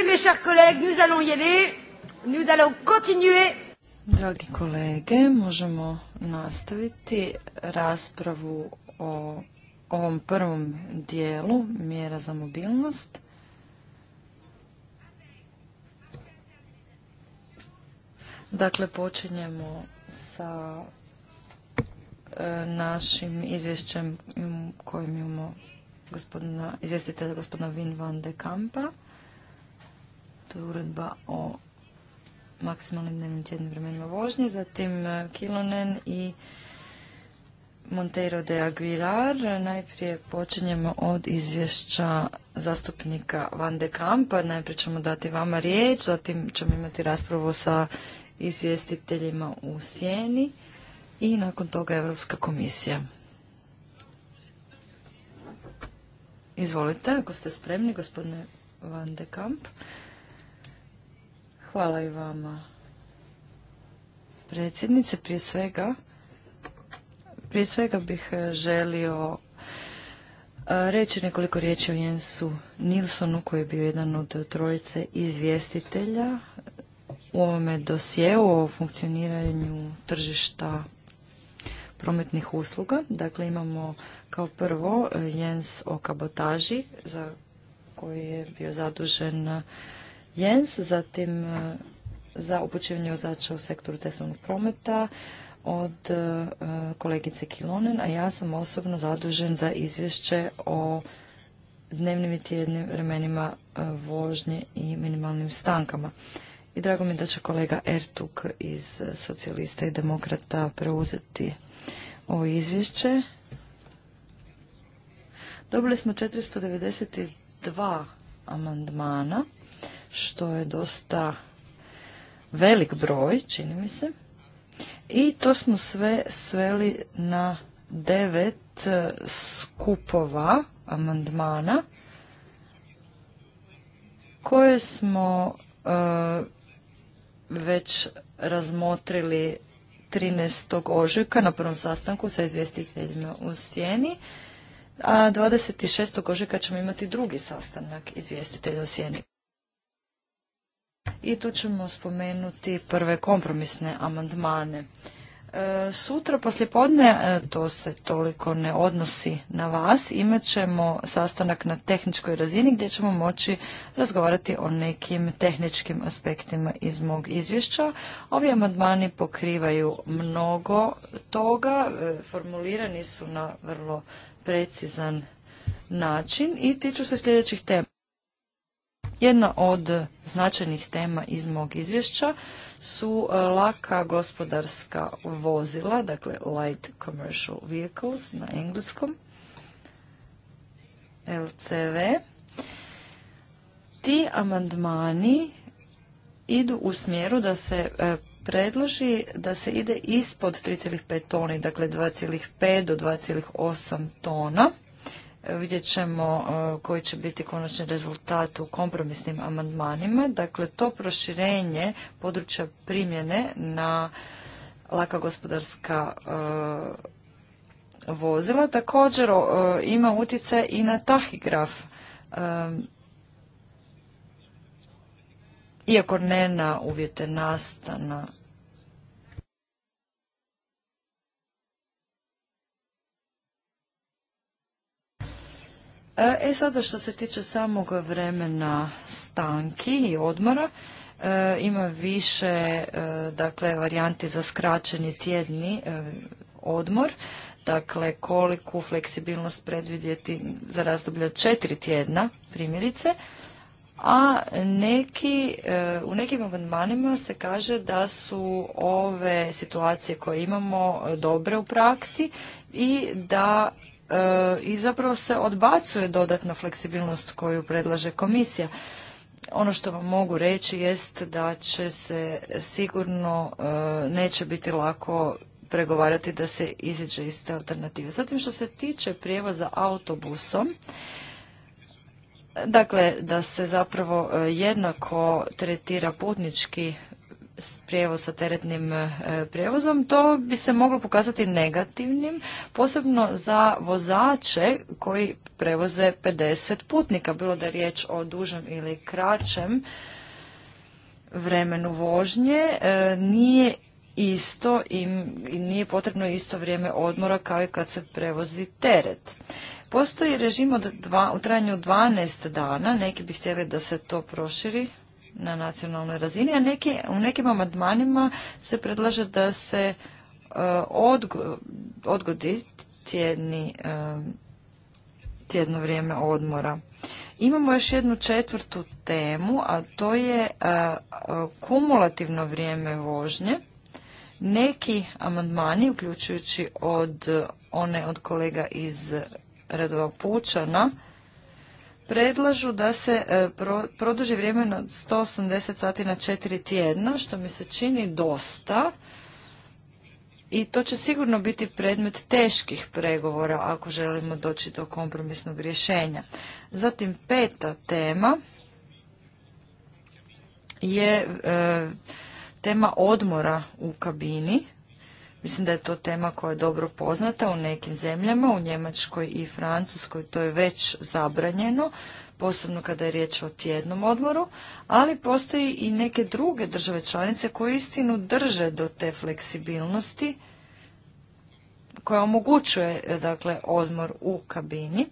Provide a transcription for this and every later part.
Allez, mes chers collègues, nous allons y aller. Nous allons continuer. Dragi kolege, možemo nastaviti raspravu o ovom prvom dijelu mjera za mobilnost. Dakle, počinjemo sa e, našim izvješćem kojim imamo gospodina, izvjestitelja gospodina Vin van de Kampa to je uredba o maksimalnim dnevnim tjednim vremenima vožnje, zatim e, Kilonen i Monteiro de Aguilar. Najprije počinjemo od izvješća zastupnika Van de Kampa. Najprije ćemo dati vama riječ, zatim ćemo imati raspravu sa izvjestiteljima u Sjeni i nakon toga Europska komisija. Izvolite, ako ste spremni, gospodine Van de Kamp. Hvala i vama. Predsjednice, prije svega, prije svega bih e, želio e, reći nekoliko riječi o Jensu Nilsonu koji je bio jedan od trojice izvjestitelja u ovome dosjeu o funkcioniranju tržišta prometnih usluga. Dakle, imamo kao prvo e, Jens o kabotaži za koji je bio zadužen Jens, zatim e, za upućivanje ozača u sektoru cestovnog prometa od e, kolegice Kilonen, a ja sam osobno zadužen za izvješće o dnevnim i tjednim vremenima e, vožnje i minimalnim stankama. I drago mi je da će kolega Ertuk iz socijalista i demokrata preuzeti ovo izvješće. Dobili smo 492 amandmana što je dosta velik broj, čini mi se. I to smo sve sveli na devet e, skupova amandmana koje smo e, već razmotrili 13. ožujka na prvom sastanku sa izvjestiteljima u Sjeni, a 26. ožujka ćemo imati drugi sastanak izvjestitelja u Sjeni. I tu ćemo spomenuti prve kompromisne amandmane. Sutra, e, sutra poslijepodne, e, to se toliko ne odnosi na vas, imat ćemo sastanak na tehničkoj razini gdje ćemo moći razgovarati o nekim tehničkim aspektima iz mog izvješća. Ovi amandmani pokrivaju mnogo toga, e, formulirani su na vrlo precizan način i tiču se sljedećih tema. Jedna od značajnih tema iz mog izvješća su e, laka gospodarska vozila, dakle light commercial vehicles na engleskom, LCV. Ti amandmani idu u smjeru da se e, predloži da se ide ispod 3,5 toni, dakle 2,5 do 2,8 tona vidjet ćemo e, koji će biti konačni rezultat u kompromisnim amandmanima. Dakle, to proširenje područja primjene na laka gospodarska e, vozila također e, ima utjecaj i na tahigraf iako ne na uvjete nastana E, e sada što se tiče samog vremena stanki i odmora, e, ima više e, dakle varijanti za skraćeni tjedni odmor, dakle koliku fleksibilnost predvidjeti za razdoblje od četiri tjedna primjerice, a neki, u nekim amandmanima se kaže da su ove situacije koje imamo dobre u praksi i da E, i zapravo se odbacuje dodatna fleksibilnost koju predlaže komisija. Ono što vam mogu reći jest da će se sigurno e, neće biti lako pregovarati da se iziđe iz te alternative. Zatim što se tiče prijevoza autobusom, dakle da se zapravo e, jednako tretira putnički prijevoz sa teretnim e, prijevozom, to bi se moglo pokazati negativnim, posebno za vozače koji prevoze 50 putnika, bilo da je riječ o dužem ili kraćem vremenu vožnje, e, nije isto i nije potrebno isto vrijeme odmora kao i kad se prevozi teret. Postoji režim od dva, u trajanju 12 dana, neki bi htjeli da se to proširi na nacionalnoj razini, a neki, u nekim amandmanima se predlaže da se e, odgodi tjedni, e, tjedno vrijeme odmora. Imamo još jednu četvrtu temu, a to je e, kumulativno vrijeme vožnje. Neki amandmani, uključujući od one od kolega iz redova Pučana, predlažu da se e, produži vrijeme na 180 sati na 4 tjedna, što mi se čini dosta. I to će sigurno biti predmet teških pregovora ako želimo doći do kompromisnog rješenja. Zatim peta tema je e, tema odmora u kabini. Mislim da je to tema koja je dobro poznata u nekim zemljama, u Njemačkoj i Francuskoj to je već zabranjeno, posebno kada je riječ o tjednom odmoru, ali postoji i neke druge države članice koje istinu drže do te fleksibilnosti koja omogućuje e, dakle odmor u kabini.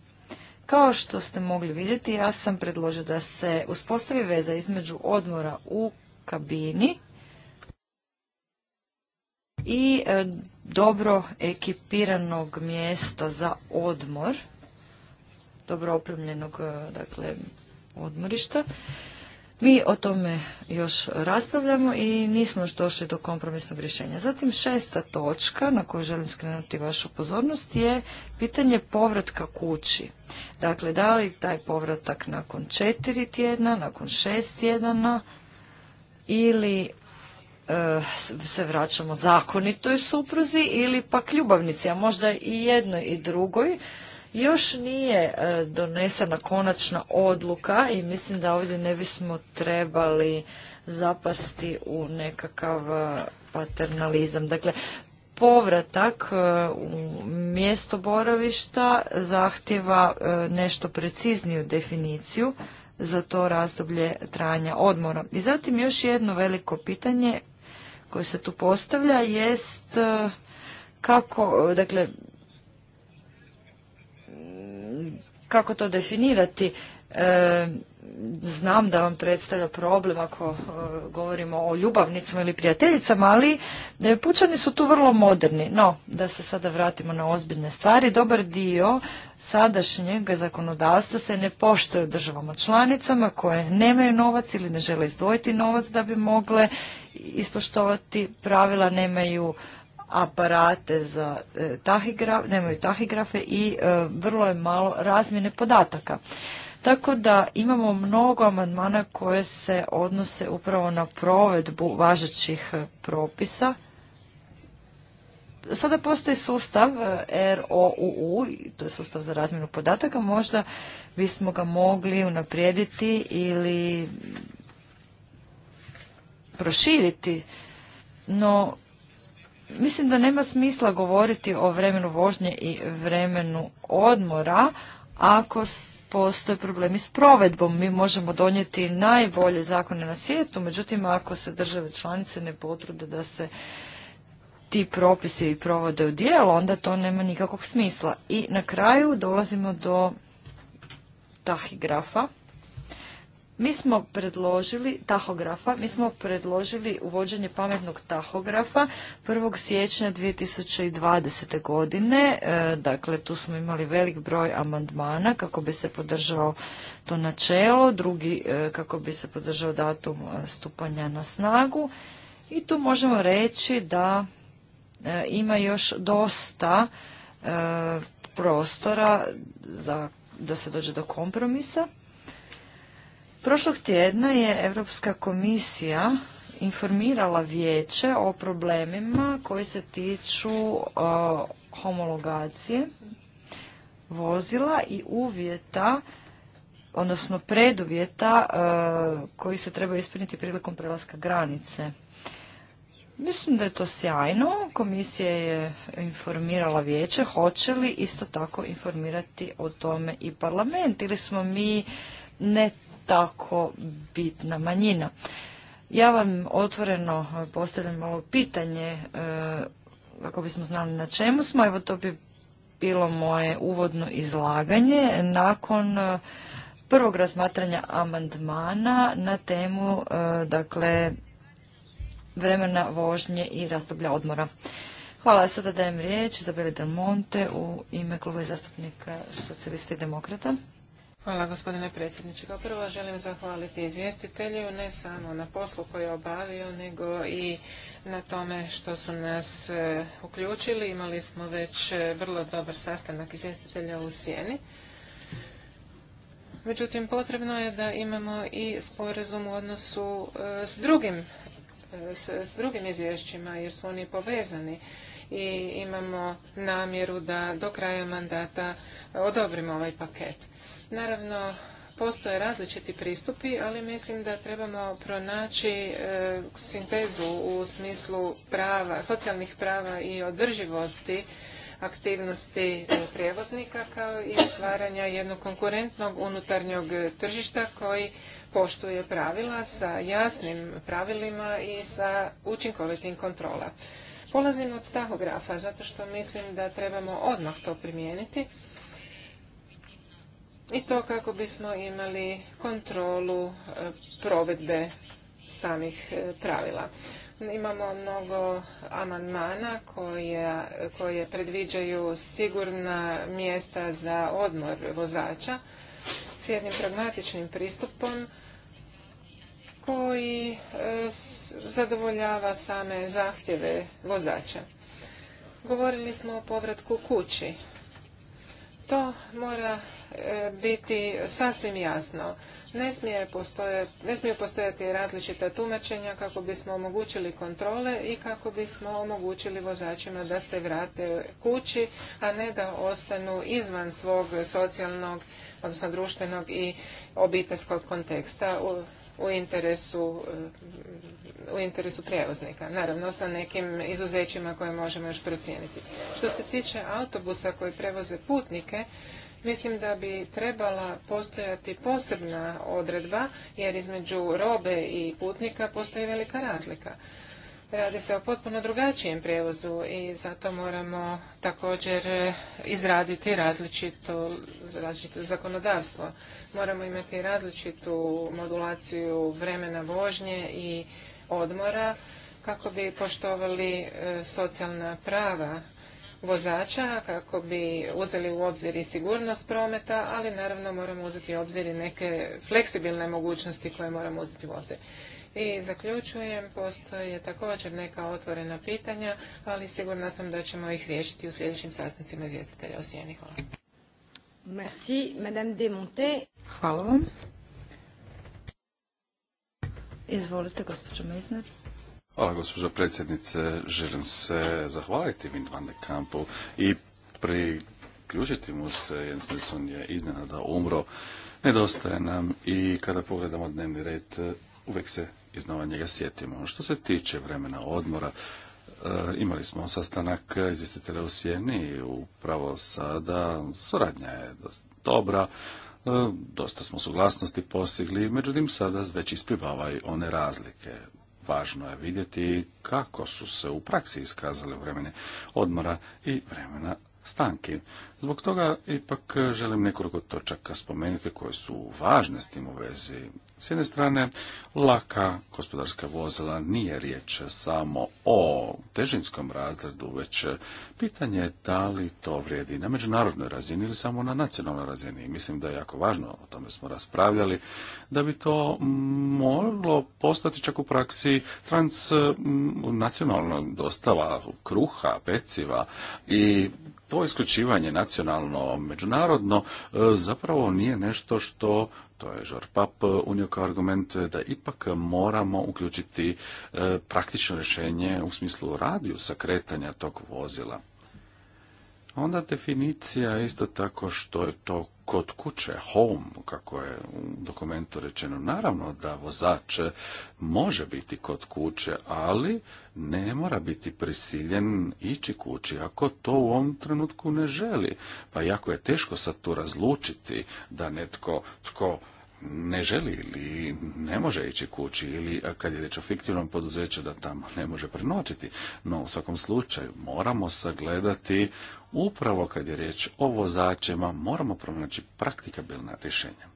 Kao što ste mogli vidjeti, ja sam predložio da se uspostavi veza između odmora u kabini i e, dobro ekipiranog mjesta za odmor, dobro opremljenog e, dakle, odmorišta. Mi o tome još raspravljamo i nismo još došli do kompromisnog rješenja. Zatim šesta točka na koju želim skrenuti vašu pozornost je pitanje povratka kući. Dakle, da li taj povratak nakon četiri tjedna, nakon šest tjedana ili E, se vraćamo zakonitoj supruzi ili pak ljubavnici, a možda i jednoj i drugoj. Još nije e, donesena konačna odluka i mislim da ovdje ne bismo trebali zapasti u nekakav e, paternalizam. Dakle, povratak u mjesto boravišta zahtjeva nešto precizniju definiciju za to razdoblje trajanja odmora. I zatim još jedno veliko pitanje koji se tu postavlja jest e, kako, dakle, kako to definirati. E, znam da vam predstavlja problem ako e, govorimo o ljubavnicama ili prijateljicama, ali pučani su tu vrlo moderni. No, da se sada vratimo na ozbiljne stvari, dobar dio sadašnjeg zakonodavstva se ne poštuje državama članicama koje nemaju novac ili ne žele izdvojiti novac da bi mogle ispoštovati pravila, nemaju aparate za e, tahigraf, nemaju tahigrafe i e, vrlo je malo razmjene podataka. Tako da imamo mnogo amandmana koje se odnose upravo na provedbu važećih e, propisa. Sada postoji sustav ROUU, to je sustav za razmjenu podataka, možda bismo ga mogli unaprijediti ili proširiti, no mislim da nema smisla govoriti o vremenu vožnje i vremenu odmora ako postoje problemi s provedbom. Mi možemo donijeti najbolje zakone na svijetu, međutim ako se države članice ne potrude da se ti propisi provode u dijelo, onda to nema nikakvog smisla. I na kraju dolazimo do tahigrafa mi smo predložili tahografa, mi smo predložili uvođenje pametnog tahografa 1. siječnja 2020. godine. E, dakle, tu smo imali velik broj amandmana kako bi se podržao to načelo, drugi e, kako bi se podržao datum e, stupanja na snagu. I tu možemo reći da ima još dosta prostora za da se dođe do kompromisa. Prošlog tjedna je Europska komisija informirala vijeće o problemima koji se tiču e, homologacije vozila i uvjeta odnosno preduvjeta e, koji se treba ispuniti prilikom prelaska granice. Mislim da je to sjajno. Komisija je informirala vijeće. Hoće li isto tako informirati o tome i parlament? Ili smo mi ne tako bitna manjina. Ja vam otvoreno postavljam malo pitanje, kako e, bismo znali na čemu smo, evo to bi bilo moje uvodno izlaganje nakon e, prvog razmatranja amandmana na temu e, dakle vremena vožnje i razdoblja odmora. Hvala, sada dajem riječ Izabeli Del Monte u ime kluba zastupnika socijalista i demokrata. Hvala gospodine predsjedniče. Kao prvo želim zahvaliti izvjestitelju ne samo na poslu koji je obavio, nego i na tome što su nas e, uključili. Imali smo već e, vrlo dobar sastanak izvjestitelja u Sjeni. Međutim, potrebno je da imamo i sporazum u odnosu e, s drugim s drugim izvješćima jer su oni povezani i imamo namjeru da do kraja mandata odobrimo ovaj paket. Naravno, postoje različiti pristupi, ali mislim da trebamo pronaći e, sintezu u smislu prava, socijalnih prava i održivosti aktivnosti e, prijevoznika kao i stvaranja jednog konkurentnog unutarnjog tržišta koji poštuje pravila sa jasnim pravilima i sa učinkovitim kontrola. Polazim od tahografa zato što mislim da trebamo odmah to primijeniti i to kako bismo imali kontrolu e, provedbe samih e, pravila. Imamo mnogo amandmana koje, predviđaju sigurna mjesta za odmor vozača s jednim pragmatičnim pristupom koji e, zadovoljava same zahtjeve vozača. Govorili smo o povratku kući. To mora E, biti sasvim jasno. Ne, smije postojati, ne smiju postojati različita tumačenja kako bismo omogućili kontrole i kako bismo omogućili vozačima da se vrate kući, a ne da ostanu izvan svog socijalnog, odnosno društvenog i obiteljskog konteksta u, interesu e, u interesu prijevoznika, naravno sa nekim izuzećima koje možemo još procijeniti. Što se tiče autobusa koji prevoze putnike, Mislim da bi trebala postojati posebna odredba jer između robe i putnika postoji velika razlika. Radi se o potpuno drugačijem prijevozu i zato moramo također izraditi različito, različito zakonodavstvo. Moramo imati različitu modulaciju vremena vožnje i odmora kako bi poštovali e, socijalna prava vozača kako bi uzeli u obzir i sigurnost prometa, ali naravno moramo uzeti u obzir i neke fleksibilne mogućnosti koje moramo uzeti u obzir. I zaključujem, postoje također neka otvorena pitanja, ali sigurna sam da ćemo ih riješiti u sljedećim sastancima izvjestitelja o Sijeni. Hvala. Merci, Madame Hvala vam. Izvolite, gospođo Hvala, gospođo predsjednice. Želim se zahvaliti Vin van Kampu i priključiti mu se. Jens Nilsson je iznenada umro. Nedostaje nam i kada pogledamo dnevni red, uvek se iznova njega sjetimo. Što se tiče vremena odmora, eh, imali smo sastanak izvjestitelja u Sjeni upravo sada. Suradnja je dobra eh, dosta smo suglasnosti postigli, međutim sada već isplivavaju one razlike važno je vidjeti kako su se u praksi iskazale vremene odmora i vremena stanki. Zbog toga ipak želim nekoliko točaka spomenuti koje su važne s tim u vezi. S jedne strane, laka gospodarska vozila nije riječ samo o težinskom razredu, već pitanje je da li to vrijedi na međunarodnoj razini ili samo na nacionalnoj razini. Mislim da je jako važno, o tome smo raspravljali, da bi to moglo postati čak u praksi transnacionalna mm, dostava kruha, peciva i to isključivanje nacionalno, međunarodno, e, zapravo nije nešto što to je pap unio kao argument da ipak moramo uključiti e, praktično rješenje u smislu radiju sakretanja tog vozila. Onda definicija isto tako što je to kod kuće, home, kako je u dokumentu rečeno. Naravno da vozač može biti kod kuće, ali ne mora biti prisiljen ići kući ako to u ovom trenutku ne želi. Pa jako je teško sad tu razlučiti da netko tko ne želi ili ne može ići kući ili kad je riječ o fiktivnom poduzeću da tamo ne može prenoćiti. No u svakom slučaju moramo sagledati upravo kad je riječ o vozačima moramo pronaći praktikabilna rješenja.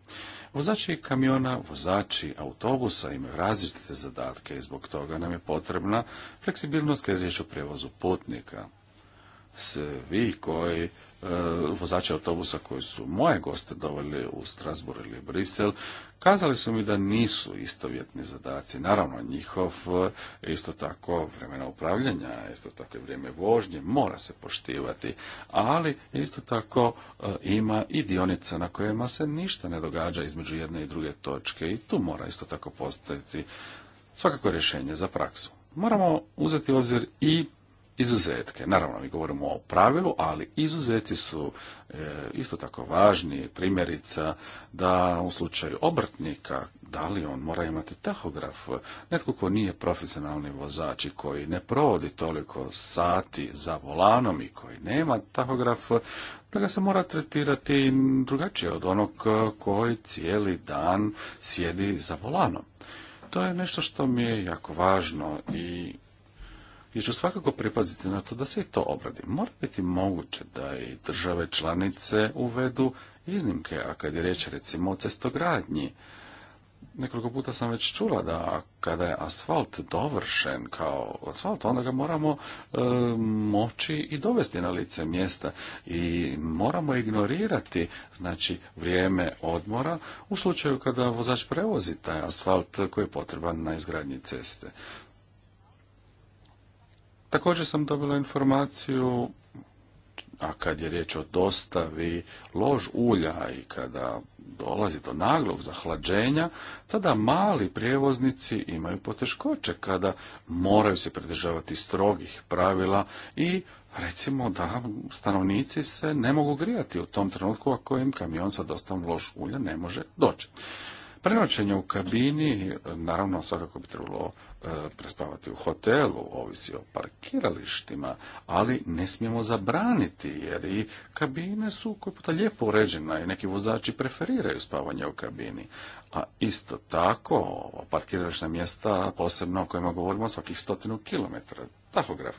Vozači kamiona, vozači autobusa imaju različite zadatke i zbog toga nam je potrebna fleksibilnost kad je riječ o prevozu putnika. Svi koji E, vozači autobusa koji su moje goste doveli u Strasbourg ili Brisel, kazali su mi da nisu istovjetni zadaci. Naravno, njihov e, isto tako vremena upravljanja, isto tako i vrijeme vožnje mora se poštivati, ali isto tako e, ima i dionica na kojima se ništa ne događa između jedne i druge točke i tu mora isto tako postaviti svakako rješenje za praksu. Moramo uzeti u obzir i izuzetke. Naravno, mi govorimo o pravilu, ali izuzeci su e, isto tako važni. Primjerica da u slučaju obrtnika, da li on mora imati tahograf, netko ko nije profesionalni vozač i koji ne provodi toliko sati za volanom i koji nema tahograf, da ga se mora tretirati drugačije od onog koji cijeli dan sjedi za volanom. To je nešto što mi je jako važno i ja ću svakako pripaziti na to da se i to obradi. Mora biti moguće da i države članice uvedu iznimke, a kad je riječ recimo o cestogradnji, nekoliko puta sam već čula da kada je asfalt dovršen kao asfalt, onda ga moramo e, moći i dovesti na lice mjesta i moramo ignorirati znači vrijeme odmora u slučaju kada vozač prevozi taj asfalt koji je potreban na izgradnji ceste. Također sam dobila informaciju, a kad je riječ o dostavi lož ulja i kada dolazi do naglog zahlađenja, tada mali prijevoznici imaju poteškoće kada moraju se pridržavati strogih pravila i recimo da stanovnici se ne mogu grijati u tom trenutku ako im kamion sa dostavom lož ulja ne može doći. Prenoćenje u kabini, naravno svakako bi trebalo e, prespavati u hotelu, ovisi o parkiralištima, ali ne smijemo zabraniti jer i kabine su koji puta lijepo uređene i neki vozači preferiraju spavanje u kabini. A isto tako, parkirališna mjesta, posebno o kojima govorimo svakih stotinu kilometara, tahograf.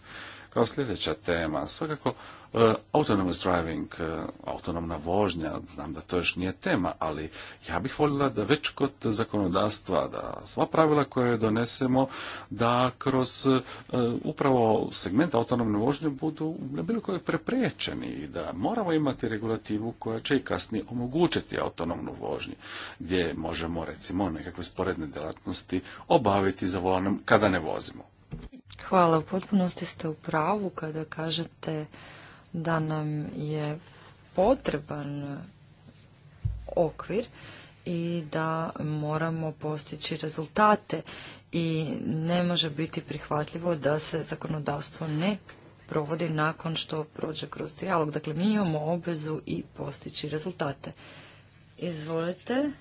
Kao sljedeća tema, svakako E, autonomous driving, e, autonomna vožnja, znam da to još nije tema, ali ja bih voljela da već kod zakonodavstva, da sva pravila koje donesemo, da kroz e, upravo segment autonomne vožnje budu na bilo koje prepriječeni i da moramo imati regulativu koja će i kasnije omogućiti autonomnu vožnju, gdje možemo recimo nekakve sporedne djelatnosti obaviti za volanom kada ne vozimo. Hvala, u potpunosti ste u pravu kada kažete da nam je potreban okvir i da moramo postići rezultate i ne može biti prihvatljivo da se zakonodavstvo ne provodi nakon što prođe kroz dijalog. Dakle, mi imamo obvezu i postići rezultate. Izvolite.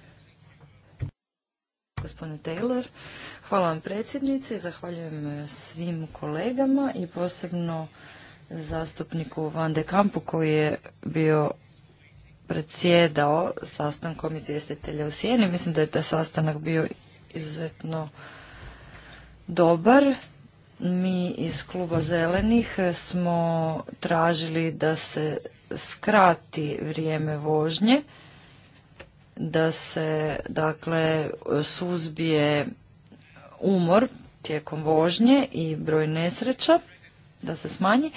Gospodine Taylor, hvala vam predsjednice, zahvaljujem svim kolegama i posebno zastupniku Van de Kampu koji je bio predsjedao sastankom izvjestitelja u Sijeni. Mislim da je taj sastanak bio izuzetno dobar. Mi iz kluba zelenih smo tražili da se skrati vrijeme vožnje, da se dakle suzbije umor tijekom vožnje i broj nesreća da se smanji.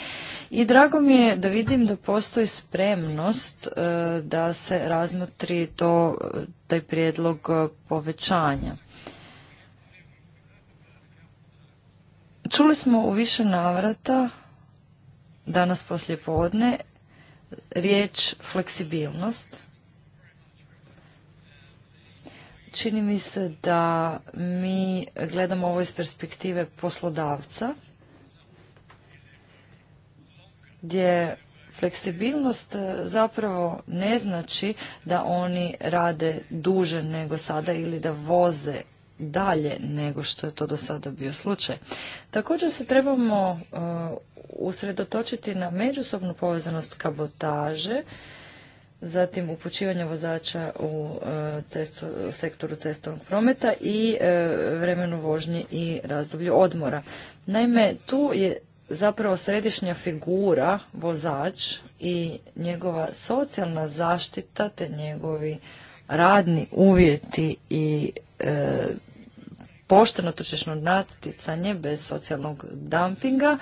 I drago mi je da vidim da postoji spremnost e, da se razmotri to, e, taj prijedlog e, povećanja. Čuli smo u više navrata danas poslije podne riječ fleksibilnost. Čini mi se da mi gledamo ovo iz perspektive poslodavca gdje fleksibilnost e, zapravo ne znači da oni rade duže nego sada ili da voze dalje nego što je to do sada bio slučaj. Također se trebamo e, usredotočiti na međusobnu povezanost kabotaže, zatim upućivanje vozača u e, sektoru cestovnog prometa i vremenu vožnje i razdoblju odmora. Naime, tu je zapravo središnja figura, vozač i njegova socijalna zaštita te njegovi radni uvjeti i e, pošteno tržišno natjecanje bez socijalnog dumpinga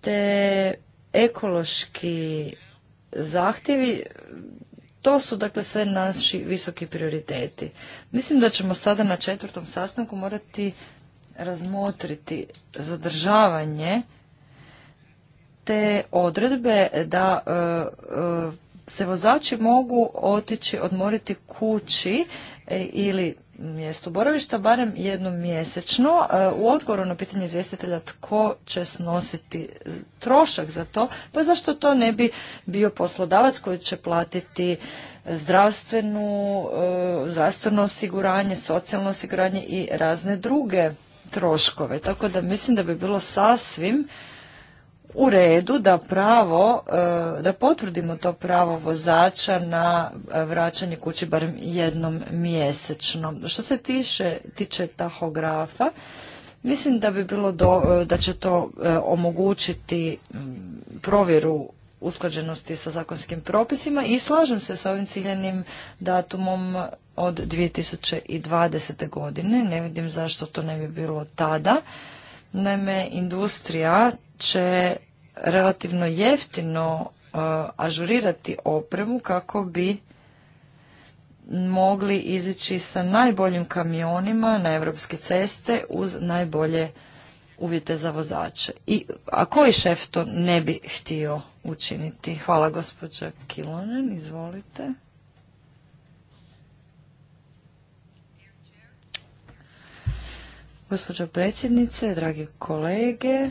te ekološki zahtjevi to su dakle sve naši visoki prioriteti. Mislim da ćemo sada na četvrtom sastanku morati razmotriti zadržavanje te odredbe da e, e, se vozači mogu otići odmoriti kući e, ili mjestu boravišta barem jednom mjesečno. U odgovoru na pitanje izvjestitelja tko će snositi trošak za to, pa zašto to ne bi bio poslodavac koji će platiti zdravstvenu, zdravstveno osiguranje, socijalno osiguranje i razne druge troškove. Tako da mislim da bi bilo sasvim u redu da pravo, e, da potvrdimo to pravo vozača na e, vraćanje kući barem jednom mjesečno. Što se tiče tahografa, mislim da bi bilo e, da će to omogućiti provjeru usklađenosti sa zakonskim propisima i slažem se sa ovim ciljenim datumom od 2020. godine. Ne vidim zašto to ne bi bilo tada. Naime, industrija će relativno jeftino e, ažurirati opremu kako bi mogli izići sa najboljim kamionima na evropske ceste uz najbolje uvjete za vozače. I, a koji šef to ne bi htio učiniti? Hvala gospođa Kilonen, izvolite. Gospođo predsjednice, dragi kolege,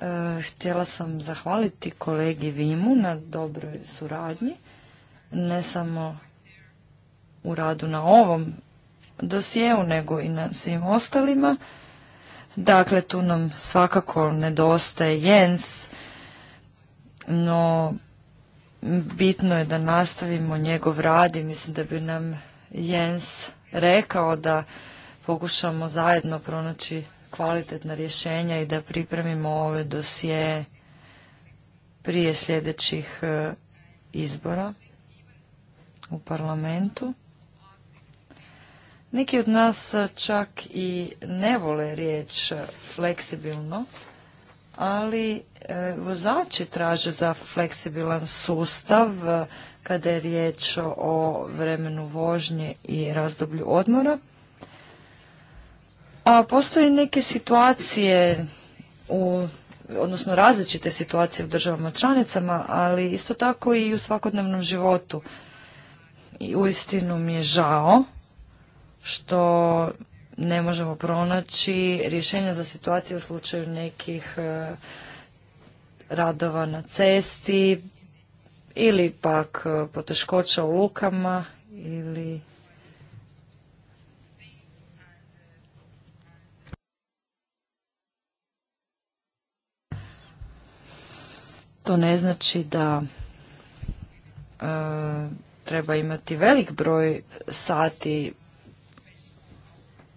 E, htjela sam zahvaliti kolegi Vimu na dobroj suradnji, ne samo u radu na ovom dosjeu, nego i na svim ostalima. Dakle, tu nam svakako nedostaje Jens, no bitno je da nastavimo njegov rad i mislim da bi nam Jens rekao da pokušamo zajedno pronaći kvalitetna rješenja i da pripremimo ove dosije prije sljedećih e, izbora u parlamentu. Neki od nas e, čak i ne vole riječ fleksibilno, ali e, vozači traže za fleksibilan sustav kada je riječ o vremenu vožnje i razdoblju odmora postoje neke situacije u odnosno različite situacije u državama članicama, ali isto tako i u svakodnevnom životu. I uistinu mi je žao što ne možemo pronaći rješenja za situacije u slučaju nekih e, radova na cesti ili pak e, poteškoća u lukama ili To ne znači da e, treba imati velik broj sati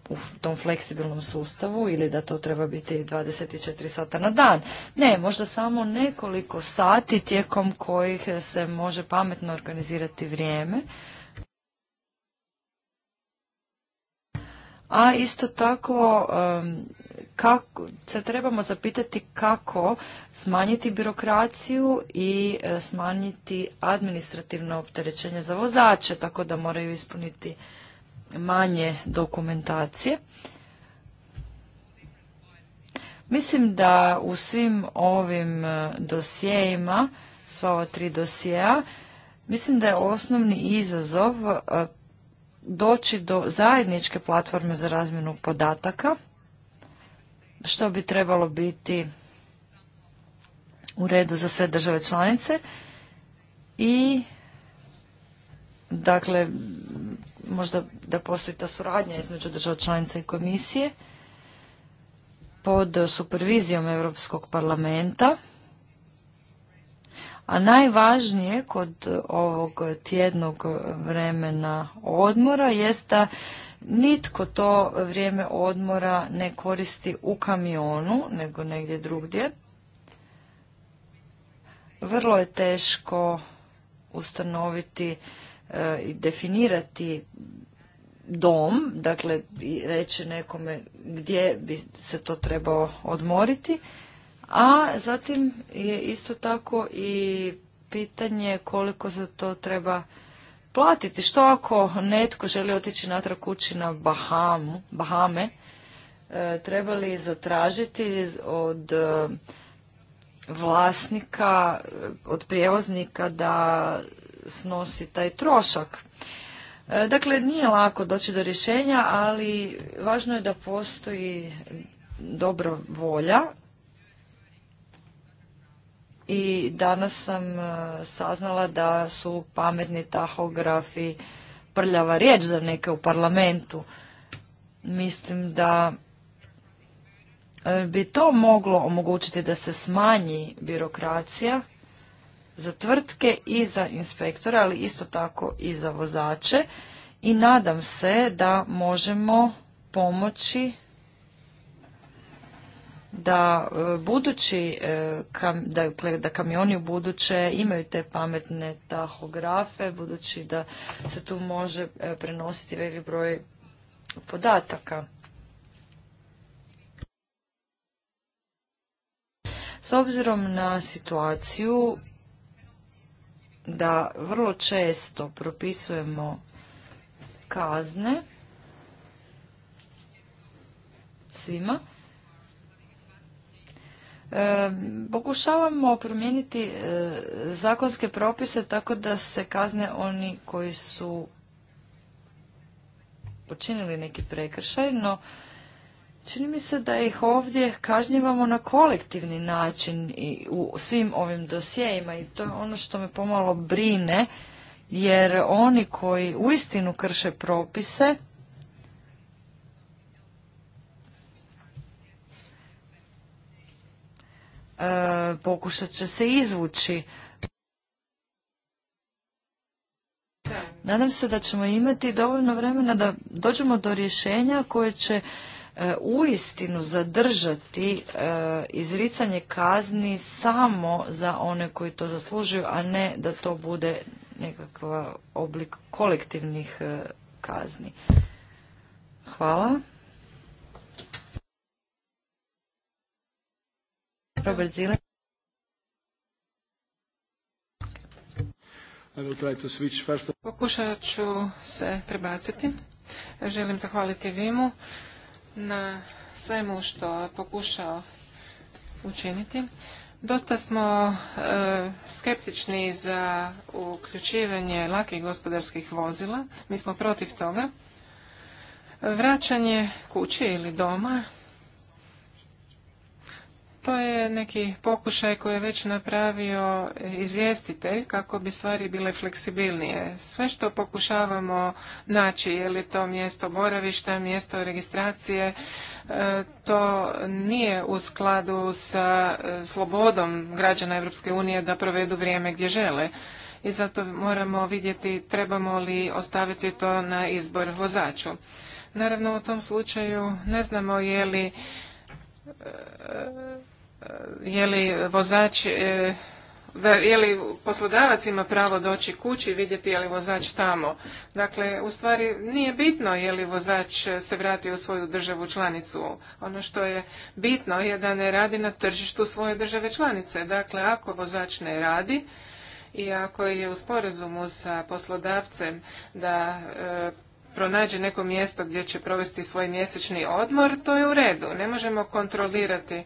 u tom fleksibilnom sustavu ili da to treba biti 24 sata na dan. Ne, možda samo nekoliko sati tijekom kojih se može pametno organizirati vrijeme. A isto tako kako, se trebamo zapitati kako smanjiti birokraciju i e, smanjiti administrativno opterećenje za vozače, tako da moraju ispuniti manje dokumentacije. Mislim da u svim ovim e, dosijejima, sva ova tri dosijeja, mislim da je osnovni izazov e, doći do zajedničke platforme za razmjenu podataka što bi trebalo biti u redu za sve države članice i dakle možda da postoji ta suradnja između država članica i komisije pod supervizijom Europskog parlamenta. A najvažnije kod ovog tjednog vremena odmora jest da Nitko to vrijeme odmora ne koristi u kamionu, nego negdje drugdje. Vrlo je teško ustanoviti e, i definirati dom, dakle i reći nekome gdje bi se to trebao odmoriti, a zatim je isto tako i pitanje koliko za to treba platiti. Što ako netko želi otići natrag kući na Bahamu, Bahame, e, treba li zatražiti od e, vlasnika, e, od prijevoznika da snosi taj trošak? dakle, nije lako doći do rješenja, ali važno je da postoji dobra volja i danas sam e, saznala da su pametni tahografi prljava riječ za neke u parlamentu. Mislim da e, bi to moglo omogućiti da se smanji birokracija za tvrtke i za inspektore, ali isto tako i za vozače. I nadam se da možemo pomoći da e, budući, e, da kamioni u buduće imaju te pametne tahografe, budući da se tu može e, prenositi veli broj podataka. S obzirom na situaciju da vrlo često propisujemo kazne svima, E, pokušavamo promijeniti e, zakonske propise tako da se kazne oni koji su počinili neki prekršaj, no čini mi se da ih ovdje kažnjivamo na kolektivni način i u svim ovim dosjejima i to je ono što me pomalo brine jer oni koji uistinu krše propise E, pokušat će se izvući. Nadam se da ćemo imati dovoljno vremena da dođemo do rješenja koje će e, uistinu zadržati e, izricanje kazni samo za one koji to zaslužuju, a ne da to bude nekakav oblik kolektivnih kazni. Hvala. Robert Zile. Pokušat ću se prebaciti. Želim zahvaliti Vimu na svemu što pokušao učiniti. Dosta smo e, skeptični za uključivanje lakih gospodarskih vozila. Mi smo protiv toga. Vraćanje kući ili doma to je neki pokušaj koji je već napravio izvjestitelj kako bi stvari bile fleksibilnije. Sve što pokušavamo naći, je li to mjesto boravišta, mjesto registracije, e, to nije u skladu sa e, slobodom građana EU da provedu vrijeme gdje žele. I zato moramo vidjeti trebamo li ostaviti to na izbor vozaču. Naravno u tom slučaju ne znamo je li Eh, eh, je li vozač eh, je li poslodavac ima pravo doći kući i vidjeti je li vozač tamo. Dakle, u stvari nije bitno je li vozač se vratio u svoju državu članicu. Ono što je bitno je da ne radi na tržištu svoje države članice. Dakle, ako vozač ne radi i ako je u sporazumu sa poslodavcem da pronađe neko mjesto gdje će provesti svoj mjesečni odmor, to je u redu. Ne možemo kontrolirati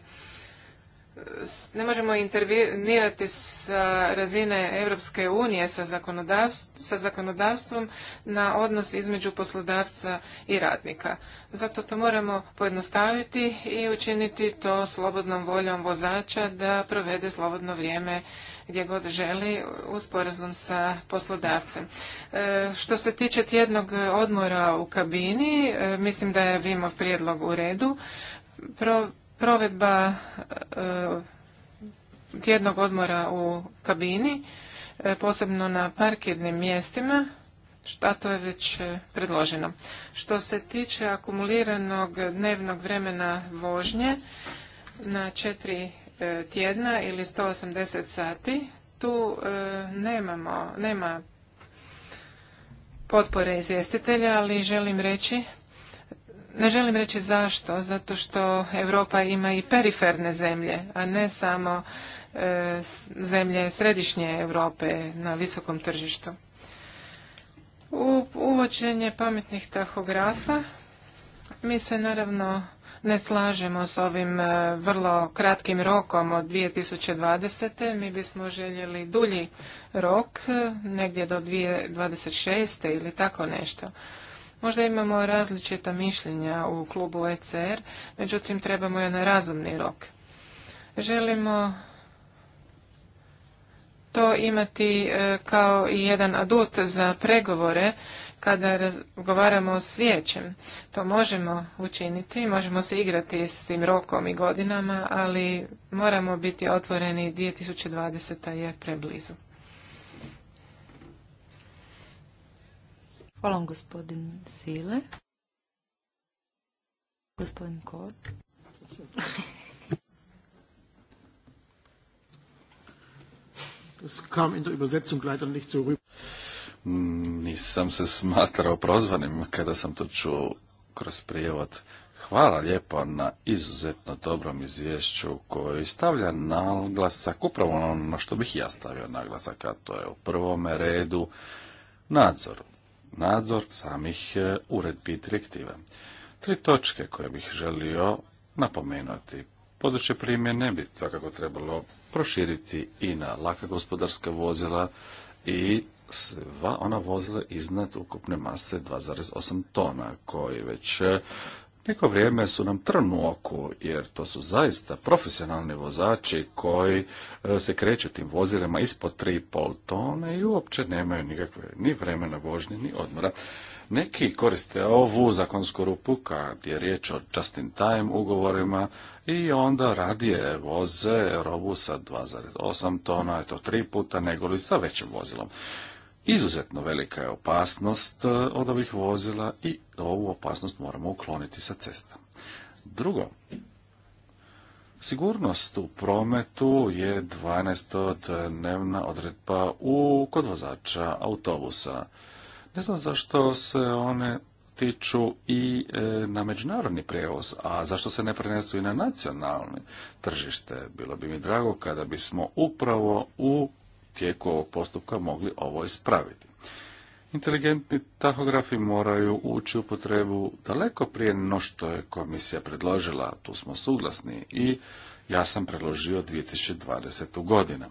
ne možemo intervenirati sa razine Europske unije sa, zakonodavstvom na odnos između poslodavca i radnika. Zato to moramo pojednostaviti i učiniti to slobodnom voljom vozača da provede slobodno vrijeme gdje god želi u sporazum sa poslodavcem. E, što se tiče tjednog odmora u kabini, e, mislim da je Vimov prijedlog u redu. Pro, provedba tjednog eh, odmora u kabini, eh, posebno na parkirnim mjestima, a to je već eh, predloženo. Što se tiče akumuliranog dnevnog vremena vožnje na četiri tjedna ili 180 sati, tu nemamo, nema potpore izvjestitelja, ali želim reći ne želim reći zašto, zato što Europa ima i periferne zemlje, a ne samo e, zemlje središnje Europe na visokom tržištu. U uvođenje pametnih tahografa mi se naravno ne slažemo s ovim e, vrlo kratkim rokom od 2020. Mi bismo željeli dulji rok, e, negdje do 2026. ili tako nešto. Možda imamo različita mišljenja u klubu ECR, međutim trebamo je na razumni rok. Želimo to imati e, kao i jedan adut za pregovore kada razgovaramo s vijećem. To možemo učiniti, možemo se igrati s tim rokom i godinama, ali moramo biti otvoreni, 2020. je preblizu. Hvala gospodin Sile. Gospodin Kor. Übersetzung nicht mm, Nisam se smatrao prozvanim kada sam to čuo kroz prijevod. Hvala lijepo na izuzetno dobrom izvješću koje stavlja naglasak upravo ono što bih ja stavio naglasak, a to je u prvome redu nadzoru nadzor samih e, uredbi i direktiva. Tri točke koje bih želio napomenuti. Područje primjene bi svakako trebalo proširiti i na laka gospodarska vozila i sva ona vozila iznad ukupne mase 2,8 tona koji već e, Neko vrijeme su nam trn u oku, jer to su zaista profesionalni vozači koji e, se kreću tim vozilima ispod 3,5 tone i uopće nemaju nikakve ni vremena vožnje, ni odmora. Neki koriste ovu zakonsku rupu kad je riječ o just-in-time ugovorima i onda radije voze robu sa 2,8 tona, je to tri puta, nego li sa većim vozilom izuzetno velika je opasnost e, od ovih vozila i ovu opasnost moramo ukloniti sa cesta. Drugo, Sigurnost u prometu je 12-dnevna odredba u, kod vozača autobusa. Ne znam zašto se one tiču i e, na međunarodni prijevoz, a zašto se ne prenesu i na nacionalne tržište. Bilo bi mi drago kada bismo upravo u tijeku ovog postupka mogli ovo ispraviti. Inteligentni tahografi moraju ući u potrebu daleko prije no što je komisija predložila, tu smo suglasni i ja sam predložio 2020. godina.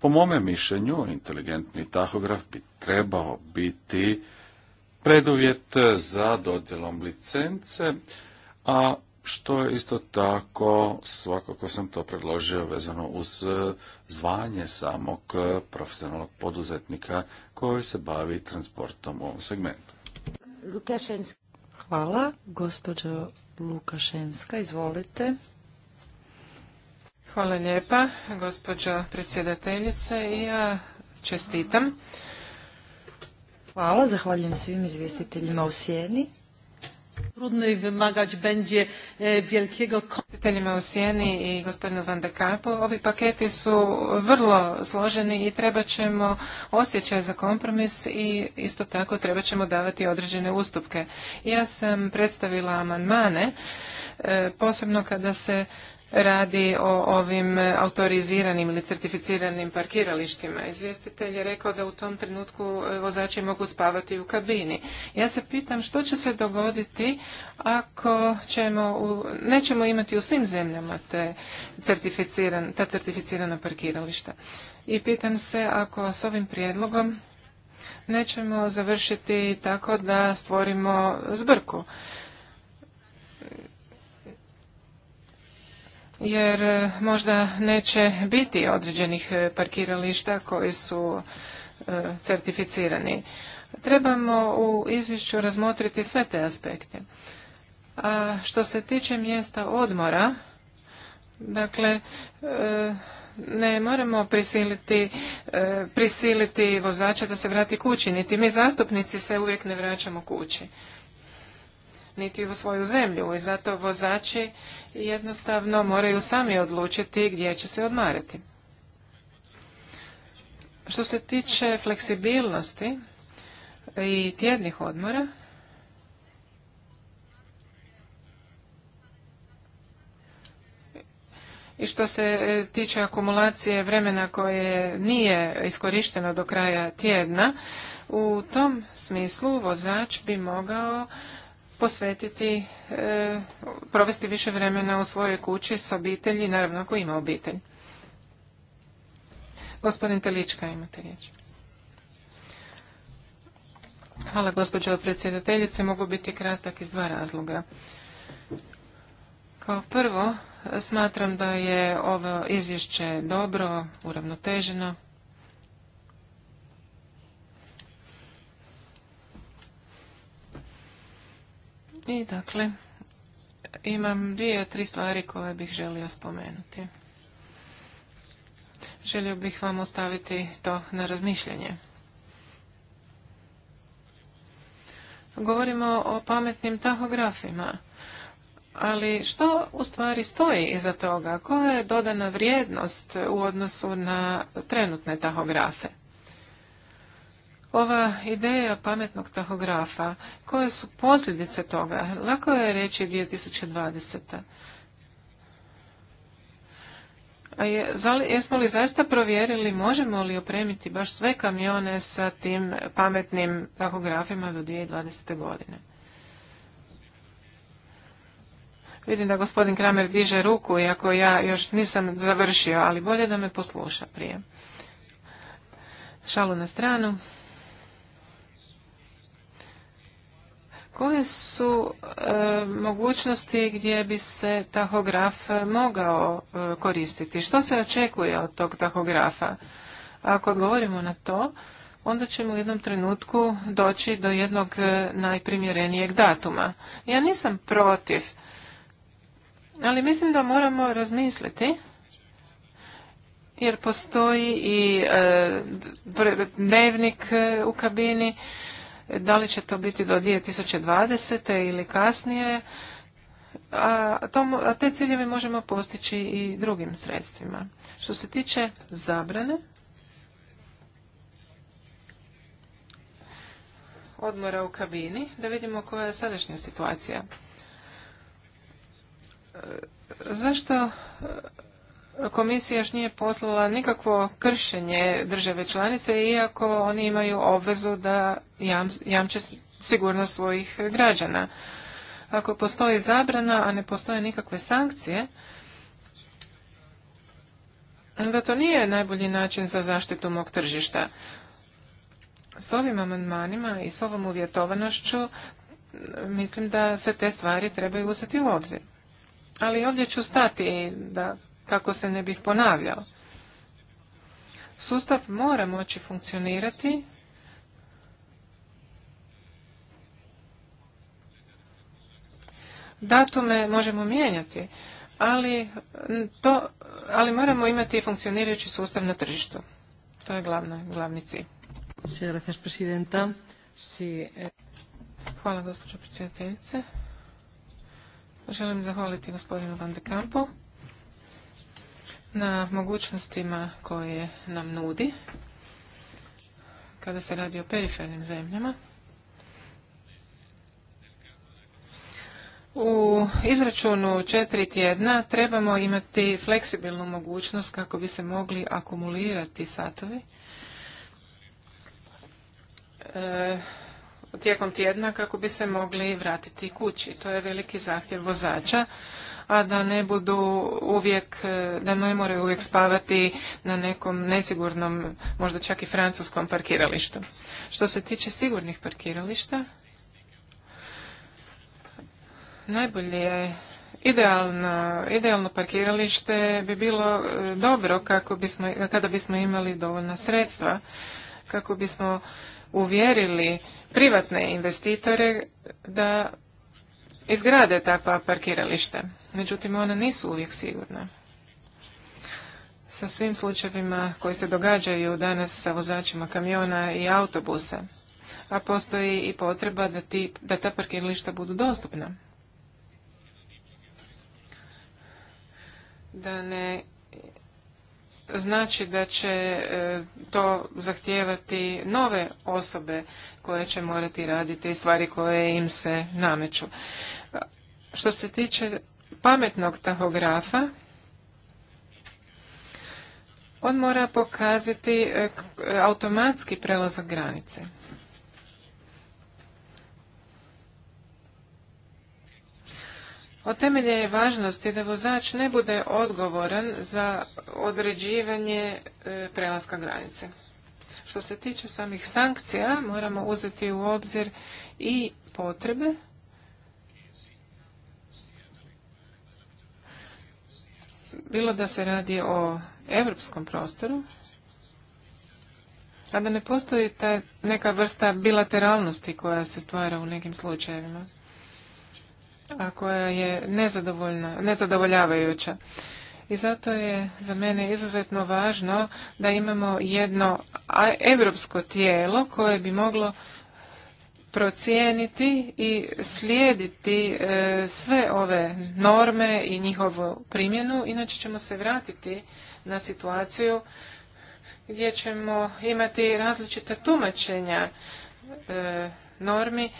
Po mome mišljenju, inteligentni tahograf bi trebao biti preduvjet za dodjelom licence, a što je isto tako, svakako sam to predložio vezano uz e, zvanje samog e, profesionalnog poduzetnika koji se bavi transportom u ovom segmentu. Lukašenska. Hvala, gospođo Lukašenska, izvolite. Hvala lijepa, gospođo predsjedateljice, i ja čestitam. Hvala, zahvaljujem svim izvjestiteljima u Sjeni. Trudno i wymagać będzie e, wielkiego... u i gospodinu Van de Kampu. Ovi paketi su vrlo složeni i treba ćemo osjećaj za kompromis i isto tako treba ćemo davati određene ustupke. Ja sam predstavila amandmane, e, posebno kada se radi o ovim autoriziranim ili certificiranim parkiralištima. Izvjestitelj je rekao da u tom trenutku e, vozači mogu spavati u kabini. Ja se pitam što će se dogoditi ako ćemo u, nećemo imati u svim zemljama te ta certificirana parkirališta. I pitam se ako s ovim prijedlogom nećemo završiti tako da stvorimo zbrku. jer e, možda neće biti određenih e, parkirališta koji su e, certificirani. Trebamo u izvješću razmotriti sve te aspekte. A što se tiče mjesta odmora, dakle, ne moramo prisiliti, prisiliti vozača da se vrati kući, niti mi zastupnici se uvijek ne vraćamo kući niti u svoju zemlju i zato vozači jednostavno moraju sami odlučiti gdje će se odmarati. Što se tiče fleksibilnosti i tjednih odmora, I što se e, tiče akumulacije vremena koje nije iskorišteno do kraja tjedna, u tom smislu vozač bi mogao posvetiti, e, provesti više vremena u svojoj kući s obitelji, naravno ako ima obitelj. Gospodin Telička, imate riječ. Hvala gospođo predsjedateljice, mogu biti kratak iz dva razloga. Kao prvo, smatram da je ovo izvješće dobro, uravnoteženo. I dakle, imam dvije, tri stvari koje bih želio spomenuti. Želio bih vam ostaviti to na razmišljanje. Govorimo o pametnim tahografima, ali što u stvari stoji iza toga? Koja je dodana vrijednost u odnosu na trenutne tahografe? ova ideja pametnog tahografa, koje su posljedice toga? Lako je reći 2020. A je, zali, jesmo li zaista provjerili, možemo li opremiti baš sve kamione sa tim pametnim tahografima do 2020. godine? Vidim da gospodin Kramer diže ruku, iako ja još nisam završio, ali bolje da me posluša prije. Šalu na stranu. Koje su e, mogućnosti gdje bi se tahograf mogao e, koristiti? Što se očekuje od tog tahografa? Ako odgovorimo na to, onda ćemo u jednom trenutku doći do jednog e, najprimjerenijeg datuma. Ja nisam protiv, ali mislim da moramo razmisliti jer postoji i dnevnik u kabini da li će to biti do 2020. ili kasnije, a, a te ciljeve možemo postići i drugim sredstvima. Što se tiče zabrane, odmora u kabini, da vidimo koja je sadašnja situacija. E, zašto komisija još nije poslala nikakvo kršenje države članice, iako oni imaju obvezu da jamče sigurnost svojih građana. Ako postoji zabrana, a ne postoje nikakve sankcije, onda to nije najbolji način za zaštitu mog tržišta. S ovim amandmanima i s ovom uvjetovanošću mislim da se te stvari trebaju uzeti u obzir. Ali ovdje ću stati da kako se ne bih ponavljao. Sustav mora moći funkcionirati Datume možemo mijenjati, ali, to, ali moramo imati funkcionirajući sustav na tržištu. To je glavno, glavni cilj. Eh. Hvala gospođo predsjedateljice. Želim zahvaliti gospodinu Van de Kampu na mogućnostima koje nam nudi kada se radi o perifernim zemljama. U izračunu četiri tjedna trebamo imati fleksibilnu mogućnost kako bi se mogli akumulirati satovi e, tijekom tjedna kako bi se mogli vratiti kući. To je veliki zahtjev vozača a da ne budu uvijek, e, da ne moraju uvijek spavati na nekom nesigurnom, možda čak i francuskom parkiralištu. Što se tiče sigurnih parkirališta, najbolje je Idealno, idealno parkiralište bi bilo e, dobro kako bismo, kada bismo imali dovoljna sredstva, kako bismo uvjerili privatne investitore da izgrade takva parkirališta međutim one nisu uvijek sigurne. Sa svim slučajevima koji se događaju danas sa vozačima kamiona i autobusa, a postoji i potreba da, ti, da ta parkirališta budu dostupna. Da ne znači da će e, to zahtijevati nove osobe koje će morati raditi stvari koje im se nameću. Što se tiče pametnog tahografa, on mora pokazati e, e, automatski prelazak granice. Od temelje je važnosti da vozač ne bude odgovoran za određivanje e, prelaska granice. Što se tiče samih sankcija, moramo uzeti u obzir i potrebe bilo da se radi o europskom prostoru, a da ne postoji ta neka vrsta bilateralnosti koja se stvara u nekim slučajevima, a koja je nezadovoljna, nezadovoljavajuća. I zato je za mene izuzetno važno da imamo jedno evropsko tijelo koje bi moglo procijeniti i slijediti e, sve ove norme i njihovu primjenu, inače ćemo se vratiti na situaciju gdje ćemo imati različita tumačenja e, normi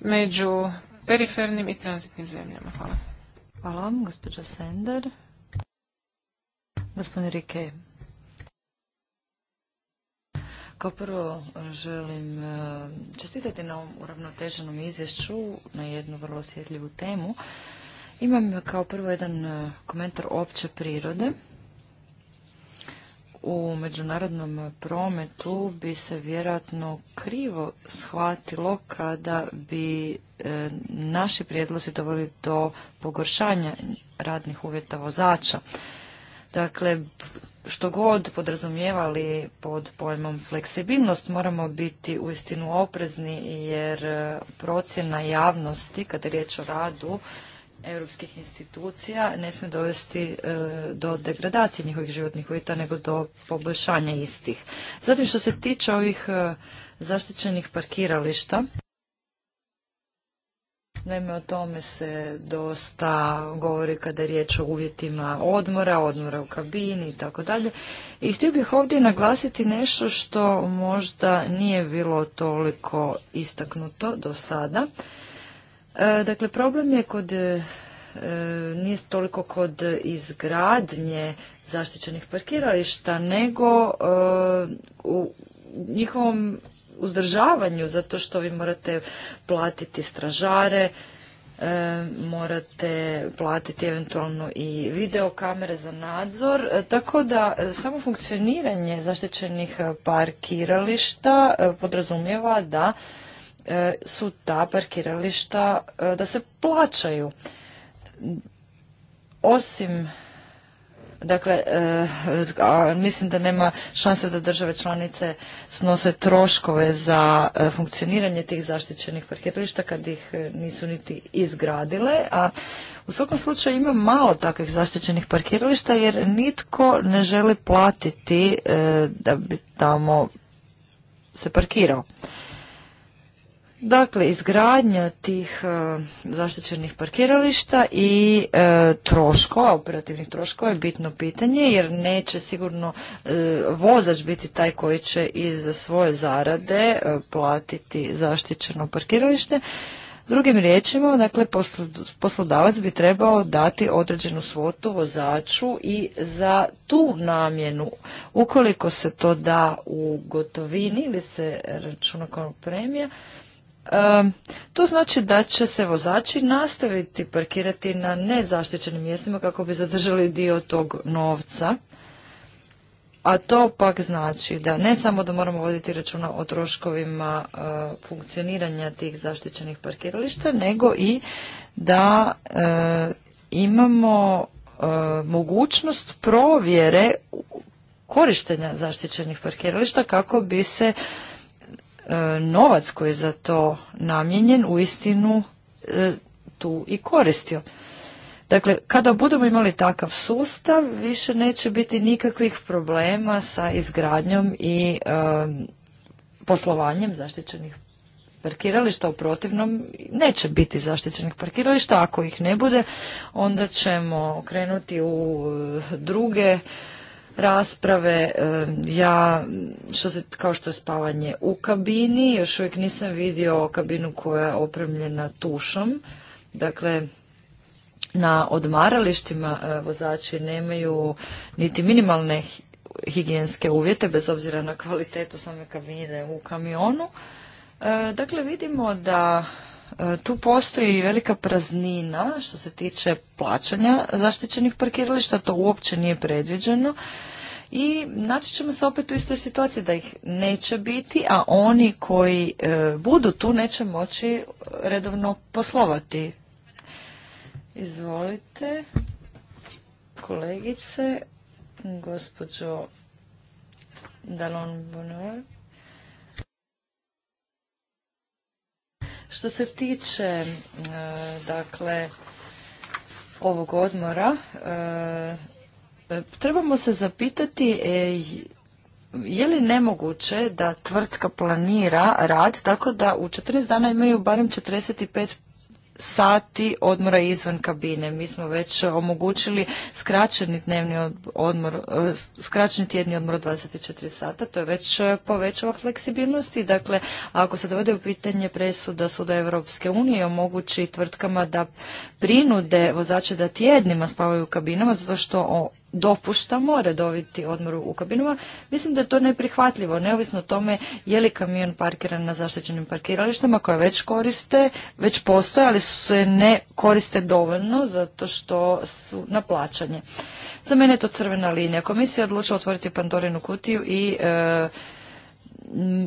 među perifernim i tranzitnim zemljama. Hvala. Hvala vam, gospođa Sender. Gospodin Rike, kao prvo e, želim e, čestitati na ovom uravnoteženom izvješću na jednu vrlo osjetljivu temu. Imam kao prvo jedan e, komentar opće prirode. U međunarodnom prometu bi se vjerojatno krivo shvatilo kada bi naši prijedlozi doveli do pogoršanja radnih uvjeta vozača. Dakle, što god podrazumijevali pod pojmom fleksibilnost, moramo biti uistinu oprezni jer e, procjena javnosti, kada je riječ o radu europskih institucija, ne smije dovesti e, do degradacije njihovih životnih uvjeta, nego do poboljšanja istih. Zatim što se tiče ovih e, zaštićenih parkirališta, Naime, o tome se dosta govori kada je riječ o uvjetima odmora, odmora u kabini i tako dalje. I htio bih ovdje naglasiti nešto što možda nije bilo toliko istaknuto do sada. E, dakle, problem je kod e, nije toliko kod izgradnje zaštićenih parkirališta, nego e, u njihovom uzdržavanju, zato što vi morate platiti stražare, e, morate platiti eventualno i videokamere za nadzor, e, tako da e, samo funkcioniranje zaštićenih parkirališta podrazumijeva da su ta parkirališta da se plaćaju. Osim Dakle, eh, mislim da nema šanse da države članice snose troškove za eh, funkcioniranje tih zaštićenih parkirališta kad ih eh, nisu niti izgradile, a u svakom slučaju ima malo takvih zaštićenih parkirališta jer nitko ne želi platiti da bi tamo se parkirao. Dakle, izgradnja tih e, zaštićenih parkirališta i e, troškova, operativnih troškova je bitno pitanje jer neće sigurno e, vozač biti taj koji će iz svoje zarade platiti zaštićeno parkiralište. Drugim riječima, dakle, poslodavac bi trebao dati određenu svotu vozaču i za tu namjenu, ukoliko se to da u gotovini ili se računa kao premija, to znači da će se vozači nastaviti parkirati na nezaštićenim mjestima kako bi zadržali dio tog novca. A to pak znači da ne samo da moramo voditi računa o troškovima eh, funkcioniranja tih zaštićenih parkirališta, nego i da eh, imamo eh, mogućnost provjere korištenja zaštićenih parkirališta kako bi se E, novac koji je za to namijenjen u istinu e, tu i koristio. Dakle, kada budemo imali takav sustav, više neće biti nikakvih problema sa izgradnjom i e, poslovanjem zaštićenih parkirališta. U protivnom, neće biti zaštićenih parkirališta. Ako ih ne bude, onda ćemo krenuti u druge rasprave. Eh, ja, što se, kao što je spavanje u kabini, još uvijek nisam vidio kabinu koja je opremljena tušom. Dakle, na odmaralištima eh, vozači nemaju niti minimalne higijenske uvjete, bez obzira na kvalitetu same kabine u kamionu. Eh, dakle, vidimo da E, tu postoji velika praznina što se tiče plaćanja zaštićenih parkirališta, to uopće nije predviđeno i naći ćemo se opet u istoj situaciji da ih neće biti, a oni koji e, budu tu neće moći redovno poslovati. Izvolite, kolegice, gospođo Dalon Bonoje. Što se tiče e, dakle ovog odmora, e, trebamo se zapitati e, je li nemoguće da tvrtka planira rad tako da u 14 dana imaju barem 45 sati odmora izvan kabine. Mi smo već omogućili skraćeni dnevni odmor, e, skraćeni tjedni odmor od 24 sata, to je već e, povećava fleksibilnosti. dakle ako se dovede u pitanje presuda Suda Europske unije omogući tvrtkama da prinude vozače da tjednima spavaju u kabinama zato što dopuštamo redoviti odmor u kabinama, mislim da je to neprihvatljivo, neovisno o tome je li kamion parkiran na zaštićenim parkiralištima koje već koriste, već postoje, ali se ne koriste dovoljno zato što su na plaćanje. Za mene je to crvena linija. Komisija je odlučila otvoriti Pandorinu kutiju i e,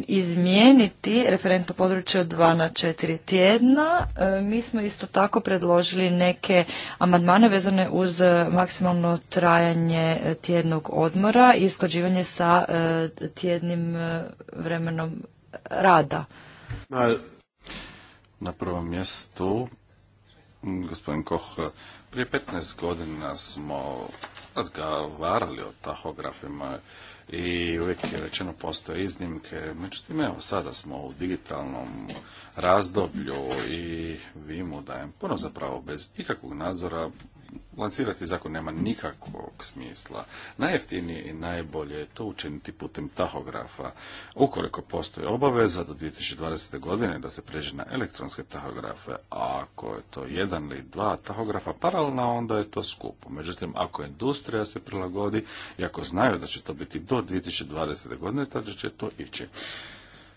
izmijeniti referentno područje od dva na četiri tjedna. E, mi smo isto tako predložili neke amandmane vezane uz maksimalno trajanje e, tjednog odmora i iskođivanje sa e, tjednim vremenom rada. Na prvom mjestu, gospodin Koh, prije 15 godina smo razgovarali o tahografima i uvijek je rečeno postoje iznimke. Međutim, evo sada smo u digitalnom razdoblju i vi mu dajem puno zapravo bez ikakvog nadzora lansirati zakon nema nikakvog smisla. Najjeftinije i najbolje je to učiniti putem tahografa. Ukoliko postoji obaveza do 2020. godine da se pređe na elektronske tahografe, a ako je to jedan ili dva tahografa paralelna, onda je to skupo. Međutim, ako industrija se prilagodi i ako znaju da će to biti do 2020. godine, tada će to ići.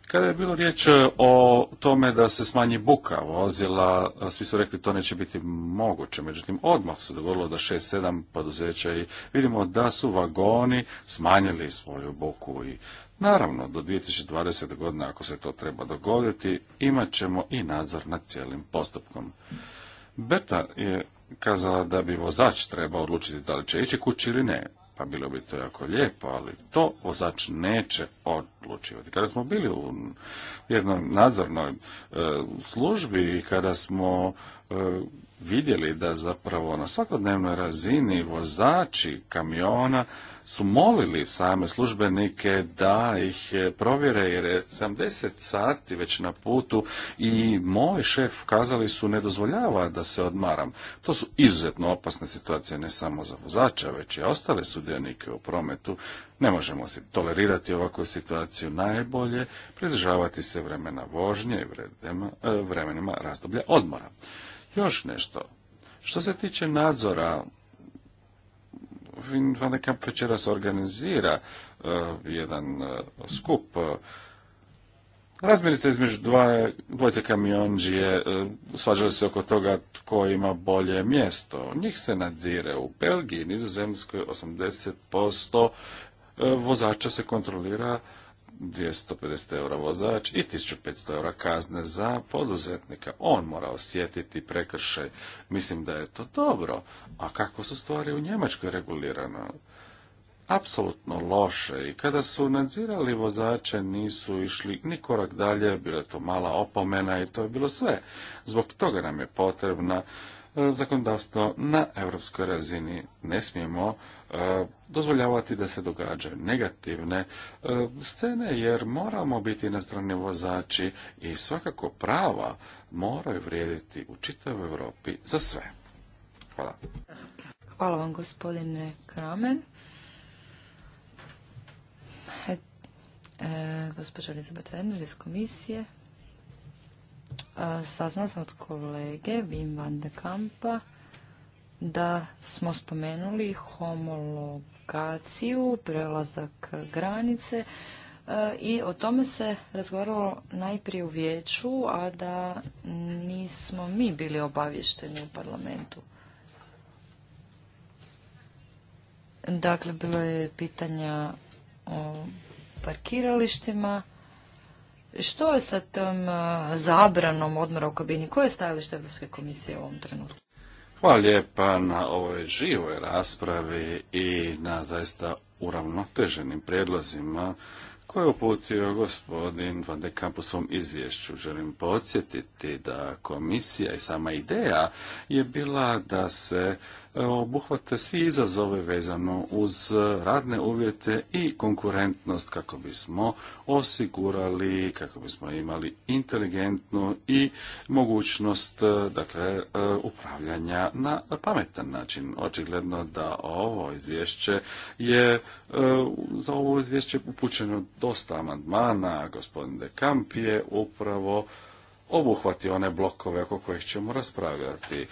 Kada je bilo riječ e, o tome da se smanji buka vozila, svi su rekli to neće biti moguće. Međutim, odmah se dogodilo da 6-7 poduzeća i vidimo da su vagoni smanjili svoju buku i Naravno, do 2020. godine, ako se to treba dogoditi, imat ćemo i nadzor nad cijelim postupkom. beta je kazala da bi vozač trebao odlučiti da li će ići kući ili ne pa bilo bi to jako lijepo, ali to vozač neće odlučivati. Kada smo bili u jednoj nadzornoj e, službi, i kada smo E, vidjeli da zapravo na svakodnevnoj razini vozači kamiona su molili same službenike da ih e, provjere jer je 70 sati već na putu i moj šef kazali su ne dozvoljava da se odmaram. To su izuzetno opasne situacije ne samo za vozača već i ostale sudionike u prometu. Ne možemo se tolerirati ovakvu situaciju najbolje, pridržavati se vremena vožnje i e, vremenima razdoblja odmora. Još nešto. Što se tiče nadzora, Van de večeras organizira e, jedan e, skup uh, između dva, dvojce kamionđije svađali se oko toga tko ima bolje mjesto. Njih se nadzire u Belgiji, nizozemskoj 80% vozača se kontrolira 250 eura vozač i 1500 eura kazne za poduzetnika. On mora osjetiti prekršaj. Mislim da je to dobro. A kako su stvari u Njemačkoj regulirano? apsolutno loše i kada su nadzirali vozače nisu išli ni korak dalje, bila je to mala opomena i to je bilo sve. Zbog toga nam je potrebna E, zakonodavstvo na europskoj razini. Ne smijemo e, dozvoljavati da se događaju negativne e, scene jer moramo biti na strani vozači i svakako prava moraju vrijediti u čitavoj Europi za sve. Hvala. Hvala vam gospodine Kramen, gospođa Elizabeth iz komisije saznala sam od kolege Wim van de Kampa da smo spomenuli homologaciju, prelazak granice i o tome se razgovaralo najprije u vijeću, a da nismo mi bili obavješteni u parlamentu. Dakle, bilo je pitanja o parkiralištima, što je sa tom zabranom odmora u kabini? Koje je stajalište Europske komisije u ovom trenutku? Hvala lijepa na ovoj živoj raspravi i na zaista uravnoteženim prijedlozima koje je uputio gospodin Van de Kamp u svom izvješću. Želim podsjetiti da komisija i sama ideja je bila da se E, obuhvate svi izazove vezano uz radne uvjete i konkurentnost kako bismo osigurali, kako bismo imali inteligentnu i mogućnost e, dakle, e, upravljanja na pametan način. Očigledno da ovo izvješće je, za ovo izvješće upućeno dosta amandmana, gospodin De Kamp je upravo obuhvati one blokove oko kojih ćemo raspravljati.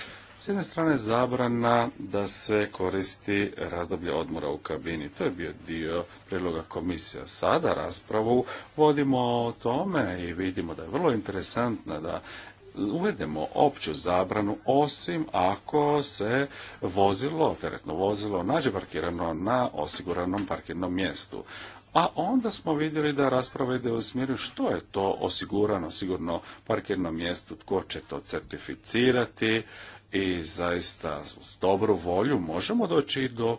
S jedne strane zabrana da se koristi razdoblje odmora u kabini. To je bio dio priloga komisija. Sada raspravu vodimo o tome i vidimo da je vrlo interesantno da uvedemo opću zabranu osim ako se vozilo, teretno vozilo, nađe parkirano na osiguranom parkirnom mjestu. A onda smo vidjeli da rasprava ide u smjeru što je to osigurano, sigurno parkirno mjesto, tko će to certificirati, i zaista s dobru volju možemo doći i do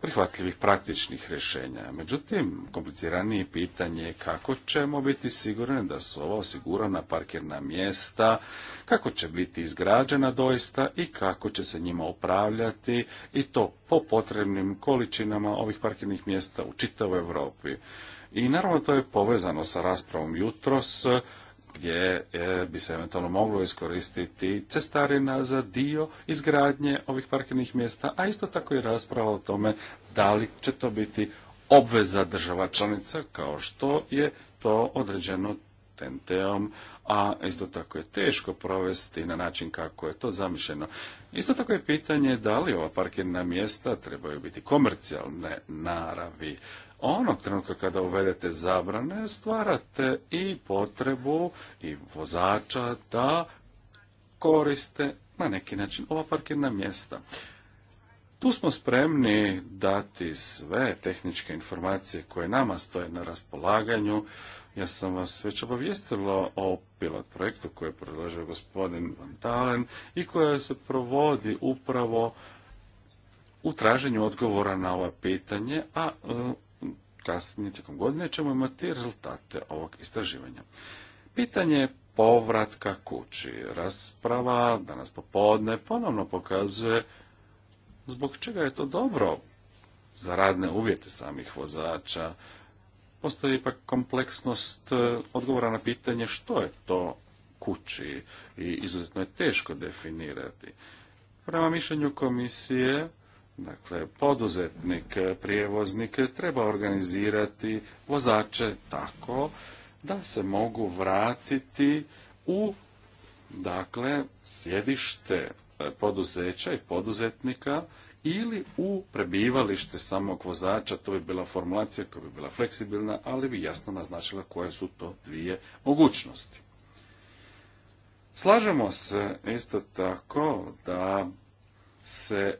prihvatljivih praktičnih rješenja. Međutim, kompliciranije pitanje je kako ćemo biti sigurni da su ova osigurana parkirna mjesta, kako će biti izgrađena doista i kako će se njima upravljati i to po potrebnim količinama ovih parkirnih mjesta u čitavoj Europi. I naravno to je povezano sa raspravom jutros gdje e, bi se eventualno moglo iskoristiti cestarina za dio izgradnje ovih parkirnih mjesta, a isto tako i rasprava o tome da li će to biti obveza država članica kao što je to određeno tnt a isto tako je teško provesti na način kako je to zamišljeno. Isto tako je pitanje da li ova parkirna mjesta trebaju biti komercijalne naravi onog trenutka kada uvedete zabrane, stvarate i potrebu i vozača da koriste na neki način ova parkirna mjesta. Tu smo spremni dati sve tehničke informacije koje nama stoje na raspolaganju. Ja sam vas već obavijestila o pilot projektu koje je predložio gospodin Van Talen i koja se provodi upravo u traženju odgovora na ova pitanje, a e, kasnije tijekom godine ćemo imati rezultate ovog istraživanja. Pitanje povratka kući. Rasprava danas popodne ponovno pokazuje zbog čega je to dobro za radne uvjete samih vozača. Postoji ipak kompleksnost e, odgovora na pitanje što je to kući i izuzetno je teško definirati. Prema mišljenju komisije, Dakle, poduzetnik, prijevoznik treba organizirati vozače tako da se mogu vratiti u dakle sjedište poduzeća i poduzetnika ili u prebivalište samog vozača, to bi bila formulacija koja bi bila fleksibilna, ali bi jasno naznačila koje su to dvije mogućnosti. Slažemo se isto tako da se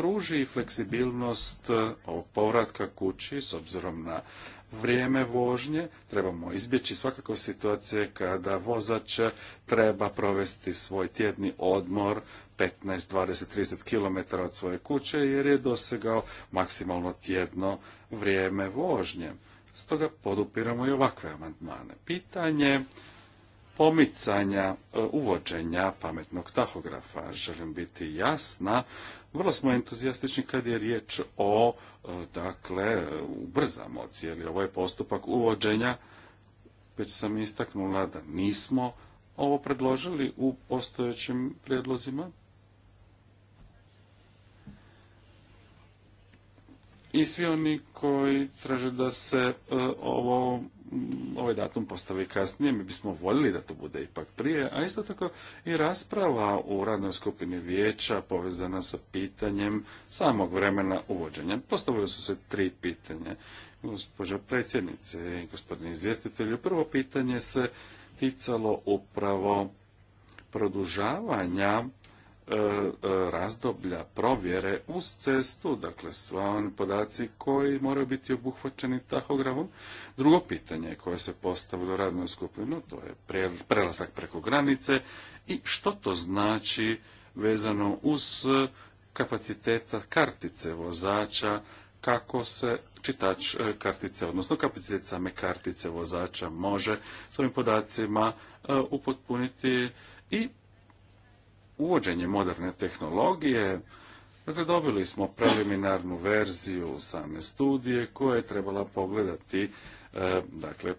pruži fleksibilnost e, ovog povratka kući s obzirom na vrijeme vožnje. Trebamo izbjeći svakako situacije kada vozač treba provesti svoj tjedni odmor 15, 20, 30 km od svoje kuće jer je dosegao maksimalno tjedno vrijeme vožnje. Stoga podupiramo i ovakve amandmane. Pitanje pomicanja e, uvođenja pametnog tahografa. Želim biti jasna, vrlo smo entuzijastični kad je riječ o, e, dakle, ubrzamo cijeli ovaj postupak uvođenja. Već sam istaknula da nismo ovo predložili u postojećim prijedlozima. I svi oni koji traže da se e, ovo Mm, ovaj datum postavi kasnije, mi bismo voljeli da to bude ipak prije, a isto tako i rasprava u radnoj skupini vijeća povezana sa pitanjem samog vremena uvođenja. Postavili su se tri pitanja. Gospođo predsjednice i gospodine izvjestitelju, prvo pitanje se ticalo upravo produžavanja E, e, razdoblja provjere uz cestu, dakle sva oni podaci koji moraju biti obuhvaćeni tahogravom. Drugo pitanje koje se postavilo u radnoj skupinu, to je prelazak preko granice i što to znači vezano uz kapaciteta kartice vozača, kako se čitač e, kartice, odnosno kapacitet same kartice vozača može s ovim podacima upotpuniti i uvođenje moderne tehnologije, dakle dobili smo preliminarnu verziju same studije koja je trebala pogledati e, dakle,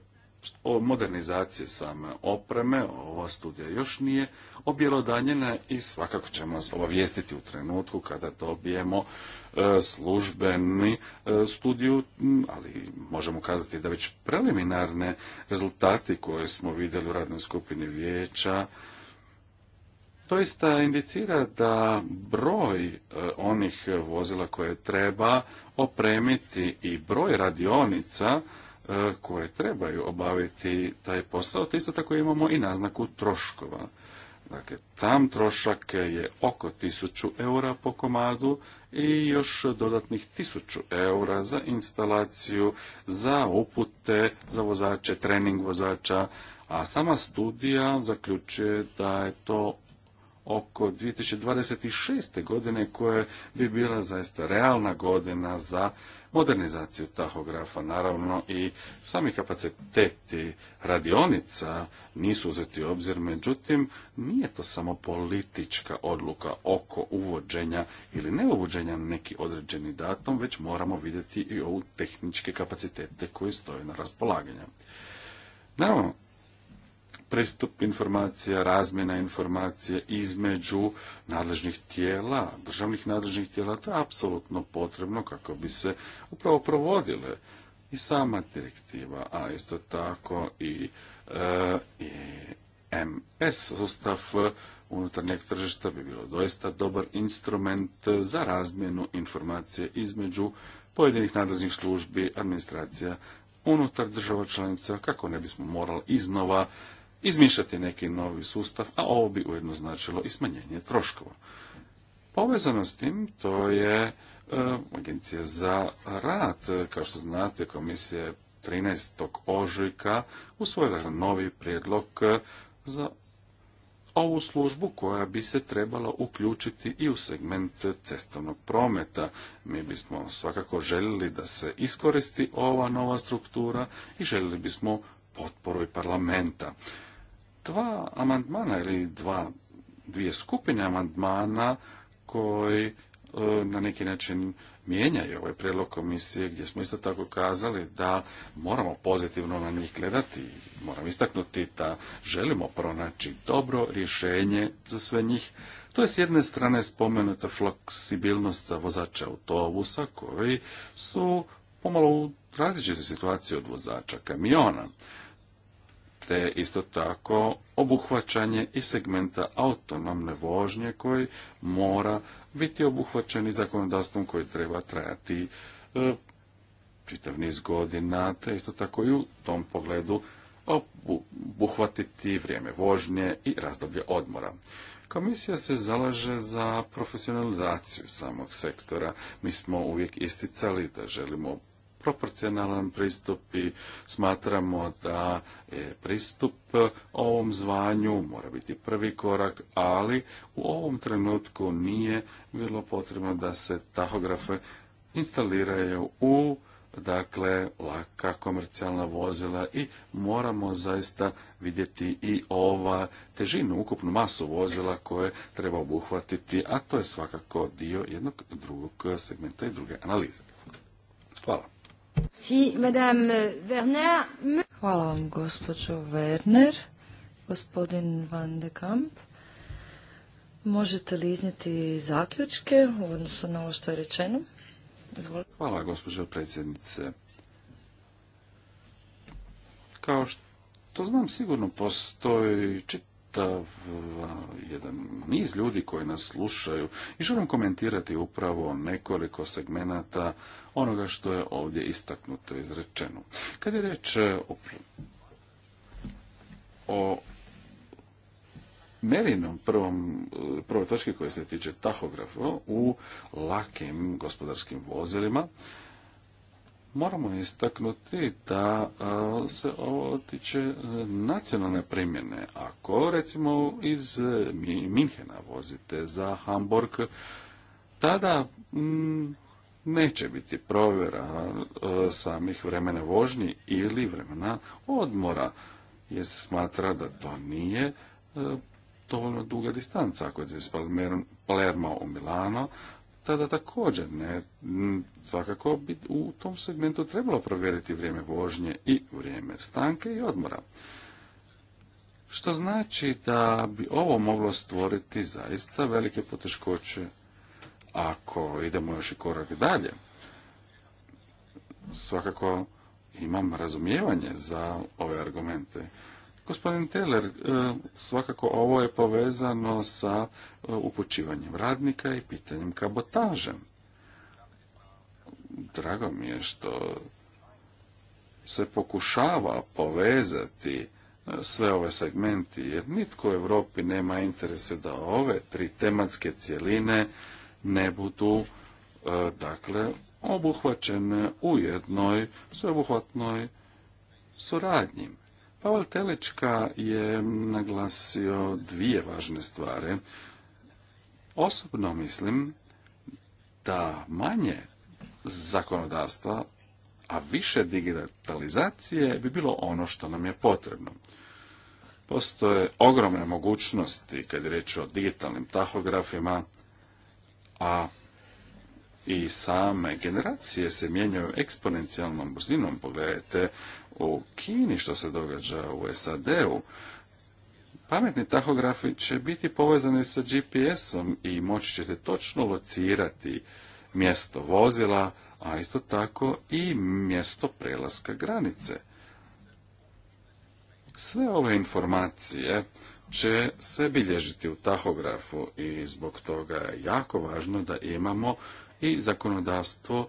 o modernizacije same opreme, ova studija još nije objelodanjena i svakako ćemo vas obavijestiti u trenutku kada dobijemo e, službeni e, studiju, ali možemo kazati da već preliminarne rezultati koje smo vidjeli u radnoj skupini vijeća doista indicira da broj e, onih vozila koje treba opremiti i broj radionica e, koje trebaju obaviti taj posao, to isto tako imamo i naznaku troškova. Dakle, sam trošak je oko 1000 eura po komadu i još dodatnih 1000 eura za instalaciju, za upute, za vozače, trening vozača, a sama studija zaključuje da je to oko 2026. godine koja bi bila zaista realna godina za modernizaciju tahografa. Naravno i sami kapaciteti radionica nisu uzeti u obzir, međutim nije to samo politička odluka oko uvođenja ili ne uvođenja neki određeni datum, već moramo vidjeti i ovu tehničke kapacitete koje stoje na raspolaganju. Naravno, pristup informacija, razmjena informacija između nadležnih tijela, državnih nadležnih tijela, to je apsolutno potrebno kako bi se upravo provodile i sama direktiva, a isto tako i, e, MS sustav unutarnjeg tržišta bi bilo doista dobar instrument za razmjenu informacije između pojedinih nadležnih službi, administracija unutar država članica, kako ne bismo morali iznova izmišljati neki novi sustav, a ovo bi ujedno značilo i smanjenje troškova. Povezano s tim, to je e, Agencija za rad. Kao što znate, komisija 13. ožujka usvojila novi prijedlog e, za ovu službu koja bi se trebala uključiti i u segment cestovnog prometa. Mi bismo svakako željeli da se iskoristi ova nova struktura i željeli bismo potporu i parlamenta dva amandmana ili dva, dvije skupine amandmana koji e, na neki način mijenjaju ovaj prijedlog komisije gdje smo isto tako kazali da moramo pozitivno na njih gledati i moram istaknuti da želimo pronaći dobro rješenje za sve njih. To je s jedne strane spomenuta fleksibilnost za vozača autobusa koji su pomalo u različitoj situaciji od vozača kamiona te isto tako obuhvaćanje i segmenta autonomne vožnje koji mora biti obuhvaćen i zakonodavstvom koji treba trajati e, čitav niz godina, te isto tako i u tom pogledu obuhvatiti vrijeme vožnje i razdoblje odmora. Komisija se zalaže za profesionalizaciju samog sektora. Mi smo uvijek isticali da želimo proporcionalan pristup i smatramo da je pristup ovom zvanju mora biti prvi korak, ali u ovom trenutku nije bilo potrebno da se tahografe instaliraju u dakle laka komercijalna vozila i moramo zaista vidjeti i ova težinu, ukupnu masu vozila koje treba obuhvatiti, a to je svakako dio jednog drugog segmenta i druge analize. Hvala. Hvala vam, gospođo Werner. Gospodin Van de Kamp. Možete li iznijeti zaključke u odnosu na ovo što je rečeno? Hvala, gospođo predsjednice. Kao što znam, sigurno postoji čitak čitav jedan niz ljudi koji nas slušaju i želim komentirati upravo nekoliko segmenata onoga što je ovdje istaknuto izrečeno. Kad je reč e, o, o Merinom prvom, e, prvoj točki koja se tiče tahografa u lakim gospodarskim vozilima, moramo istaknuti da se ovo tiče e, nacionalne primjene. Ako recimo iz e, Minhena vozite za Hamburg, tada neće biti provjera samih vremena vožnji ili vremena odmora, jer se smatra da to nije e, dovoljno duga distanca. Ako je iz Palermo u Milano, tada također ne, mm, svakako bi u tom segmentu trebalo provjeriti vrijeme vožnje i vrijeme stanke i odmora. Što znači da bi ovo moglo stvoriti zaista velike poteškoće ako idemo još i korak dalje. Svakako imam razumijevanje za ove argumente. Gospodin Teller, e, svakako ovo je povezano sa e, upućivanjem radnika i pitanjem kabotaže. Drago mi je što se pokušava povezati e, sve ove segmenti, jer nitko u Europi nema interese da ove tri tematske cjeline ne budu dakle obuhvaćene u jednoj sveobuhvatnoj suradnji. Pavel Telečka je naglasio dvije važne stvari. Osobno mislim da manje zakonodavstva, a više digitalizacije bi bilo ono što nam je potrebno. Postoje ogromne mogućnosti kad je reč o digitalnim tahografima, a i same generacije se mijenjaju eksponencijalnom brzinom. Pogledajte u Kini, što se događa u SAD-u, pametni tahografi će biti povezani sa GPS-om i moći ćete točno locirati mjesto vozila, a isto tako i mjesto prelaska granice. Sve ove informacije će se bilježiti u tahografu i zbog toga je jako važno da imamo i zakonodavstvo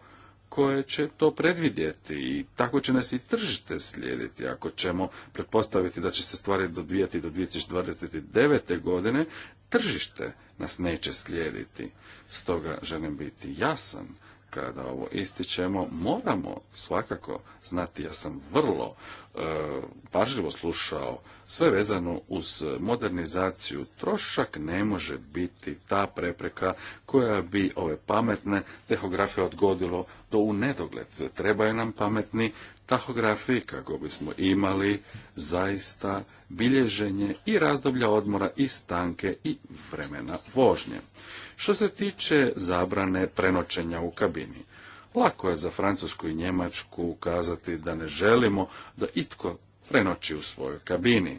koje će to predvidjeti i tako će nas i tržište slijediti. Ako ćemo pretpostaviti da će se stvari dodvijati do 2029. godine, tržište nas neće slijediti. Stoga želim biti jasan kada ovo ističemo, moramo svakako znati, ja sam vrlo e, pažljivo slušao sve vezano uz modernizaciju. Trošak ne može biti ta prepreka koja bi ove pametne tehografije odgodilo to u nedogled. Trebaju nam pametni tahografi kako bismo imali zaista bilježenje i razdoblja odmora i stanke i vremena vožnje. Što se tiče zabrane prenoćenja u kabini, lako je za Francusku i Njemačku ukazati da ne želimo da itko prenoći u svojoj kabini.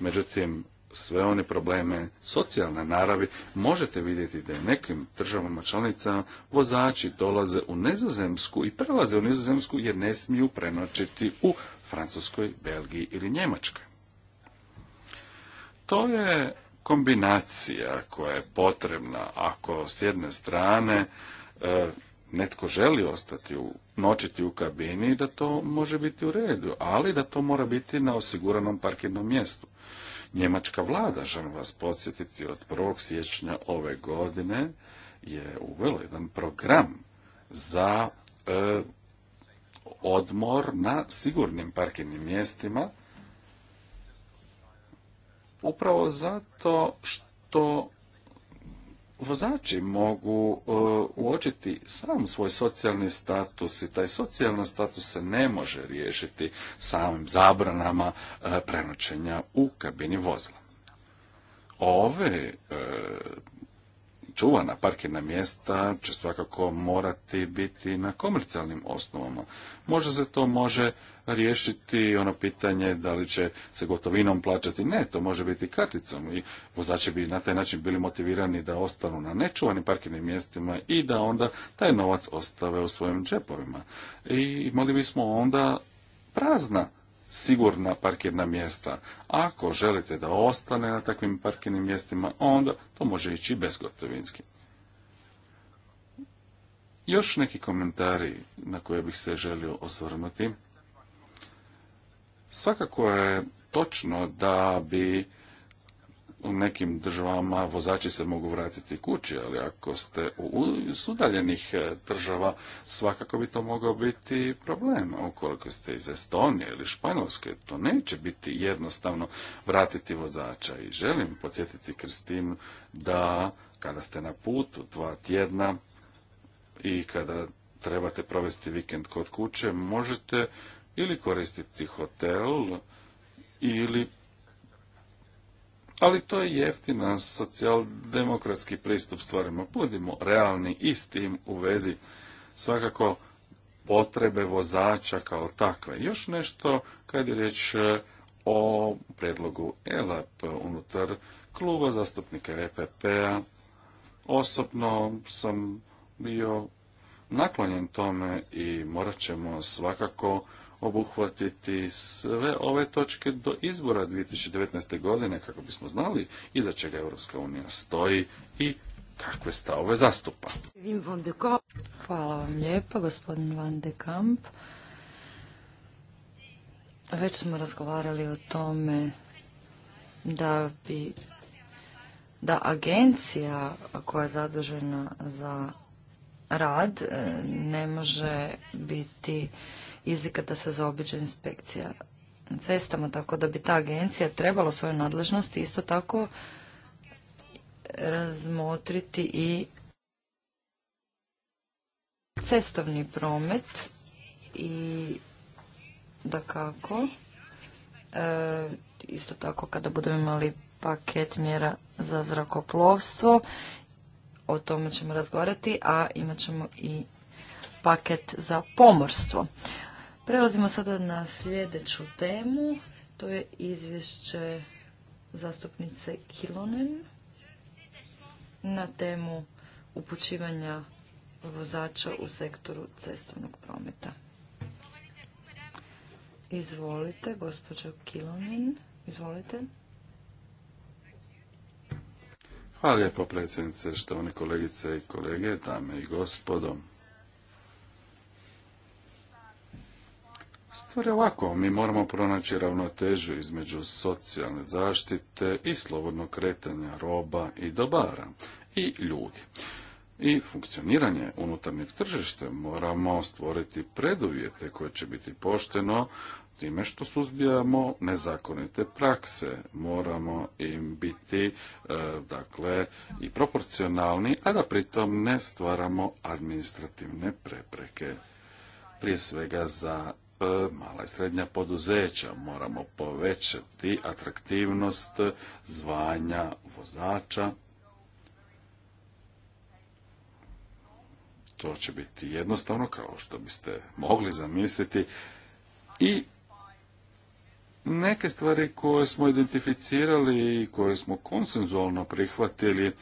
Međutim, sve one probleme socijalne naravi, možete vidjeti da je nekim državama članicama vozači dolaze u Nizozemsku i prelaze u Nizozemsku jer ne smiju prenoćiti u Francuskoj, Belgiji ili Njemačkoj. To je kombinacija koja je potrebna ako s jedne strane e, netko želi ostati u noćiti u kabini da to može biti u redu, ali da to mora biti na osiguranom parkirnom mjestu. Njemačka vlada, želim vas podsjetiti, od 1. siječnja ove godine je uvela jedan program za e, odmor na sigurnim parkirnim mjestima upravo zato što vozači mogu e, uočiti sam svoj socijalni status i taj socijalni status se ne može riješiti samim zabranama e, prenoćenja u kabini vozila. Ove e, čuvana parkirna mjesta će svakako morati biti na komercijalnim osnovama. Može se to može riješiti ono pitanje da li će se gotovinom plaćati. Ne, to može biti karticom i vozači bi na taj način bili motivirani da ostanu na nečuvanim parkirnim mjestima i da onda taj novac ostave u svojim džepovima. I imali bismo onda prazna sigurna parkirna mjesta. Ako želite da ostane na takvim parkirnim mjestima, onda to može ići bezgotovinski. Još neki komentari na koje bih se želio osvrnuti. Svakako je točno da bi u nekim državama vozači se mogu vratiti kući, ali ako ste u sudaljenih e, država, svakako bi to mogao biti problem. ukoliko ste iz Estonije ili Španjolske, to neće biti jednostavno vratiti vozača. I želim podsjetiti Kristin da kada ste na putu dva tjedna i kada trebate provesti vikend kod kuće, možete ili koristiti hotel ili ali to je jeftina socijaldemokratski pristup stvarima. Budimo realni i s tim u vezi svakako potrebe vozača kao takve. Još nešto kad je riječ e, o predlogu ELAP unutar kluba zastupnika EPP-a. Osobno sam bio naklonjen tome i morat ćemo svakako obuhvatiti sve ove točke do izbora 2019. godine kako bismo znali iza čega Europska unija stoji i kakve stavove zastupa. Hvala vam lijepo, gospodin Van de Kamp. Već smo razgovarali o tome da bi da agencija koja je zadužena za rad e, ne može biti izlika da se zaobiđe inspekcija na cestama, tako da bi ta agencija trebala svoju nadležnost isto tako razmotriti i cestovni promet i da kako e, isto tako kada budemo imali paket mjera za zrakoplovstvo o tome ćemo razgovarati a imat ćemo i paket za pomorstvo Prelazimo sada na sljedeću temu. To je izvješće zastupnice Kilonen na temu upućivanja vozača u sektoru cestovnog prometa. Izvolite, gospođo Kilonin. Izvolite. Hvala lijepo predsjednice, štovane kolegice i kolege, dame i gospodo. Stvar je ovako, mi moramo pronaći ravnotežu između socijalne zaštite i slobodnog kretanja roba i dobara i ljudi. I funkcioniranje unutarnjeg tržišta moramo stvoriti preduvjete koje će biti pošteno, time što suzbijamo nezakonite prakse. Moramo im biti, e, dakle, i proporcionalni, a da pritom ne stvaramo administrativne prepreke prije svega za E, mala i srednja poduzeća. Moramo povećati atraktivnost zvanja vozača. To će biti jednostavno, kao što biste mogli zamisliti. I neke stvari koje smo identificirali i koje smo konsenzualno prihvatili,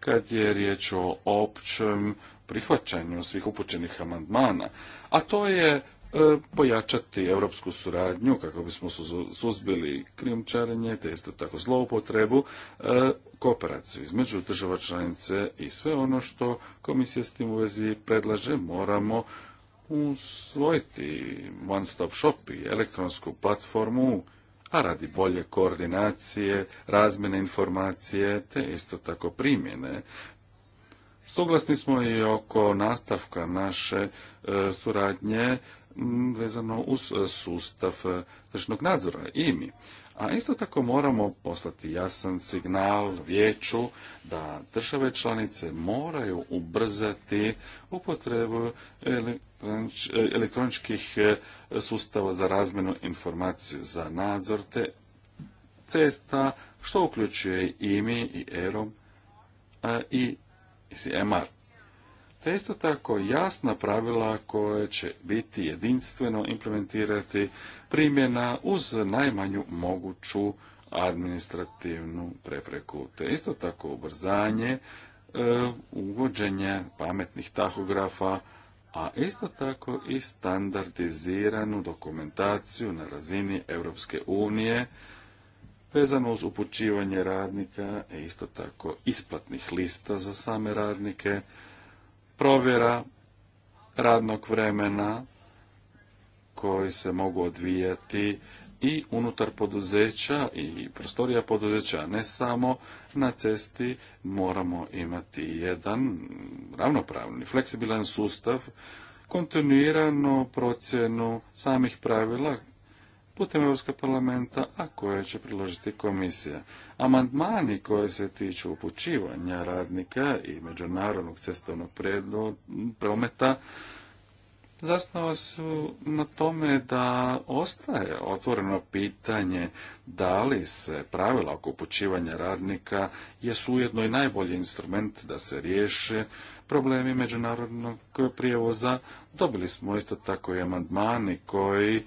kad je riječ o općem prihvaćanju svih upućenih amandmana, a to je E, pojačati europsku suradnju kako bismo suzbili krijumčarenje te isto tako zloupotrebu, e, kooperaciju između država članice i sve ono što komisija s tim u vezi predlaže moramo usvojiti one stop shop i elektronsku platformu a radi bolje koordinacije, razmjene informacije te isto tako primjene Suglasni smo i oko nastavka naše e, suradnje vezano uz e, sustav e, tržišnog nadzora IMI. A isto tako moramo poslati jasan signal vijeću da države članice moraju ubrzati upotrebu e, elektroničkih sustava za razmjenu informaciju za nadzor te cesta, što uključuje IMI i EROM i CMR te isto tako jasna pravila koje će biti jedinstveno implementirati primjena uz najmanju moguću administrativnu prepreku, te isto tako ubrzanje e, uvođenje pametnih tahografa, a isto tako i standardiziranu dokumentaciju na razini Europske unije vezano uz upućivanje radnika, i e, isto tako isplatnih lista za same radnike, provjera radnog vremena koji se mogu odvijati i unutar poduzeća i prostorija poduzeća, ne samo na cesti, moramo imati jedan ravnopravni, fleksibilan sustav, kontinuirano procjenu samih pravila putem Europskog parlamenta, a koje će priložiti komisija. Amandmani koje se tiču upućivanja radnika i međunarodnog cestovnog prometa zasnova su na tome da ostaje otvoreno pitanje da li se pravila oko upućivanja radnika jesu ujedno i najbolji instrument da se riješe problemi međunarodnog prijevoza. Dobili smo isto tako i amandmani koji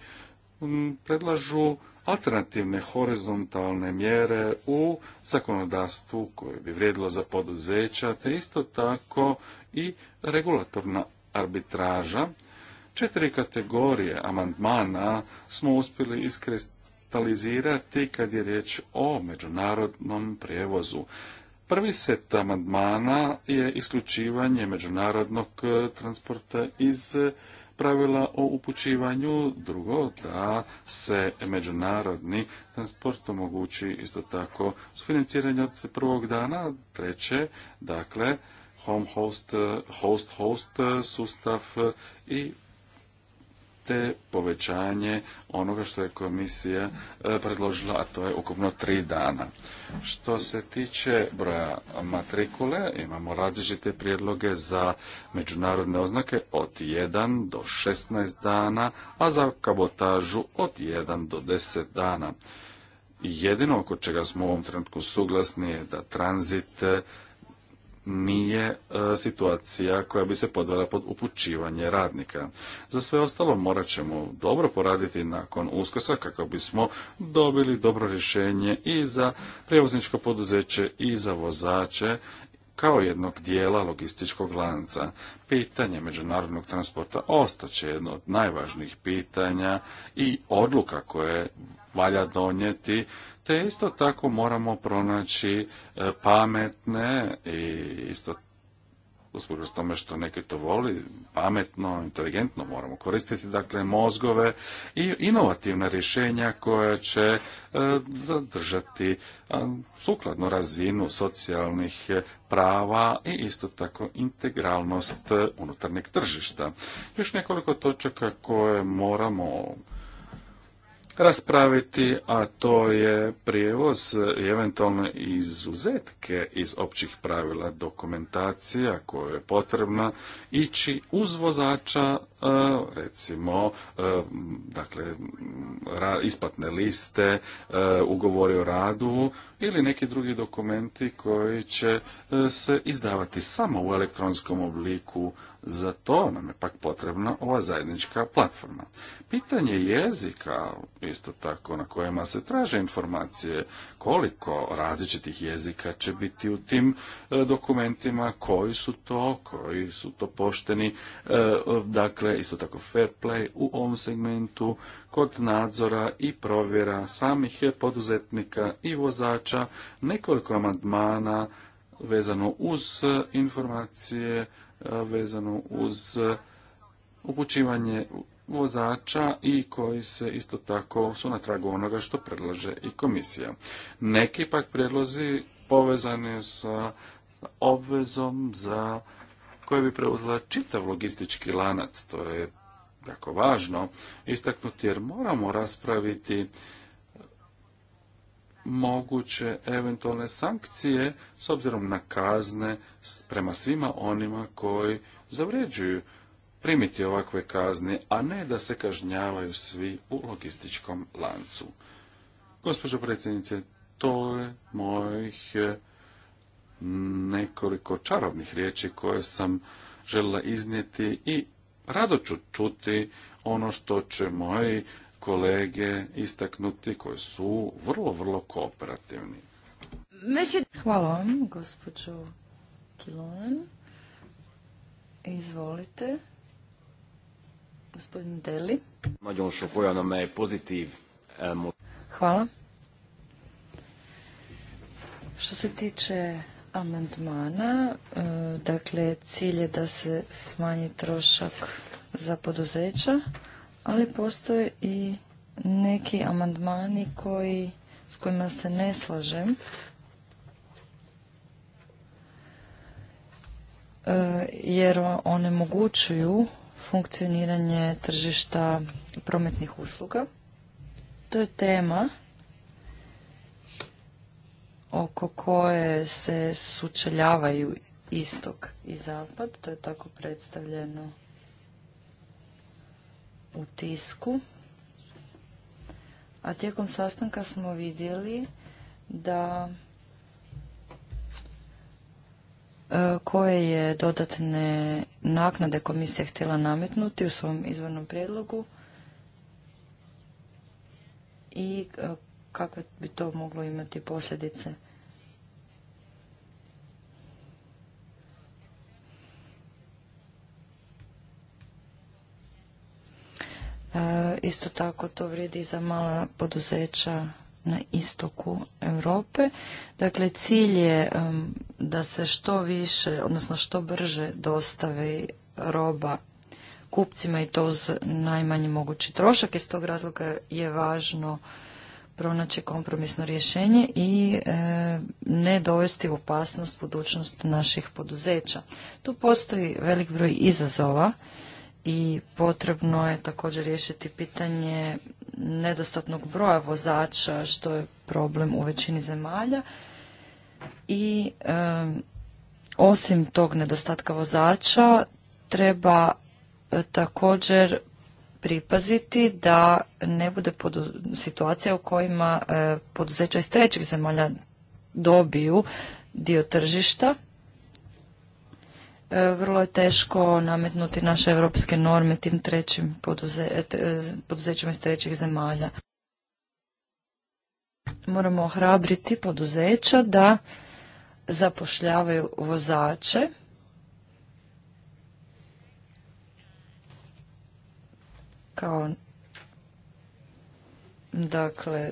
predlažu alternativne horizontalne mjere u zakonodavstvu koje bi vrijedilo za poduzeća, te isto tako i regulatorna arbitraža. Četiri kategorije amandmana smo uspjeli iskristalizirati kad je riječ o međunarodnom prijevozu. Prvi set amandmana je isključivanje međunarodnog e, transporta iz pravila o upućivanju, drugo da se međunarodni transport omogući isto tako sufinanciranje od prvog dana, treće, dakle, home host, host host sustav i te povećanje onoga što je komisija e, predložila, a to je ukupno tri dana. Što se tiče broja matrikule, imamo različite prijedloge za međunarodne oznake od 1 do 16 dana, a za kabotažu od 1 do 10 dana. Jedino oko čega smo u ovom trenutku suglasni je da tranzit nije e, situacija koja bi se podvela pod upućivanje radnika. Za sve ostalo morat ćemo dobro poraditi nakon uskosa kako bismo dobili dobro rješenje i za prijevozničko poduzeće i za vozače kao jednog dijela logističkog lanca. Pitanje međunarodnog transporta ostaće jedno od najvažnijih pitanja i odluka koje valja donijeti, te isto tako moramo pronaći e, pametne i isto usprkos tome što neki to voli, pametno, inteligentno moramo koristiti, dakle, mozgove i inovativna rješenja koja će e, zadržati sukladnu e, sukladno razinu socijalnih prava i isto tako integralnost unutarnjeg tržišta. Još nekoliko točaka koje moramo raspraviti, a to je prijevoz i eventualne izuzetke iz općih pravila dokumentacija koja je potrebna ići uz vozača, e, recimo, e, dakle, isplatne liste, e, ugovori o radu ili neki drugi dokumenti koji će se izdavati samo u elektronskom obliku za to nam je pak potrebna ova zajednička platforma. Pitanje jezika, isto tako na kojima se traže informacije, koliko različitih jezika će biti u tim e, dokumentima, koji su to, koji su to pošteni, e, dakle isto tako fair play u ovom segmentu, kod nadzora i provjera samih poduzetnika i vozača, nekoliko amandmana vezano uz e, informacije vezano uz upućivanje vozača i koji se isto tako su na tragu onoga što predlaže i komisija. Neki pak predlozi povezani sa obvezom za koje bi preuzela čitav logistički lanac. To je jako važno istaknuti jer moramo raspraviti moguće eventualne sankcije s obzirom na kazne prema svima onima koji zavređuju primiti ovakve kazne, a ne da se kažnjavaju svi u logističkom lancu. Gospođo predsjednice, to je mojih e, nekoliko čarobnih riječi koje sam željela iznijeti i rado ću čuti ono što će moji kolege istaknuti koji su vrlo, vrlo kooperativni. Hvala vam, gospođo Kilonen. Izvolite. Gospodin Deli. Nagyon koja nam je pozitiv Hvala. Što se tiče amandmana, e, dakle cilj je da se smanji trošak za poduzeća ali postoje i neki amandmani koji, s kojima se ne slažem. E, jer onemogućuju funkcioniranje tržišta prometnih usluga. To je tema oko koje se sučeljavaju istok i zapad, to je tako predstavljeno u tisku, a tijekom sastanka smo vidjeli da e, koje je dodatne naknade komisija htjela nametnuti u svom izvornom prijedlogu i e, kakve bi to moglo imati posljedice. Isto tako to vrijedi i za mala poduzeća na istoku Europe. Dakle, cilj je da se što više, odnosno što brže dostavi roba kupcima i to uz najmanji mogući trošak. Iz tog razloga je važno pronaći kompromisno rješenje i e, ne dovesti u opasnost budućnost naših poduzeća. Tu postoji velik broj izazova i potrebno je također riješiti pitanje nedostatnog broja vozača što je problem u većini zemalja i osim tog nedostatka vozača treba e, također pripaziti da ne bude situacija u kojima e, poduzeća iz trećih zemalja dobiju dio tržišta E, vrlo je teško nametnuti naše europske norme tim trećim poduzećima iz trećih zemalja. Moramo ohrabriti poduzeća da zapošljavaju vozače kao dakle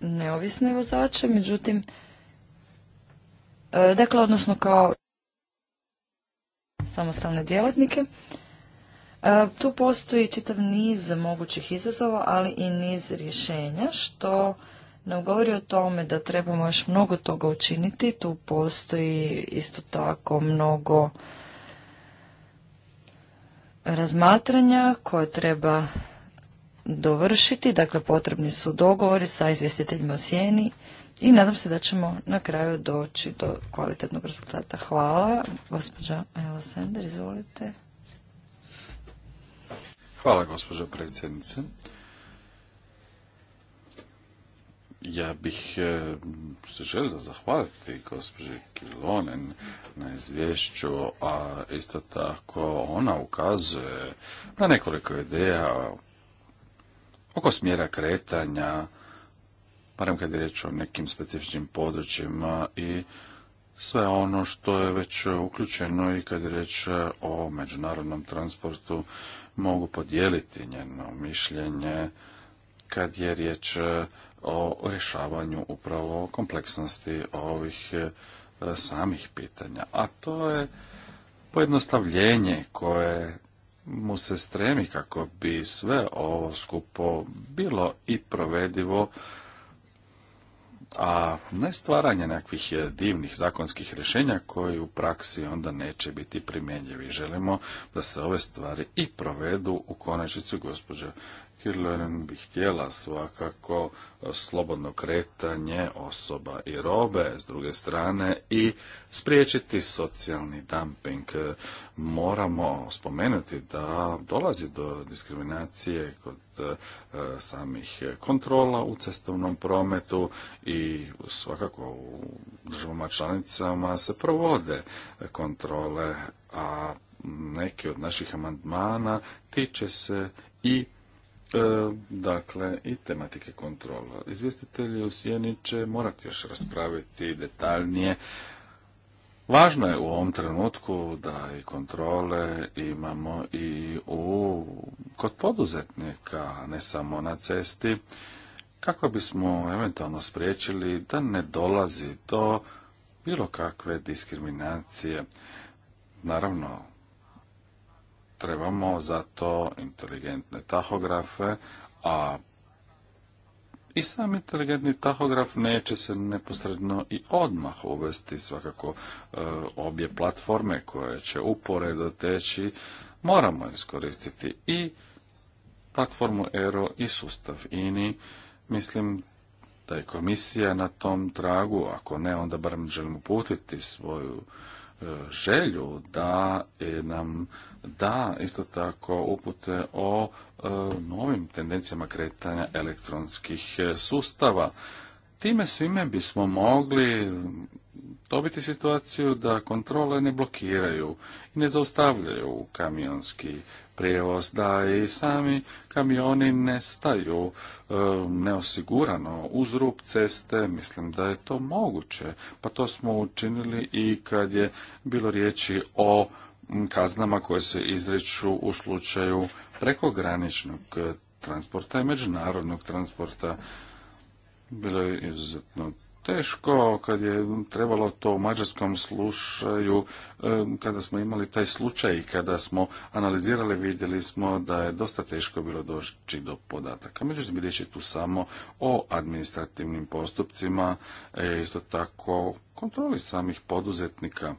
neovisne vozače, međutim E, dakle, odnosno kao samostalne djelatnike. E, tu postoji čitav niz mogućih izazova, ali i niz rješenja, što ne govori o tome da trebamo još mnogo toga učiniti. Tu postoji isto tako mnogo razmatranja koje treba dovršiti. Dakle, potrebni su dogovori sa izvjestiteljima o sjeni i nadam se da ćemo na kraju doći do kvalitetnog rezultata. Hvala. Gospođa Ajla Sender, izvolite. Hvala, gospođo predsjednice. Ja bih eh, se želio zahvaliti gospođi Kilonen na izvješću, a isto tako ona ukazuje na nekoliko ideja oko smjera kretanja barem kad je riječ o nekim specifičnim područjima i sve ono što je već uključeno i kad je riječ o međunarodnom transportu mogu podijeliti njeno mišljenje kad je riječ o rješavanju upravo kompleksnosti ovih e, samih pitanja. A to je pojednostavljenje koje mu se stremi kako bi sve ovo skupo bilo i provedivo a ne stvaranje nekakvih e, divnih zakonskih rješenja koji u praksi onda neće biti primjenjivi. Želimo da se ove stvari i provedu u konačnici gospođa Kirlen bi htjela svakako slobodno kretanje osoba i robe s druge strane i spriječiti socijalni dumping. Moramo spomenuti da dolazi do diskriminacije kod e, samih kontrola u cestovnom prometu i svakako u državama članicama se provode kontrole, a neki od naših amandmana tiče se i E, dakle, i tematike kontrola. Izvjestitelji u Sjeni će morati još raspraviti detaljnije. Važno je u ovom trenutku da i kontrole imamo i u, kod poduzetnika, ne samo na cesti, kako bismo eventualno spriječili da ne dolazi do bilo kakve diskriminacije. Naravno, trebamo zato inteligentne tahografe, a i sam inteligentni tahograf neće se neposredno i odmah uvesti svakako e, obje platforme koje će uporedo teći. Moramo iskoristiti i platformu ERO i sustav INI. Mislim da je komisija na tom tragu, ako ne, onda barem želimo putiti svoju e, želju da nam da isto tako upute o e, novim tendencijama kretanja elektronskih e, sustava. Time svime bismo mogli dobiti situaciju da kontrole ne blokiraju i ne zaustavljaju kamionski prijevoz, da i sami kamioni nestaju e, neosigurano uz rub ceste, mislim da je to moguće. Pa to smo učinili i kad je bilo riječi o kaznama koje se izreću u slučaju prekograničnog transporta i međunarodnog transporta. Bilo je izuzetno teško kad je trebalo to u mađarskom slušaju. kada smo imali taj slučaj i kada smo analizirali, vidjeli smo da je dosta teško bilo doći do podataka. Međutim, riječ je tu samo o administrativnim postupcima, e, isto tako kontroli samih poduzetnika.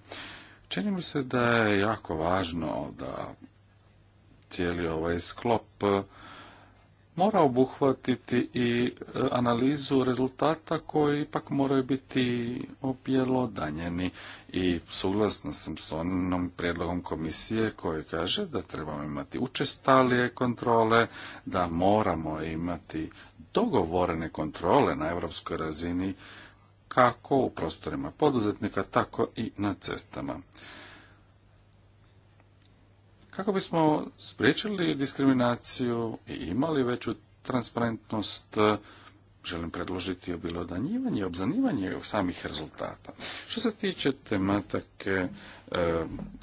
Čini mi se da je jako važno da cijeli ovaj sklop e, mora obuhvatiti i e, analizu rezultata koji ipak moraju biti objelodanjeni i suglasno sam s onom prijedlogom komisije koji kaže da trebamo imati učestalije kontrole, da moramo imati dogovorene kontrole na europskoj razini kako u prostorima poduzetnika, tako i na cestama. Kako bismo spriječili diskriminaciju i imali veću transparentnost, želim predložiti obilodanjivanje i obzanivanje samih rezultata. Što se tiče tematike e,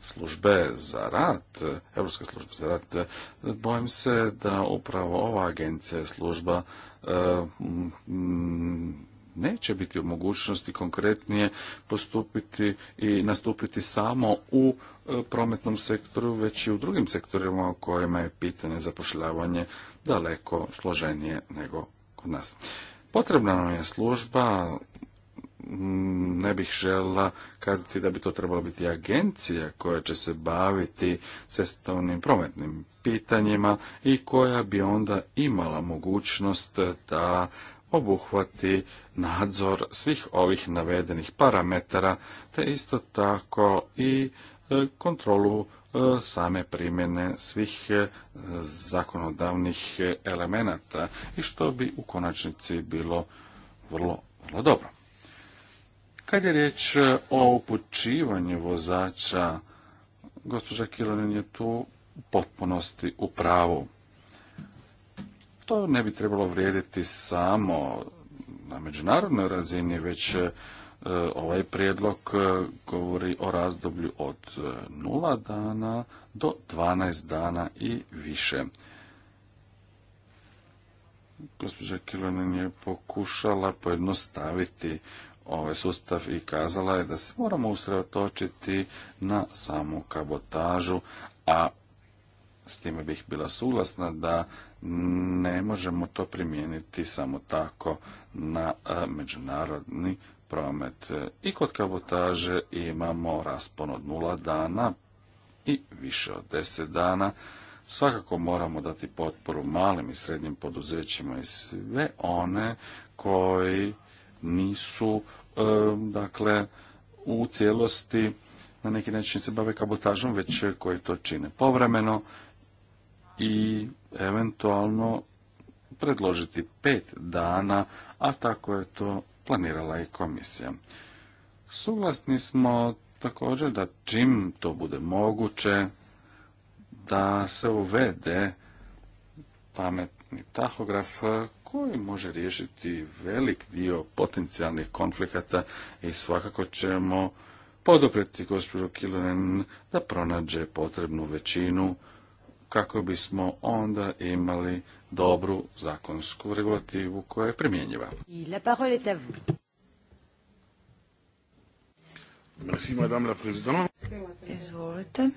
službe za rad, Europske službe za rad, bojim se da upravo ova agencija služba e, neće biti u mogućnosti konkretnije postupiti i nastupiti samo u e, prometnom sektoru, već i u drugim sektorima u kojima je pitanje zapošljavanje daleko složenije nego kod nas. Potrebna nam je služba, ne bih žela kazati da bi to trebala biti agencija koja će se baviti cestovnim prometnim pitanjima i koja bi onda imala mogućnost da obuhvati nadzor svih ovih navedenih parametara, te isto tako i e, kontrolu e, same primjene svih e, zakonodavnih elemenata i što bi u konačnici bilo vrlo, vrlo dobro. Kad je riječ o upućivanju vozača, gospođa Kilonin je tu u potpunosti u pravu to ne bi trebalo vrijediti samo na međunarodnoj razini, već e, ovaj prijedlog e, govori o razdoblju od 0 e, dana do 12 dana i više. Gospođa Kilonin je pokušala pojednostaviti ovaj sustav i kazala je da se moramo usredotočiti na samu kabotažu, a s time bih bila suglasna da ne možemo to primijeniti samo tako na e, međunarodni promet. E, I kod kabotaže imamo raspon od nula dana i više od deset dana. Svakako moramo dati potporu malim i srednjim poduzećima i sve one koji nisu e, dakle u cijelosti na neki način se bave kabotažom, već koji to čine povremeno i eventualno predložiti pet dana, a tako je to planirala i komisija. Suglasni smo također da čim to bude moguće, da se uvede pametni tahograf koji može riješiti velik dio potencijalnih konflikata i svakako ćemo podopreti gospođu Kilonen da pronađe potrebnu većinu kako bismo onda imali dobru zakonsku regulativu koja je primjenjiva. Izvolite.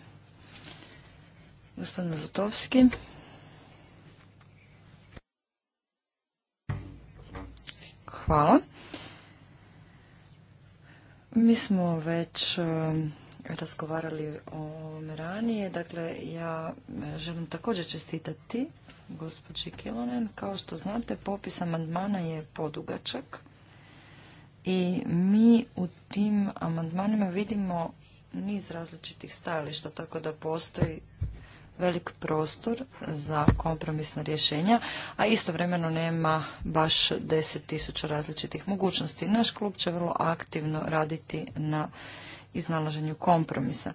Gospodin Zotovski. Hvala. Mi smo već razgovarali o ovome ranije. Dakle, ja e, želim također čestitati gospođi Kilonen. Kao što znate, popis amandmana je podugačak i mi u tim amandmanima vidimo niz različitih stajališta, tako da postoji velik prostor za kompromisna rješenja, a istovremeno nema baš 10.000 različitih mogućnosti. Naš klub će vrlo aktivno raditi na iznalaženju kompromisa.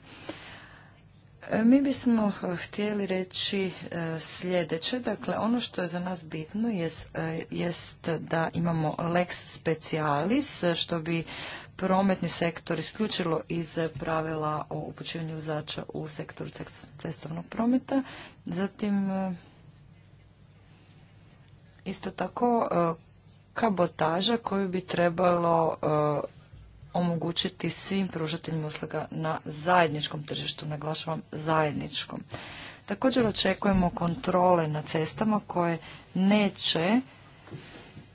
E, mi bismo eh, htjeli reći eh, sljedeće, dakle ono što je za nas bitno jest, eh, da imamo lex specialis što bi prometni sektor isključilo iz pravila o upućivanju vozača u sektoru cestovnog prometa. Zatim isto tako kabotaža koju bi trebalo omogućiti svim pružateljima usluga na zajedničkom tržištu, naglašavam zajedničkom. Također očekujemo kontrole na cestama koje neće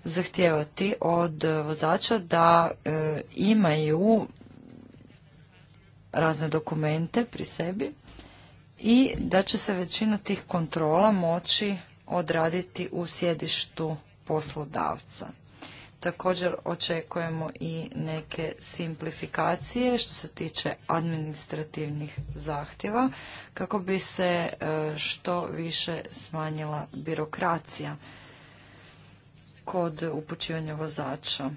zahtijevati od vozača da e, imaju razne dokumente pri sebi i da će se većina tih kontrola moći odraditi u sjedištu poslodavca. Također očekujemo i neke simplifikacije što se tiče administrativnih zahtjeva kako bi se e, što više smanjila birokracija kod upućivanja vozača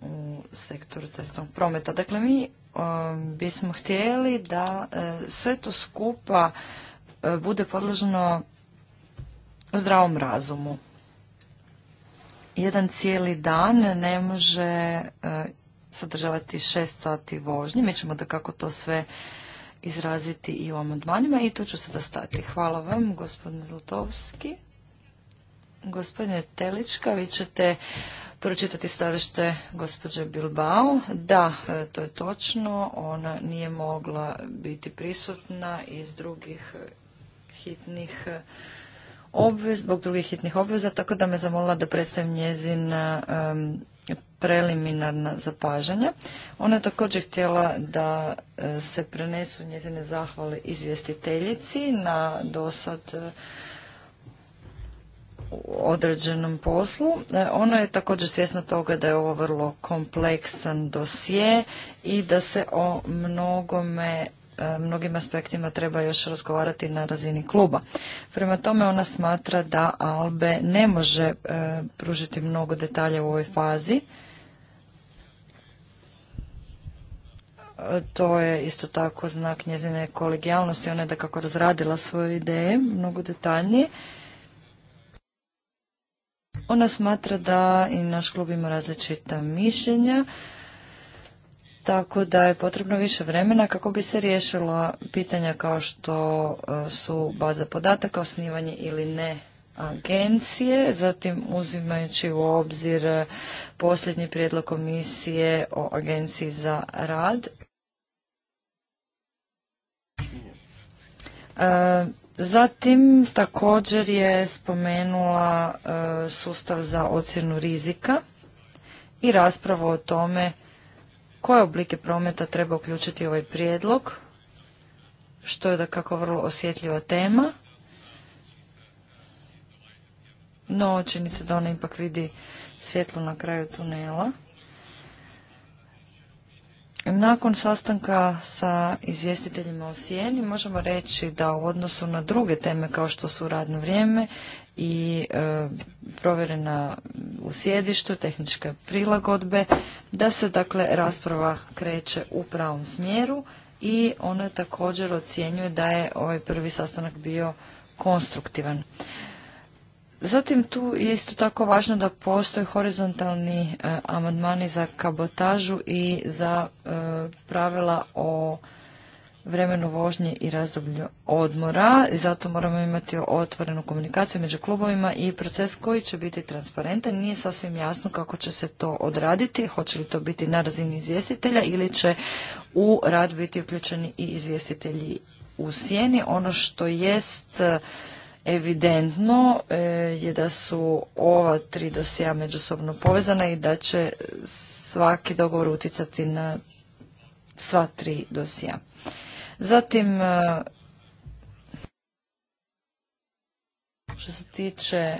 u sektoru cestovnog prometa. Dakle, mi e, bismo htjeli da e, sve to skupa bude podloženo zdravom razumu jedan cijeli dan ne može e, sadržavati šest sati vožnje. Mi ćemo da kako to sve izraziti i u amandmanima i tu ću sada stati. Hvala vam, gospodine Zlatovski. Gospodine Telička, vi ćete pročitati starište gospođe Bilbao. Da, e, to je točno. Ona nije mogla biti prisutna iz drugih hitnih obvez, zbog drugih hitnih obveza, tako da me zamolila da predstavim njezina preliminarna zapažanja. Ona je također htjela da e, se prenesu njezine zahvale izvjestiteljici na dosad e, određenom poslu. E, ona je također svjesna toga da je ovo vrlo kompleksan dosje i da se o mnogome E, mnogim aspektima treba još razgovarati na razini kluba. Prema tome ona smatra da Albe ne može e, pružiti mnogo detalja u ovoj fazi. E, to je isto tako znak njezine kolegijalnosti. Ona je da kako razradila svoje ideje mnogo detaljnije. Ona smatra da i naš klub ima različita mišljenja tako da je potrebno više vremena kako bi se riješila pitanja kao što e, su baza podataka, osnivanje ili ne agencije, zatim uzimajući u obzir posljednji prijedlog komisije o agenciji za rad. E, zatim također je spomenula e, sustav za ocjenu rizika i raspravo o tome koje oblike prometa treba uključiti ovaj prijedlog, što je da kako vrlo osjetljiva tema, no čini se da ona ipak vidi svjetlo na kraju tunela. Nakon sastanka sa izvjestiteljima o sjeni možemo reći da u odnosu na druge teme kao što su radno vrijeme i e, provjerena u sjedištu, tehničke prilagodbe, da se dakle rasprava kreće u pravom smjeru i ona također ocjenjuje da je ovaj prvi sastanak bio konstruktivan. Zatim tu je isto tako važno da postoje horizontalni e, amandmani za kabotažu i za e, pravila o vremenu vožnje i razdoblju odmora i zato moramo imati otvorenu komunikaciju među klubovima i proces koji će biti transparentan. Nije sasvim jasno kako će se to odraditi, hoće li to biti na razini izvjestitelja ili će u rad biti uključeni i izvjestitelji u sjeni. Ono što jest e, evidentno e, je da su ova tri dosija međusobno povezana i da će svaki dogovor uticati na sva tri dosija. Zatim, e, što se tiče e,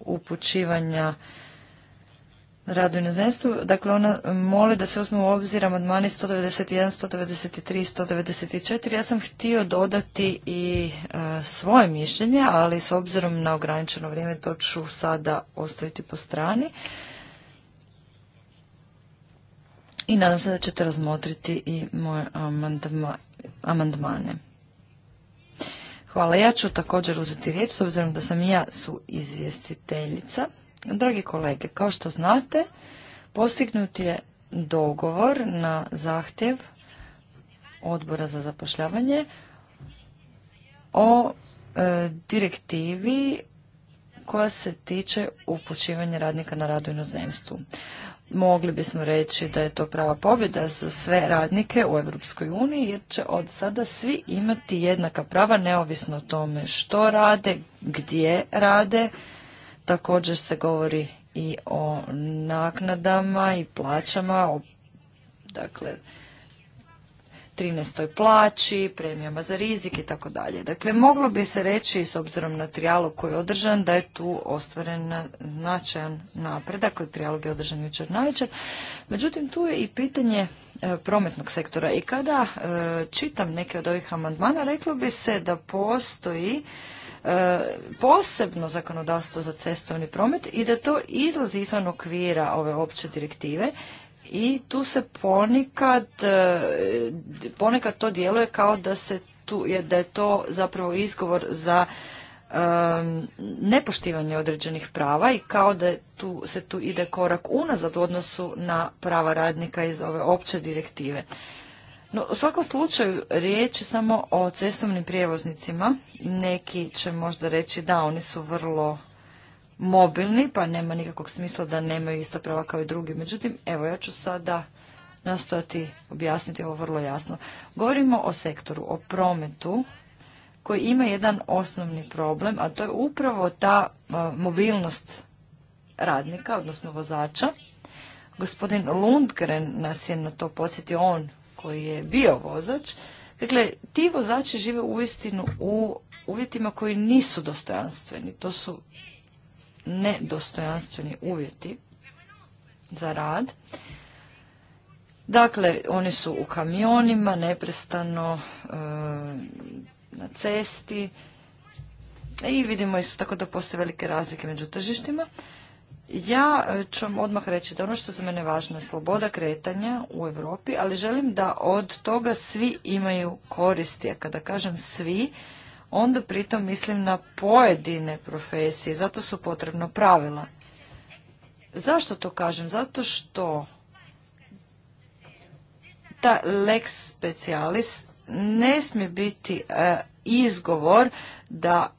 upućivanja radu inozemstvu. Dakle, ona moli da se uzme u obzir amandmani 191, 193, 194. Ja sam htio dodati i e, svoje mišljenje, ali s obzirom na ograničeno vrijeme to ću sada ostaviti po strani i nadam se da ćete razmotriti i moje amandmane. Hvala. Ja ću također uzeti riječ s obzirom da sam i ja su izvjestiteljica. Dragi kolege, kao što znate, postignut je dogovor na zahtjev odbora za zapošljavanje o e, direktivi koja se tiče upućivanja radnika na radu inozemstvu. Mogli bismo reći da je to prava pobjeda za sve radnike u Europskoj uniji jer će od sada svi imati jednaka prava neovisno o tome što rade, gdje rade. Također se govori i o naknadama i plaćama, dakle 13. plaći, premijama za rizik i tako dalje. Dakle, moglo bi se reći, s obzirom na trijalog koji je održan, da je tu ostvaren značajan napredak, trijalog je održan jučer navečer. Međutim, tu je i pitanje e, prometnog sektora i kada e, čitam neke od ovih amandmana, reklo bi se da postoji e, posebno zakonodavstvo za cestovni promet i da to izlazi izvan okvira ove opće direktive i tu se ponekad, e, ponekad to djeluje kao da se tu, da je to zapravo izgovor za nepoštivanje određenih prava i kao da tu, se tu ide korak unazad u odnosu na prava radnika iz ove opće direktive. No, u svakom slučaju riječ je samo o cestovnim prijevoznicima. Neki će možda reći da oni su vrlo mobilni, pa nema nikakvog smisla da nemaju ista prava kao i drugi. Međutim, evo ja ću sada nastojati objasniti ovo vrlo jasno. Govorimo o sektoru, o prometu koji ima jedan osnovni problem, a to je upravo ta e, mobilnost radnika, odnosno vozača. Gospodin Lundgren nas je na to podsjetio, on koji je bio vozač. Dakle, ti vozači žive u istinu u uvjetima koji nisu dostojanstveni. To su nedostojanstveni uvjeti za rad. Dakle, oni su u kamionima, neprestano e, na cesti i vidimo isto tako da postoje velike razlike među tržištima. Ja e, ću vam odmah reći da ono što za mene važno je sloboda kretanja u Europi, ali želim da od toga svi imaju koristi. A kada kažem svi, onda pritom mislim na pojedine profesije, zato su potrebna pravila. Zašto to kažem? Zato što ta lex specialis ne smije biti e, izgovor da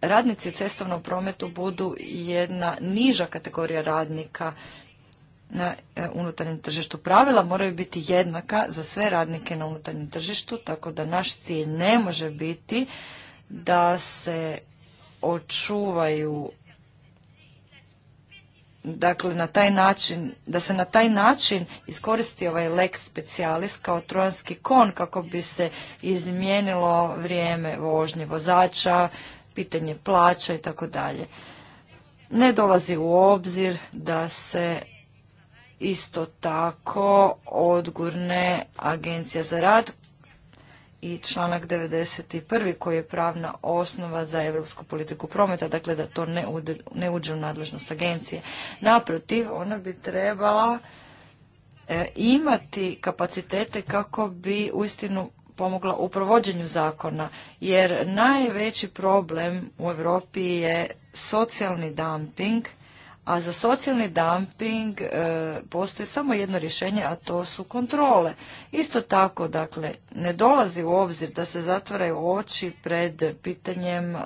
radnici u cestovnom prometu budu jedna niža kategorija radnika na e, unutarnjem tržištu. Pravila moraju biti jednaka za sve radnike na unutarnjem tržištu, tako da naš cilj ne može biti da se očuvaju dakle na taj način, da se na taj način iskoristi ovaj lex specialis kao trojanski kon kako bi se izmijenilo vrijeme vožnje vozača, pitanje plaća i tako dalje. Ne dolazi u obzir da se isto tako odgurne Agencija za rad i članak 91. koji je pravna osnova za europsku politiku prometa, dakle da to ne, uđe u nadležnost agencije. Naprotiv, ona bi trebala e, imati kapacitete kako bi uistinu pomogla u provođenju zakona, jer najveći problem u Europi je socijalni dumping a za socijalni dumping e, postoji samo jedno rješenje, a to su kontrole. Isto tako, dakle, ne dolazi u obzir da se zatvaraju oči pred pitanjem e,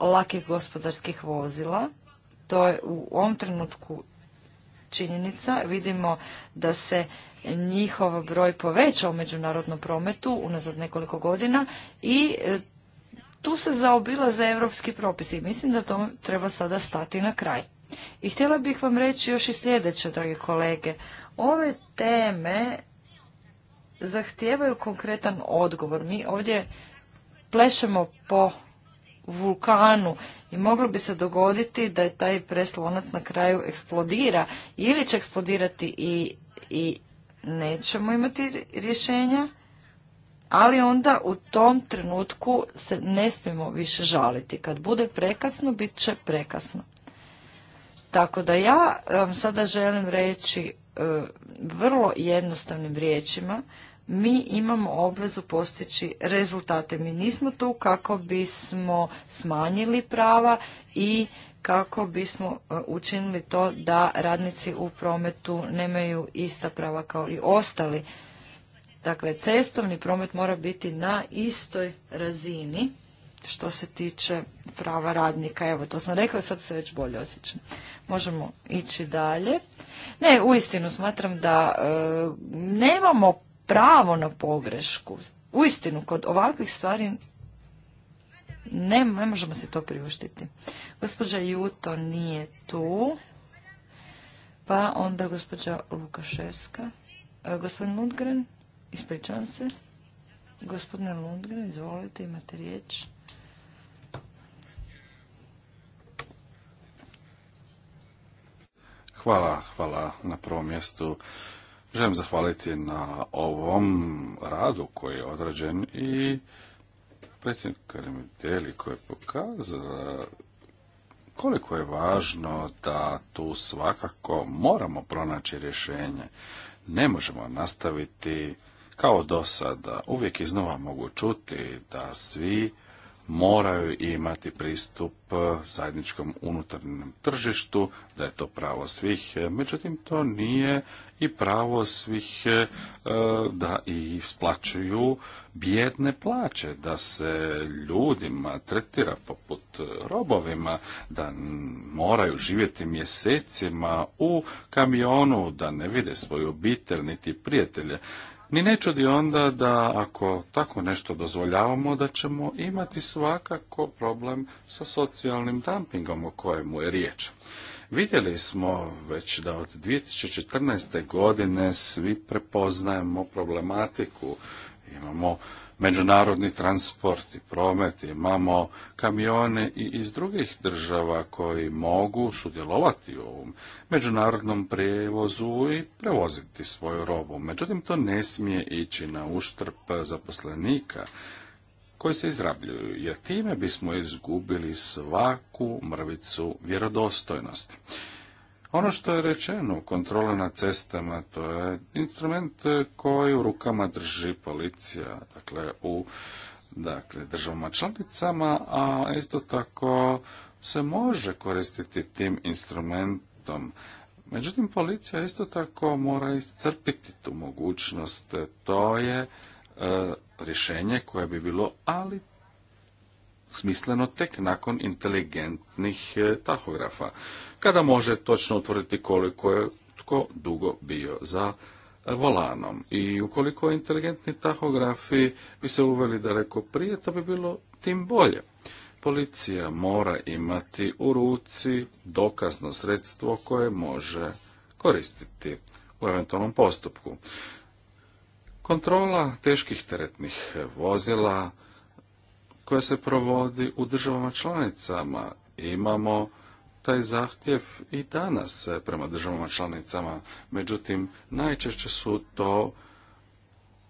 lakih gospodarskih vozila. To je u ovom trenutku činjenica. Vidimo da se njihov broj povećao u međunarodnom prometu unazad nekoliko godina i e, tu se zaobilaze europski propisi. Mislim da to treba sada stati na kraj. I htjela bih vam reći još i sljedeće, dragi kolege. Ove teme zahtijevaju konkretan odgovor. Mi ovdje plešemo po vulkanu i moglo bi se dogoditi da je taj preslonac na kraju eksplodira ili će eksplodirati i nećemo imati rješenja ali onda u tom trenutku se ne smijemo više žaliti. Kad bude prekasno, bit će prekasno. Tako da ja vam sada želim reći e, vrlo jednostavnim riječima, mi imamo obvezu postići rezultate. Mi nismo tu kako bismo smanjili prava i kako bismo e, učinili to da radnici u prometu nemaju ista prava kao i ostali Dakle, cestovni promet mora biti na istoj razini što se tiče prava radnika. Evo, to sam rekla, sad se već bolje osjećam. Možemo ići dalje. Ne, uistinu smatram da e, nemamo pravo na pogrešku. Uistinu, kod ovakvih stvari ne, ne možemo se to priuštiti. Gospođa Juto nije tu. Pa onda gospođa Lukaševska. E, gospodin Lundgren. Ispričavam se. Gospodine Lundgren, izvolite, imate riječ. Hvala, hvala na prvom mjestu. Želim zahvaliti na ovom radu koji je odrađen i predsjednik Karimideli koji je pokazao koliko je važno da tu svakako moramo pronaći rješenje. Ne možemo nastaviti kao do sada, uvijek iznova mogu čuti da svi moraju imati pristup e, zajedničkom unutarnjem tržištu, da je to pravo svih. E, međutim, to nije i pravo svih e, da i isplaćuju bjedne plaće, da se ljudima tretira poput robovima, da moraju živjeti mjesecima u kamionu, da ne vide svoju obitelj niti prijatelje. Ni ne čudi onda da ako tako nešto dozvoljavamo, da ćemo imati svakako problem sa socijalnim dumpingom o kojemu je riječ. Vidjeli smo već da od 2014. godine svi prepoznajemo problematiku. Imamo međunarodni transport i promet, imamo kamione i iz drugih država koji mogu sudjelovati u ovom međunarodnom prijevozu i prevoziti svoju robu. Međutim, to ne smije ići na uštrb zaposlenika koji se izrabljuju, jer time bismo izgubili svaku mrvicu vjerodostojnosti. Ono što je rečeno, kontrola na cestama, to je instrument e, koji u rukama drži policija, dakle u dakle, državama članicama, a isto tako se može koristiti tim instrumentom. Međutim, policija isto tako mora iscrpiti tu mogućnost. To je e, rješenje koje bi bilo, ali smisleno tek nakon inteligentnih e, tahografa kada može točno utvrditi koliko je tko dugo bio za volanom. I ukoliko inteligentni tahografi bi se uveli daleko prije, to bi bilo tim bolje. Policija mora imati u ruci dokazno sredstvo koje može koristiti u eventualnom postupku. Kontrola teških teretnih vozila koja se provodi u državama članicama imamo taj zahtjev i danas prema državama članicama. Međutim, najčešće su to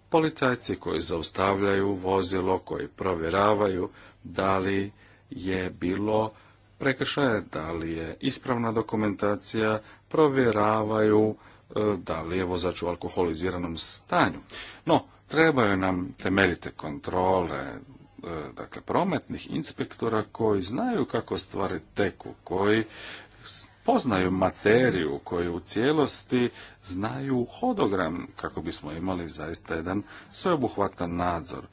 policajci koji zaustavljaju vozilo, koji provjeravaju da li je bilo prekršaje, da li je ispravna dokumentacija, provjeravaju e, da li je vozač u alkoholiziranom stanju. No, trebaju nam temeljite kontrole, E, dakle, prometnih inspektora koji znaju kako stvari teku, koji poznaju materiju, koji u cijelosti znaju hodogram kako bismo imali zaista jedan sveobuhvatan nadzor.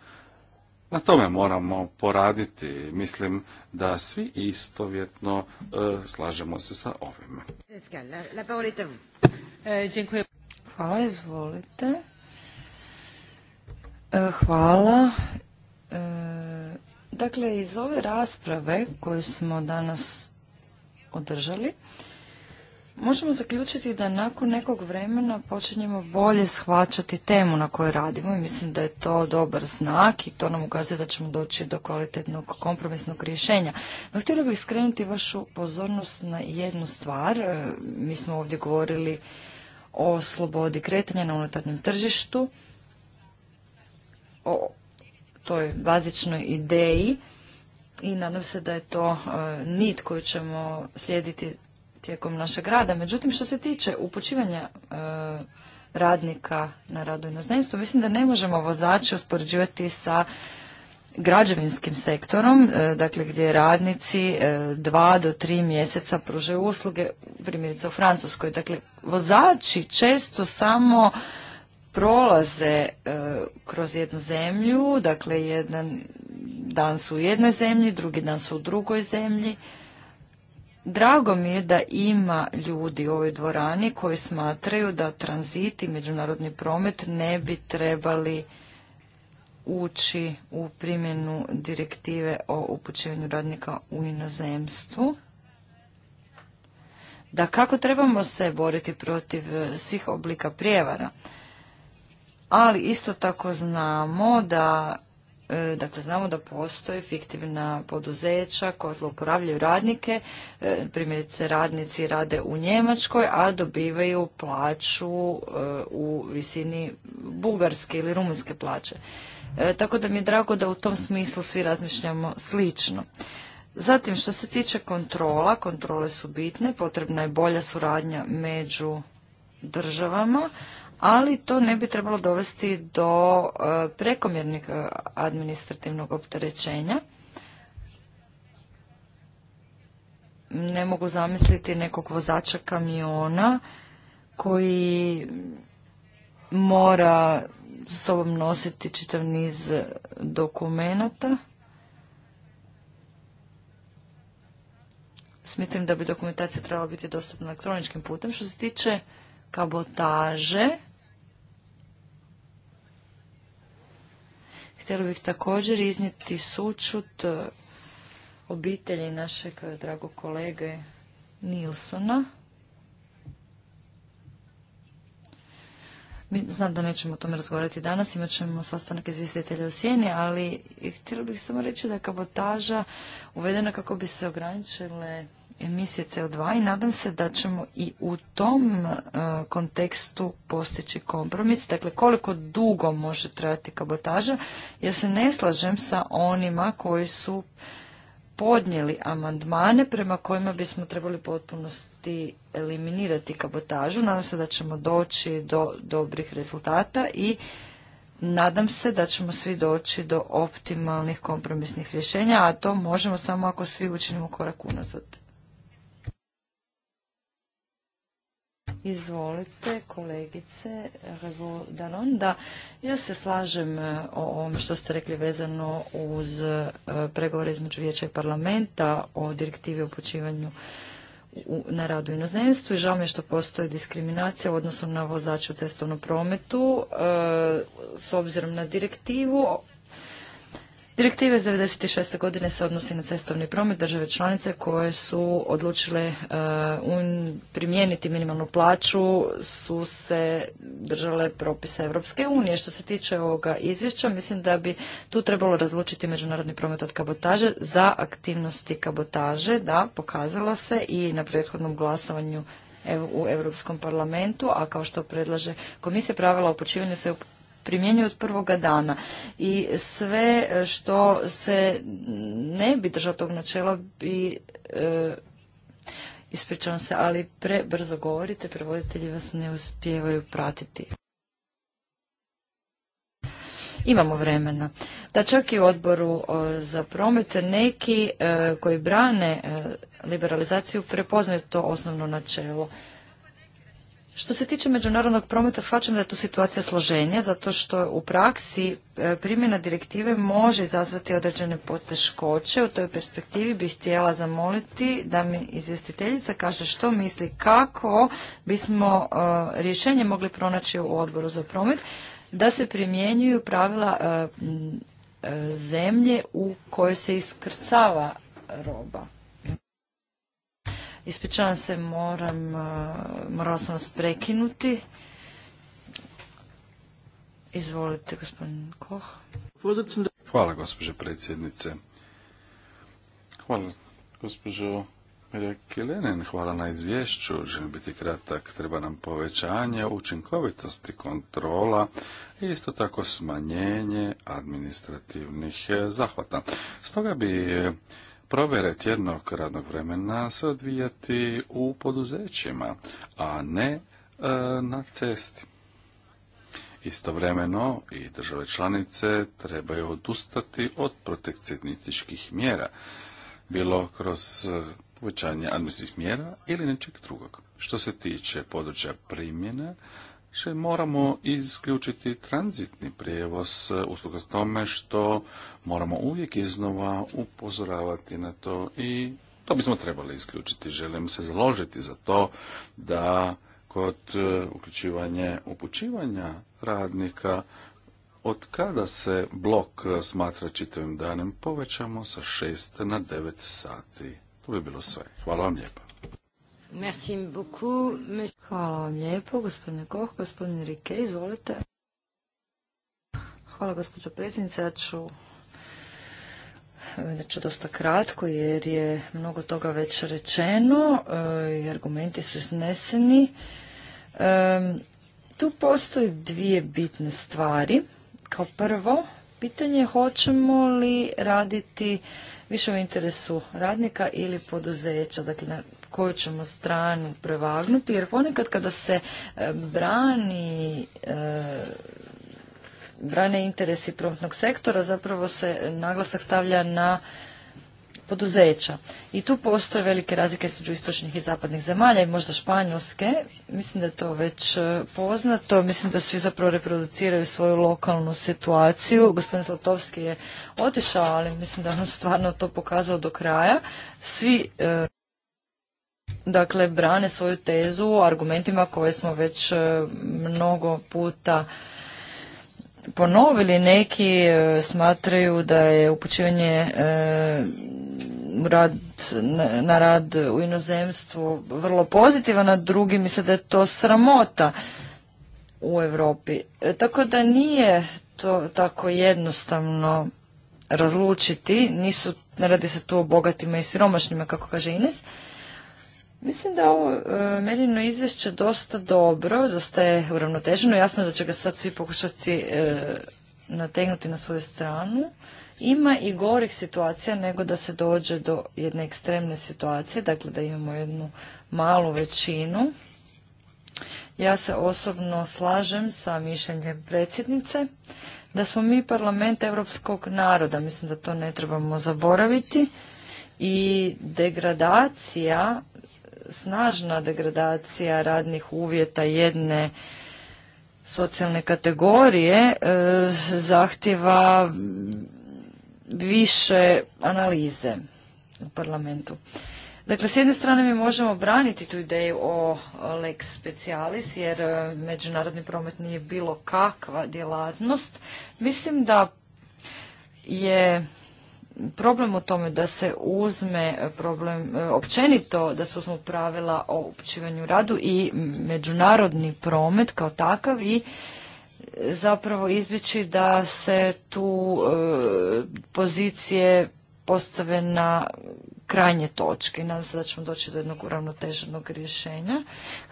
Na tome moramo poraditi. Mislim da svi istovjetno e, slažemo se sa ovim e, Hvala, izvolite. Hvala E, dakle, iz ove rasprave koju smo danas održali, možemo zaključiti da nakon nekog vremena počinjemo bolje shvaćati temu na kojoj radimo i mislim da je to dobar znak i to nam ukazuje da ćemo doći do kvalitetnog kompromisnog rješenja. No, htjela bih skrenuti vašu pozornost na jednu stvar. E, mi smo ovdje govorili o slobodi kretanja na unutarnjem tržištu, o toj bazičnoj ideji i nadam se da je to e, nit koju ćemo slijediti tijekom našeg rada. Međutim, što se tiče upućivanja e, radnika na radu inozemstvu, mislim da ne možemo vozače uspoređivati sa građevinskim sektorom, e, dakle gdje radnici dva do tri mjeseca pružaju usluge, primjerice u Francuskoj. Dakle, vozači često samo prolaze e, kroz jednu zemlju, dakle jedan dan su u jednoj zemlji, drugi dan su u drugoj zemlji. Drago mi je da ima ljudi u ovoj dvorani koji smatraju da tranzit i međunarodni promet ne bi trebali ući u primjenu direktive o upućivanju radnika u inozemstvu. Da kako trebamo se boriti protiv svih oblika prijevara ali isto tako znamo da e, Dakle, znamo da postoje fiktivna poduzeća koja zlouporavljaju radnike, e, primjerice radnici rade u Njemačkoj, a dobivaju plaću e, u visini bugarske ili rumunske plaće. Tako da mi je drago da u tom smislu svi razmišljamo slično. Zatim, što se tiče kontrola, kontrole su bitne, potrebna je bolja suradnja među državama, ali to ne bi trebalo dovesti do e, prekomjernih e, administrativnog opterećenja. Ne mogu zamisliti nekog vozača kamiona koji mora sobom nositi čitav niz dokumenata. Smitim da bi dokumentacija trebala biti dostupna elektroničkim putem. Što se tiče kabotaže, Htjela bih također iznijeti sučut e, obitelji našeg dragog kolege Nilsona. znam da nećemo o tome razgovarati danas, imat ćemo sastanak izvjestitelja u Sijeni, ali htjela bih samo reći da je kabotaža uvedena kako bi se ograničile emisije CO2 i nadam se da ćemo i u tom e, kontekstu postići kompromis. Dakle, koliko dugo može trajati kabotaža? Ja se ne slažem sa onima koji su podnijeli amandmane prema kojima bismo trebali potpunosti eliminirati kabotažu. Nadam se da ćemo doći do dobrih rezultata i nadam se da ćemo svi doći do optimalnih kompromisnih rješenja, a to možemo samo ako svi učinimo korak unazad. Izvolite, kolegice Revo ja se slažem e, o ovom što ste rekli vezano uz e, pregovore između vijeća parlamenta o direktivi o upućivanju na radu u inozemstvu i žao mi je što postoji diskriminacija u odnosu na vozače u cestovnom prometu e, s obzirom na direktivu Direktiva iz 1996. godine se odnosi na cestovni promet države članice koje su odlučile e, primijeniti minimalnu plaću su se držale propisa Europske unije. Što se tiče ovoga izvješća, mislim da bi tu trebalo razlučiti međunarodni promet od kabotaže za aktivnosti kabotaže. Da, pokazalo se i na prethodnom glasovanju u Europskom parlamentu, a kao što predlaže komisija pravila o počivanju se primjenjuje od prvoga dana i sve što se ne bi držao tog načela bi e, ispričavam se, ali prebrzo govorite, prevoditelji vas ne uspijevaju pratiti. Imamo vremena. Da čak i u odboru e, za promet neki e, koji brane liberalizaciju prepoznaju to osnovno načelo. Što se tiče međunarodnog prometa, shvaćam da je tu situacija složenja, zato što u praksi e, primjena direktive može izazvati određene poteškoće. U toj perspektivi bih htjela zamoliti da mi izvjestiteljica kaže što misli kako bismo e, rješenje mogli pronaći u odboru za promet, da se primjenjuju pravila e, zemlje u kojoj se iskrcava roba. Ispričavam se, moram, eh, morala sam vas prekinuti. Izvolite, gospodin Koh. Hvala, gospođo predsjednice. Hvala, gospođo Lenin. hvala na izvješću. Želim biti kratak, treba nam povećanje učinkovitosti kontrola i isto tako smanjenje administrativnih eh, zahvata. Stoga bi eh, provjere tjednog radnog vremena se odvijati u poduzećima, a ne e, na cesti. Istovremeno i države članice trebaju odustati od protekcionističkih mjera, bilo kroz e, povećanje administrativnih mjera ili nečeg drugog. Što se tiče područja primjene, Še moramo isključiti tranzitni prijevoz e, usluga s tome što moramo uvijek iznova upozoravati na to i to bismo trebali isključiti. Želim se založiti za to da kod e, uključivanja upućivanja radnika od kada se blok smatra čitavim danem povećamo sa 6 na 9 sati. To bi bilo sve. Hvala vam lijepa. Hvala vam lijepo, gospodine Koh, gospodine Rike, izvolite. Hvala gospođo predsjednice, ja ću dosta kratko jer je mnogo toga već rečeno e, i argumenti su izneseni. E, tu postoji dvije bitne stvari. Kao prvo, pitanje je hoćemo li raditi više u interesu radnika ili poduzeća. Dakle, koju ćemo stranu prevagnuti, jer ponekad kada se e, brani e, brane interesi prometnog sektora, zapravo se naglasak stavlja na poduzeća. I tu postoje velike razlike između istočnih i zapadnih zemalja i možda Španjolske. Mislim da je to već e, poznato. Mislim da svi zapravo reproduciraju svoju lokalnu situaciju. Gospodin Zlatovski je otišao, ali mislim da on stvarno to pokazao do kraja. Svi dakle brane svoju tezu argumentima koje smo već e, mnogo puta ponovili. Neki e, smatraju da je upućivanje e, rad, na rad u inozemstvu vrlo pozitivan, a drugi misle da je to sramota u Europi. Tako da nije to tako jednostavno razlučiti, nisu, ne radi se tu o bogatima i siromašnima, kako kaže Ines, Mislim da ovo e, Merino izvješće dosta dobro, dosta je uravnoteženo. Jasno je da će ga sad svi pokušati e, nategnuti na svoju stranu. Ima i gorih situacija nego da se dođe do jedne ekstremne situacije, dakle da imamo jednu malu većinu. Ja se osobno slažem sa mišljenjem predsjednice da smo mi parlament europskog naroda, mislim da to ne trebamo zaboraviti i degradacija snažna degradacija radnih uvjeta jedne socijalne kategorije e, zahtjeva više analize u parlamentu. Dakle, s jedne strane mi možemo braniti tu ideju o lex specialis, jer e, međunarodni promet nije bilo kakva djelatnost. Mislim da je problem u tome da se uzme problem e, općenito, da se uzmu pravila o upućivanju radu i međunarodni promet kao takav i e, zapravo izbjeći da se tu e, pozicije postave na krajnje točke. Nadam se da ćemo doći do jednog uravnoteženog rješenja.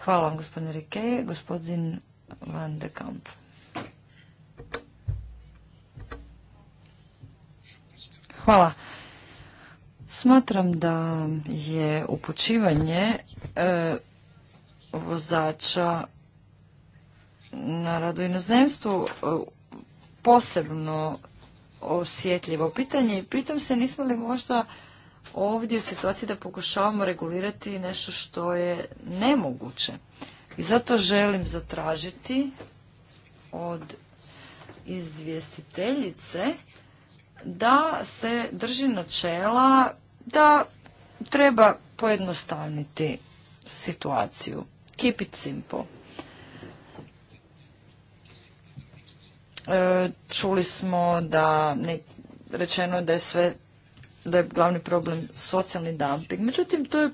Hvala vam gospodine Rike, gospodin Van de Kamp. Hvala. Smatram da je upućivanje e, vozača na radu inozemstvu e, posebno osjetljivo pitanje i pitam se nismo li možda ovdje u situaciji da pokušavamo regulirati nešto što je nemoguće. I zato želim zatražiti od izvjestiteljice da se drži načela da treba pojednostavniti situaciju. Keep it simple. E, čuli smo da rečeno je da je sve da je glavni problem socijalni dumping. Međutim, to je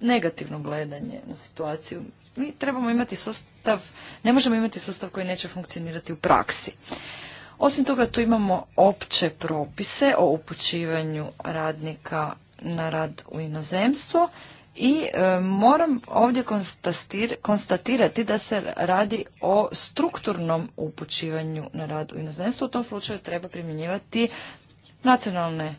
negativno gledanje na situaciju. Mi trebamo imati sustav, ne možemo imati sustav koji neće funkcionirati u praksi. Osim toga tu imamo opće propise o upućivanju radnika na rad u inozemstvo i e, moram ovdje konstatirati da se radi o strukturnom upućivanju na rad u inozemstvu. U tom slučaju treba primjenjivati nacionalne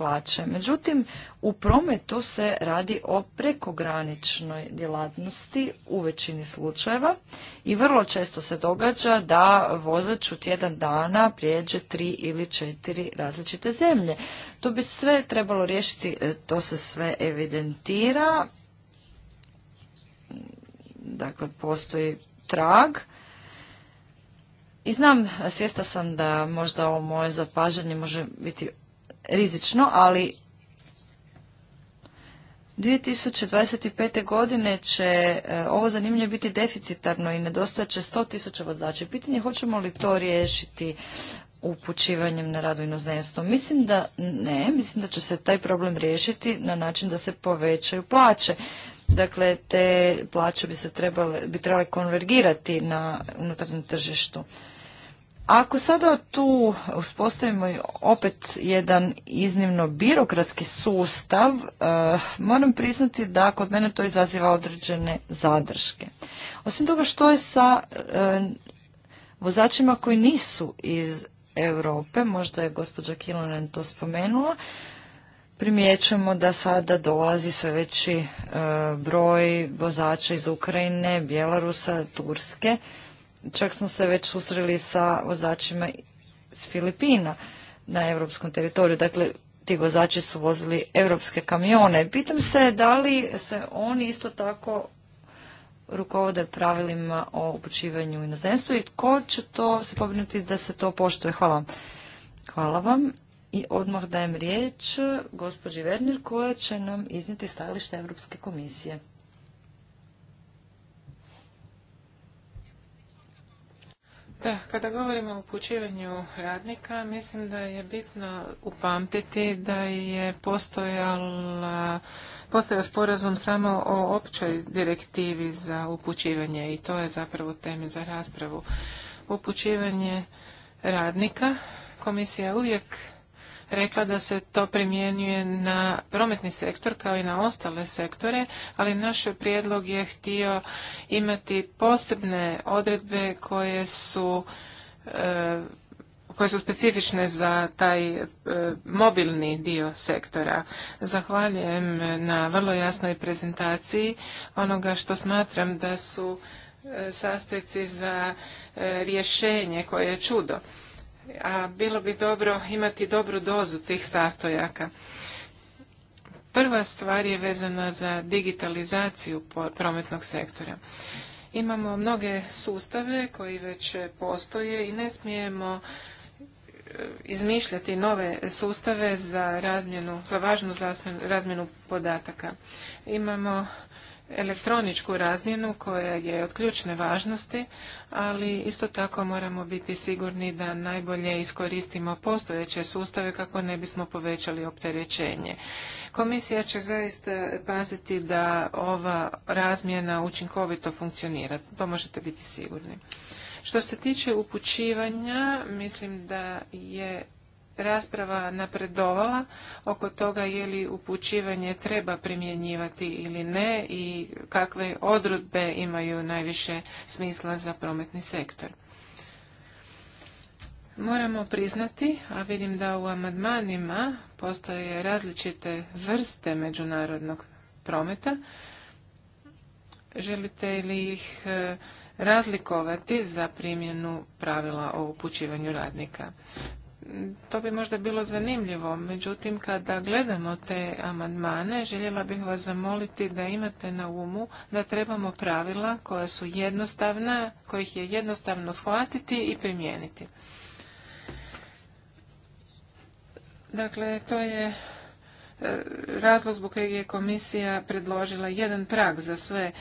plaće. Međutim, u prometu se radi o prekograničnoj djelatnosti u većini slučajeva i vrlo često se događa da vozač u tjedan dana prijeđe tri ili četiri različite zemlje. To bi sve trebalo riješiti, e, to se sve evidentira, dakle postoji trag, i znam, svjesta sam da možda ovo moje zapažanje može biti rizično, ali 2025. godine će e, ovo zanimljivo biti deficitarno i nedostajat će 100 tisuća vozača. Pitanje je hoćemo li to riješiti upućivanjem na radu inozemstvo. Mislim da ne, mislim da će se taj problem riješiti na način da se povećaju plaće. Dakle, te plaće bi se bi trebale konvergirati na unutarnjem tržištu. Ako sada tu uspostavimo opet jedan iznimno birokratski sustav, eh, moram priznati da kod mene to izaziva određene zadrške. Osim toga što je sa eh, vozačima koji nisu iz Europe, možda je gospođa Kilonen to spomenula, primjećujemo da sada dolazi sve veći eh, broj vozača iz Ukrajine, Bjelarusa, Turske Čak smo se već susreli sa vozačima s Filipina na europskom teritoriju. Dakle, ti vozači su vozili europske kamione. Pitam se da li se oni isto tako rukovode pravilima o upućivanju inozemstvu i tko će to se pobrinuti da se to poštuje. Hvala vam. Hvala vam. I odmah dajem riječ gospođi Werner koja će nam iznijeti stajalište Europske komisije. Da, kada govorimo o upućivanju radnika, mislim da je bitno upamtiti da je postojala, postojao sporazum samo o općoj direktivi za upućivanje i to je zapravo teme za raspravu. Upućivanje radnika, komisija uvijek rekla da se to primjenjuje na prometni sektor kao i na ostale sektore, ali naš prijedlog je htio imati posebne odredbe koje su e, koje su specifične za taj e, mobilni dio sektora. Zahvaljujem na vrlo jasnoj prezentaciji onoga što smatram da su e, sastojci za rješenje koje je čudo a bilo bi dobro imati dobru dozu tih sastojaka. Prva stvar je vezana za digitalizaciju prometnog sektora. Imamo mnoge sustave koji već postoje i ne smijemo e, izmišljati nove sustave za razmjenu, za važnu razmjenu podataka. Imamo elektroničku razmjenu koja je od ključne važnosti, ali isto tako moramo biti sigurni da najbolje iskoristimo postojeće sustave kako ne bismo povećali opterećenje. Komisija će zaista paziti da ova razmjena učinkovito funkcionira. To možete biti sigurni. Što se tiče upućivanja, mislim da je rasprava napredovala oko toga je li upućivanje treba primjenjivati ili ne i kakve odredbe imaju najviše smisla za prometni sektor. Moramo priznati, a vidim da u amandmanima postoje različite vrste međunarodnog prometa. Želite li ih e, razlikovati za primjenu pravila o upućivanju radnika to bi možda bilo zanimljivo. Međutim, kada gledamo te amandmane, željela bih vas zamoliti da imate na umu da trebamo pravila koja su jednostavna, kojih je jednostavno shvatiti i primijeniti. Dakle, to je e, razlog zbog kojeg je komisija predložila jedan prag za sve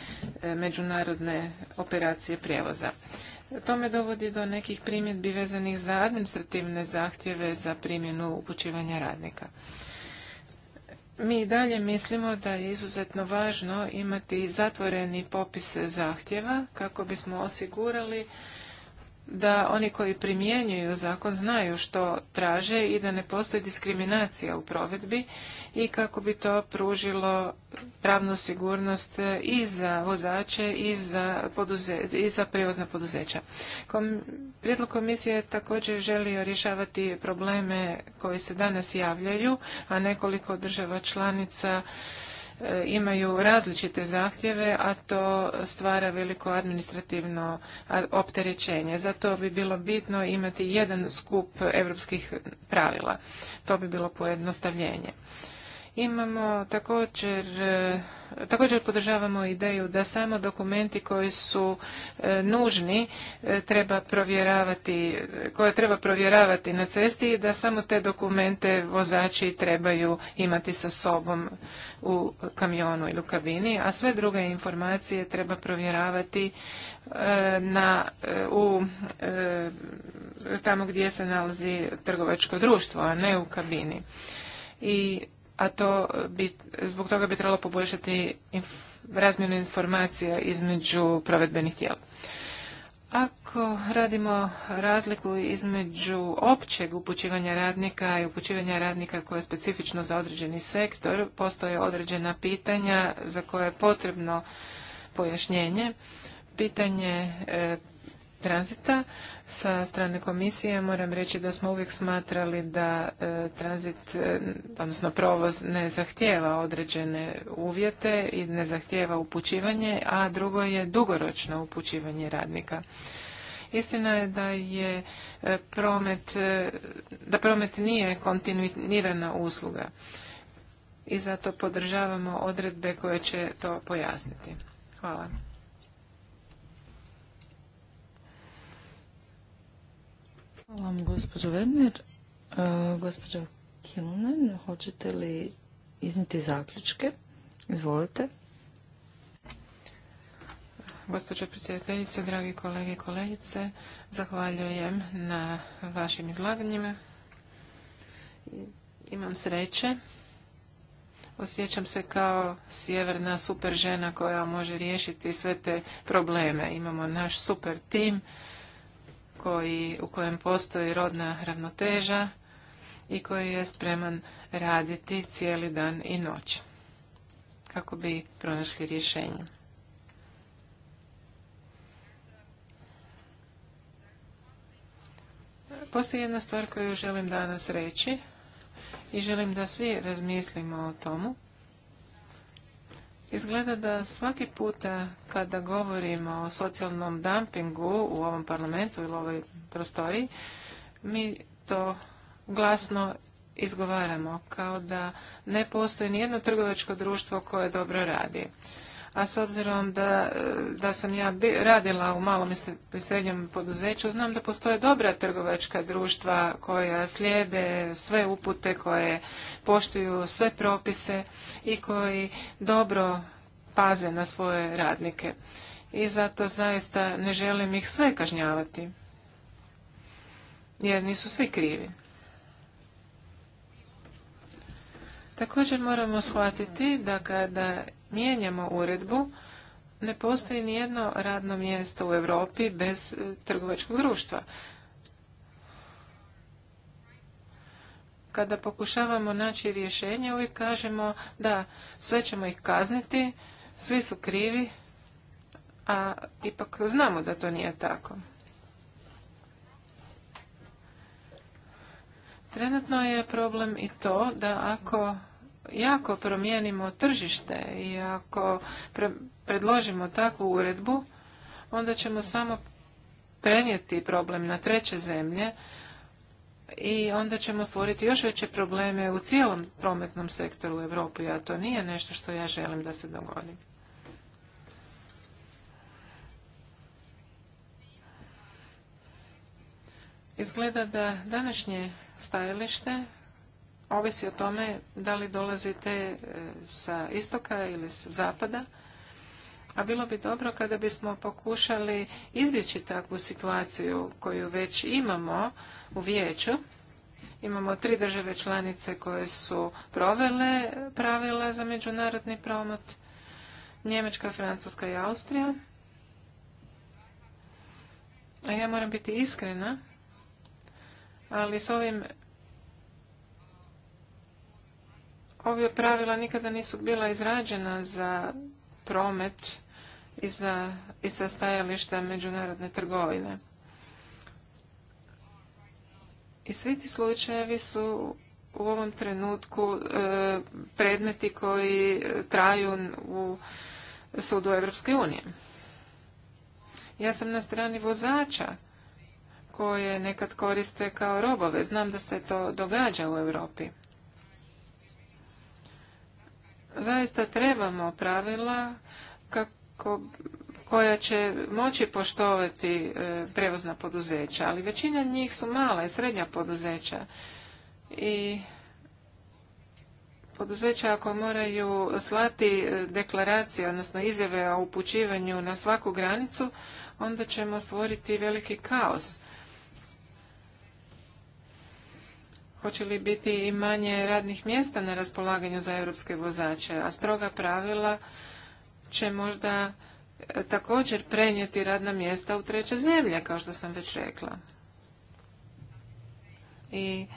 e, međunarodne operacije prijevoza. To me dovodi do nekih primjedbi vezanih za administrativne zahtjeve za primjenu upućivanja radnika. Mi dalje mislimo da je izuzetno važno imati zatvoreni popis zahtjeva kako bismo osigurali da oni koji primjenjuju zakon znaju što traže i da ne postoji diskriminacija u provedbi i kako bi to pružilo pravnu sigurnost i za vozače i za, poduze, i za prijevozna poduzeća. Kom, prijedlog komisije je također želio rješavati probleme koji se danas javljaju, a nekoliko država članica E, imaju različite zahtjeve, a to stvara veliko administrativno opterećenje. Zato bi bilo bitno imati jedan skup europskih pravila. To bi bilo pojednostavljenje. Imamo također e, Također podržavamo ideju da samo dokumenti koji su e, nužni e, treba provjeravati, koje treba provjeravati na cesti i da samo te dokumente vozači trebaju imati sa sobom u kamionu ili u kabini, a sve druge informacije treba provjeravati na, u, tamo gdje se nalazi trgovačko društvo, a ne u kabini. I a to bi, zbog toga bi trebalo poboljšati inf, razmjenu informacija između provedbenih tijela. Ako radimo razliku između općeg upućivanja radnika i upućivanja radnika koje je specifično za određeni sektor, postoje određena pitanja za koje je potrebno pojašnjenje. Pitanje e, tranzita. Sa strane komisije moram reći da smo uvijek smatrali da e, tranzit, e, odnosno provoz ne zahtijeva određene uvjete i ne zahtijeva upućivanje, a drugo je dugoročno upućivanje radnika. Istina je da je e, promet, da promet nije kontinuirana usluga i zato podržavamo odredbe koje će to pojasniti. Hvala. Hvala vam, gospođo Werner. E, gospođo Kilunen, hoćete li izniti zaključke? Izvolite. Gospođo predsjedateljice, dragi kolege i kolegice, zahvaljujem na vašim izlaganjima. Imam sreće. Osjećam se kao sjeverna super žena koja može riješiti sve te probleme. Imamo naš super tim koji, u kojem postoji rodna ravnoteža i koji je spreman raditi cijeli dan i noć kako bi pronašli rješenje. Postoji jedna stvar koju želim danas reći i želim da svi razmislimo o tomu. Izgleda da svaki puta kada govorimo o socijalnom dumpingu u ovom parlamentu ili ovoj prostoriji, mi to glasno izgovaramo kao da ne postoji nijedno trgovačko društvo koje dobro radi a s obzirom da, da sam ja radila u malom i srednjem poduzeću, znam da postoje dobra trgovačka društva koja slijede sve upute, koje poštuju sve propise i koji dobro paze na svoje radnike. I zato zaista ne želim ih sve kažnjavati, jer nisu svi krivi. Također moramo shvatiti da kada mijenjamo uredbu, ne postoji nijedno radno mjesto u Europi bez e, trgovačkog društva. Kada pokušavamo naći rješenje, uvijek kažemo da sve ćemo ih kazniti, svi su krivi, a ipak znamo da to nije tako. Trenutno je problem i to da ako jako promijenimo tržište i ako predložimo takvu uredbu, onda ćemo samo prenijeti problem na treće zemlje i onda ćemo stvoriti još veće probleme u cijelom prometnom sektoru u Europi, a to nije nešto što ja želim da se dogodi. Izgleda da današnje stajalište ovisi o tome da li dolazite e, sa istoka ili sa zapada. A bilo bi dobro kada bismo pokušali izbjeći takvu situaciju koju već imamo u vijeću. Imamo tri države članice koje su provele pravila za međunarodni promet. Njemačka, Francuska i Austrija. A ja moram biti iskrena, ali s ovim Ove pravila nikada nisu bila izrađena za promet i za, sa stajališta međunarodne trgovine. I svi ti slučajevi su u ovom trenutku e, predmeti koji e, traju u sudu Evropske unije. Ja sam na strani vozača koje nekad koriste kao robove. Znam da se to događa u Europi zaista trebamo pravila kako, koja će moći poštovati e, prevozna poduzeća, ali većina njih su mala i srednja poduzeća i poduzeća ako moraju slati e, deklaracije, odnosno izjave o upućivanju na svaku granicu, onda ćemo stvoriti veliki kaos. Hoće li biti i manje radnih mjesta na raspolaganju za europske vozače, a stroga pravila će možda e, također prenijeti radna mjesta u treće zemlje, kao što sam već rekla. I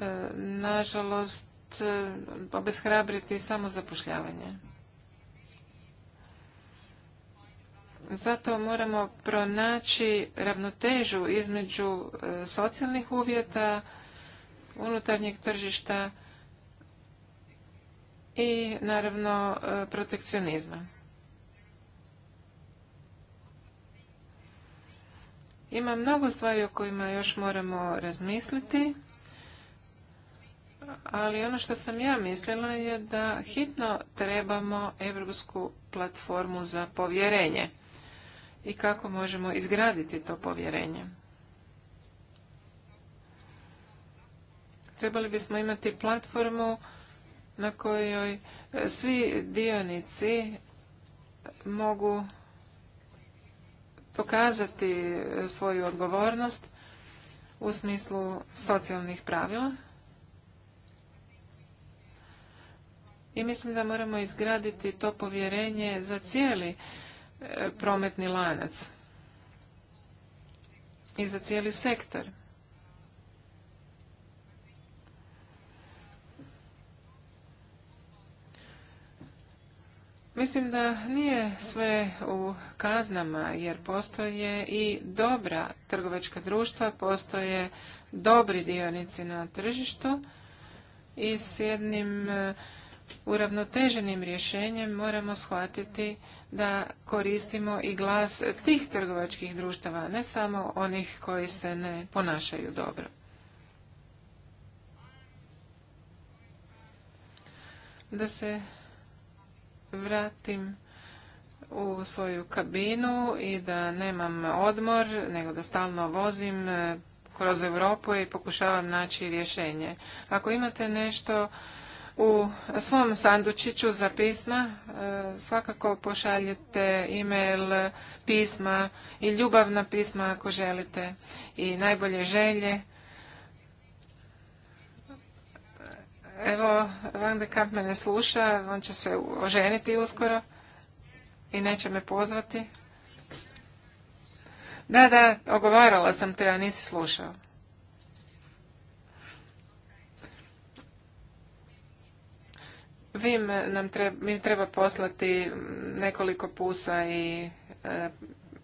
e, nažalost e, obeshrabriti samo zapošljavanje. Zato moramo pronaći ravnotežu između e, socijalnih uvjeta, unutarnjeg tržišta i naravno e, protekcionizma. Ima mnogo stvari o kojima još moramo razmisliti, ali ono što sam ja mislila je da hitno trebamo evropsku platformu za povjerenje i kako možemo izgraditi to povjerenje. Trebali bismo imati platformu na kojoj e, svi dionici mogu pokazati e, svoju odgovornost u smislu socijalnih pravila. I mislim da moramo izgraditi to povjerenje za cijeli prometni lanac i za cijeli sektor. Mislim da nije sve u kaznama, jer postoje i dobra trgovačka društva, postoje dobri dionici na tržištu i s jednim e, uravnoteženim rješenjem moramo shvatiti da koristimo i glas tih trgovačkih društava, ne samo onih koji se ne ponašaju dobro. Da se vratim u svoju kabinu i da nemam odmor, nego da stalno vozim e, kroz Europu i pokušavam naći rješenje. Ako imate nešto u svom sandučiću za pisma e, svakako pošaljite e-mail, pisma i ljubavna pisma ako želite i najbolje želje. Evo, vam de Kamp me ne sluša, on će se oženiti uskoro i neće me pozvati. Da, da, ogovarala sam te, a nisi slušao. Vim nam treba, mi treba poslati nekoliko pusa i e,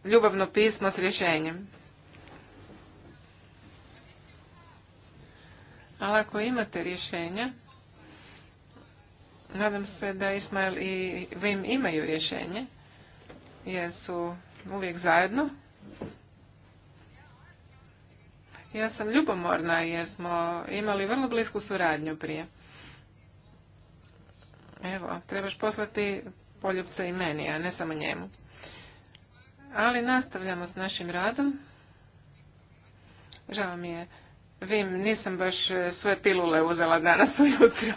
ljubavno pismo s rješenjem. Ali ako imate rješenja, nadam se da Ismail i Vim imaju rješenje, jer su uvijek zajedno. Ja sam ljubomorna jer smo imali vrlo blisku suradnju prije. Evo, trebaš poslati poljubca i meni, a ne samo njemu. Ali nastavljamo s našim radom. Žao mi je. Vim, nisam baš e, sve pilule uzela danas ujutro.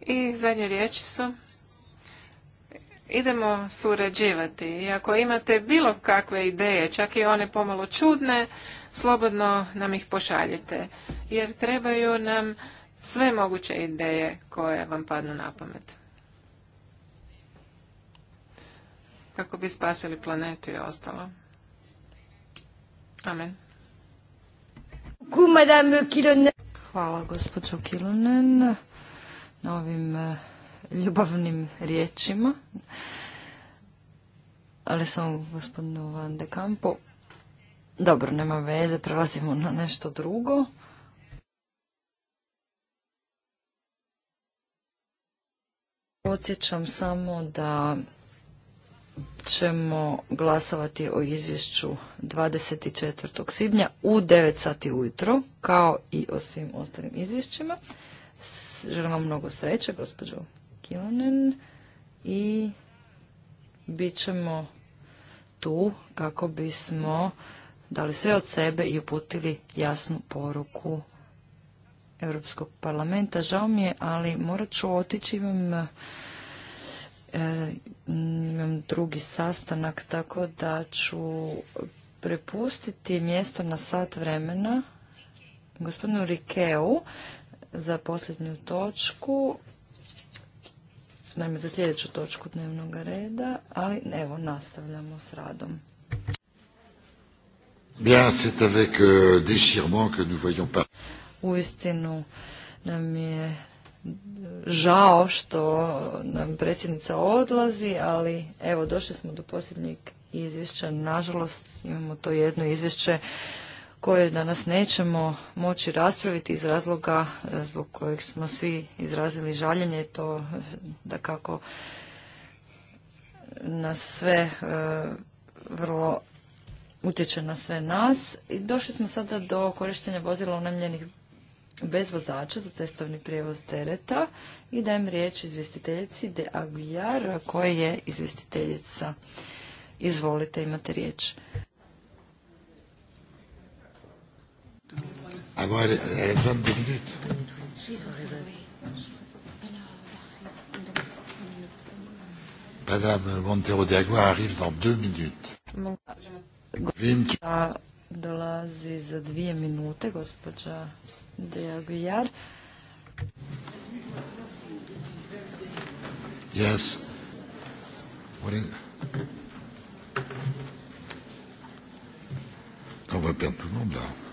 I zadnje riječi su idemo surađivati i ako imate bilo kakve ideje, čak i one pomalo čudne, slobodno nam ih pošaljite, jer trebaju nam sve moguće ideje koje vam padnu na pamet. Kako bi spasili planetu i ostalo. Amen. Hvala gospođo Kilonen na ovim e, ljubavnim riječima. Ali samo gospodinu Van de Campo. Dobro, nema veze, prelazimo na nešto drugo. Podsjećam samo da ćemo glasovati o izvješću 24. svibnja u 9 sati ujutro, kao i o svim ostalim izvješćima. Želim vam mnogo sreće, gospođo Kilonen, i bit ćemo tu kako bismo dali sve od sebe i uputili jasnu poruku Europskog parlamenta. Žao mi je, ali morat ću otići, imam, e, imam drugi sastanak, tako da ću prepustiti mjesto na sat vremena gospodinu Rikeu za posljednju točku, naime za sljedeću točku dnevnog reda, ali evo nastavljamo s radom. Bien, c'est avec euh, déchirement que nous voyons Uistinu nam je e, žao što e, nam predsjednica odlazi, ali evo došli smo do posljednjeg izvješća. Nažalost imamo to jedno izvješće koje danas nećemo moći raspraviti iz razloga e, zbog kojeg smo svi izrazili žaljenje. To da kako nas sve vrlo utječe na sve nas. I došli smo sada do korištenja vozila unajmljenih bez vozača za cestovni prijevoz tereta i dajem riječ izvjestiteljici De Aguiar, koja je izvjestiteljica. Izvolite, imate riječ. Eh, Madame Montero de arrive dans deux minutes. Gospođa dolazi za dvije minute, gospođa Dejagujar. Yes. What in... On Da. perdre tout le Da. là.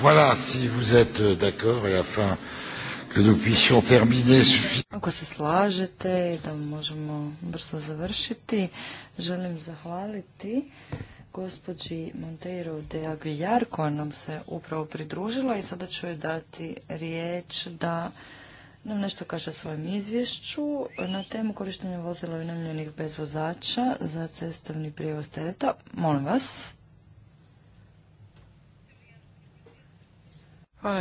Voilà, si vous êtes euh, d'accord et afin que nous puissions terminer Ako se slažete da možemo brzo završiti, želim zahvaliti gospođi Monteiro de Aguilar koja nam se upravo pridružila i sada ću joj dati riječ da nam nešto kaže o svojem izvješću na temu korištenja vozila unamljenih bez vozača za cestovni prijevoz tereta. Molim vas.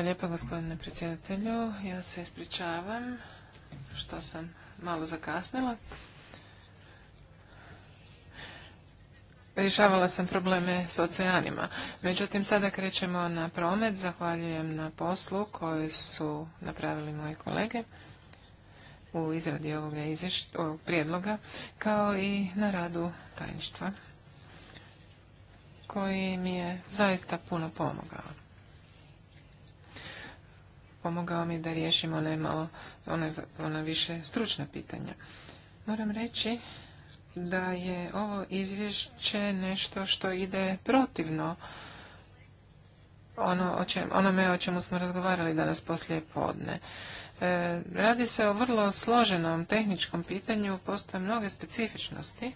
lijepa gospodine predsjedatelju. Ja se ispričavam što sam malo zakasnila. Rješavala sam probleme s oceanima. Međutim, sada krećemo na promet. Zahvaljujem na poslu koju su napravili moji kolege u izradi ovoga ovog prijedloga, kao i na radu tajništva, koji mi je zaista puno pomogao pomogao mi da riješim one malo, one, više stručna pitanja. Moram reći da je ovo izvješće nešto što ide protivno ono o onome o čemu smo razgovarali danas poslije podne. E, radi se o vrlo složenom tehničkom pitanju, postoje mnoge specifičnosti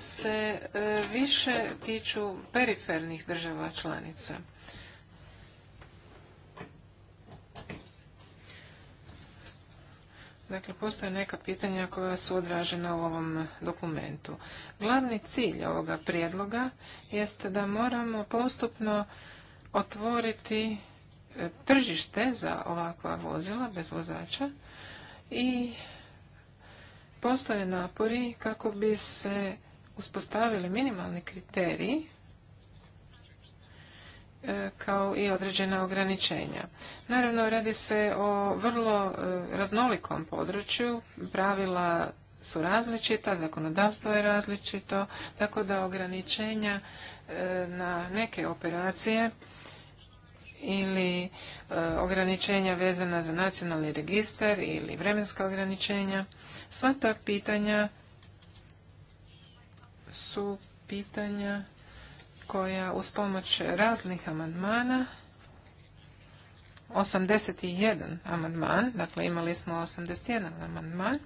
se e, više tiču perifernih država članica. Dakle, postoje neka pitanja koja su odražena u ovom dokumentu. Glavni cilj ovoga prijedloga jeste da moramo postupno otvoriti e, tržište za ovakva vozila bez vozača i postoje napori kako bi se uspostavili minimalni kriteriji e, kao i određena ograničenja. Naravno, radi se o vrlo e, raznolikom području, pravila su različita, zakonodavstvo je različito, tako da ograničenja e, na neke operacije ili ograničenja vezana za nacionalni registar ili vremenska ograničenja, sva ta pitanja su pitanja koja uz pomoć raznih amandmana 81 amandman, dakle imali smo 81 amandman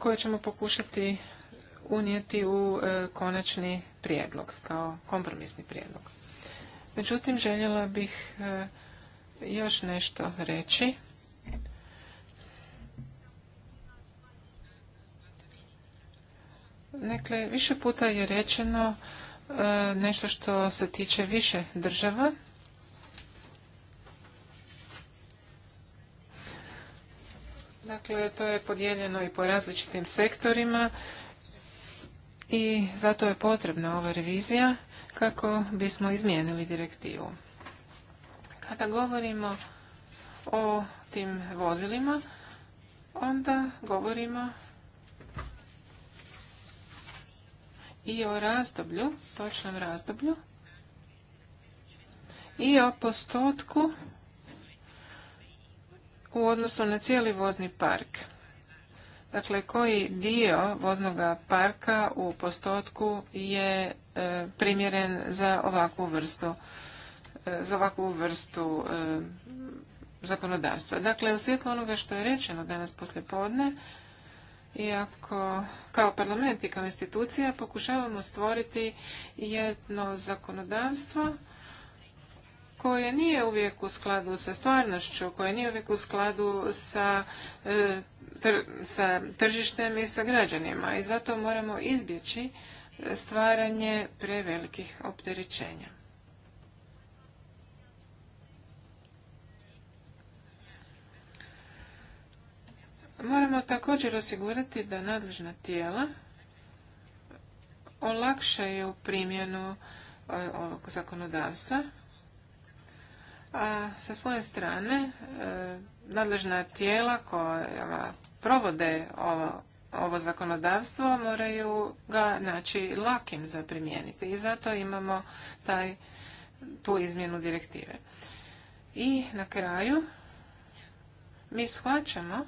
koje ćemo pokušati unijeti u e, konačni prijedlog, kao kompromisni prijedlog. Međutim, željela bih e, još nešto reći Dakle, više puta je rečeno e, nešto što se tiče više država. Dakle, to je podijeljeno i po različitim sektorima i zato je potrebna ova revizija kako bismo izmijenili direktivu. Kada govorimo o tim vozilima, onda govorimo i o razdoblju, točnom razdoblju i o postotku u odnosu na cijeli vozni park. Dakle, koji dio voznog parka u postotku je e, primjeren za ovakvu vrstu e, za ovakvu vrstu e, zakonodavstva. Dakle, u svjetlu onoga što je rečeno danas poslje podne, iako kao parlament i kao institucija pokušavamo stvoriti jedno zakonodavstvo koje nije uvijek u skladu sa stvarnošću, koje nije uvijek u skladu sa, e, sa tržištem i sa građanima. I zato moramo izbjeći stvaranje prevelikih opterećenja. Moramo također osigurati da nadležna tijela olakšaju primjenu e, ovog zakonodavstva, a sa svoje strane e, nadležna tijela koja provode ovo, zakonodavstvo moraju ga naći lakim za primijeniti i zato imamo taj, tu izmjenu direktive. I na kraju mi shvaćamo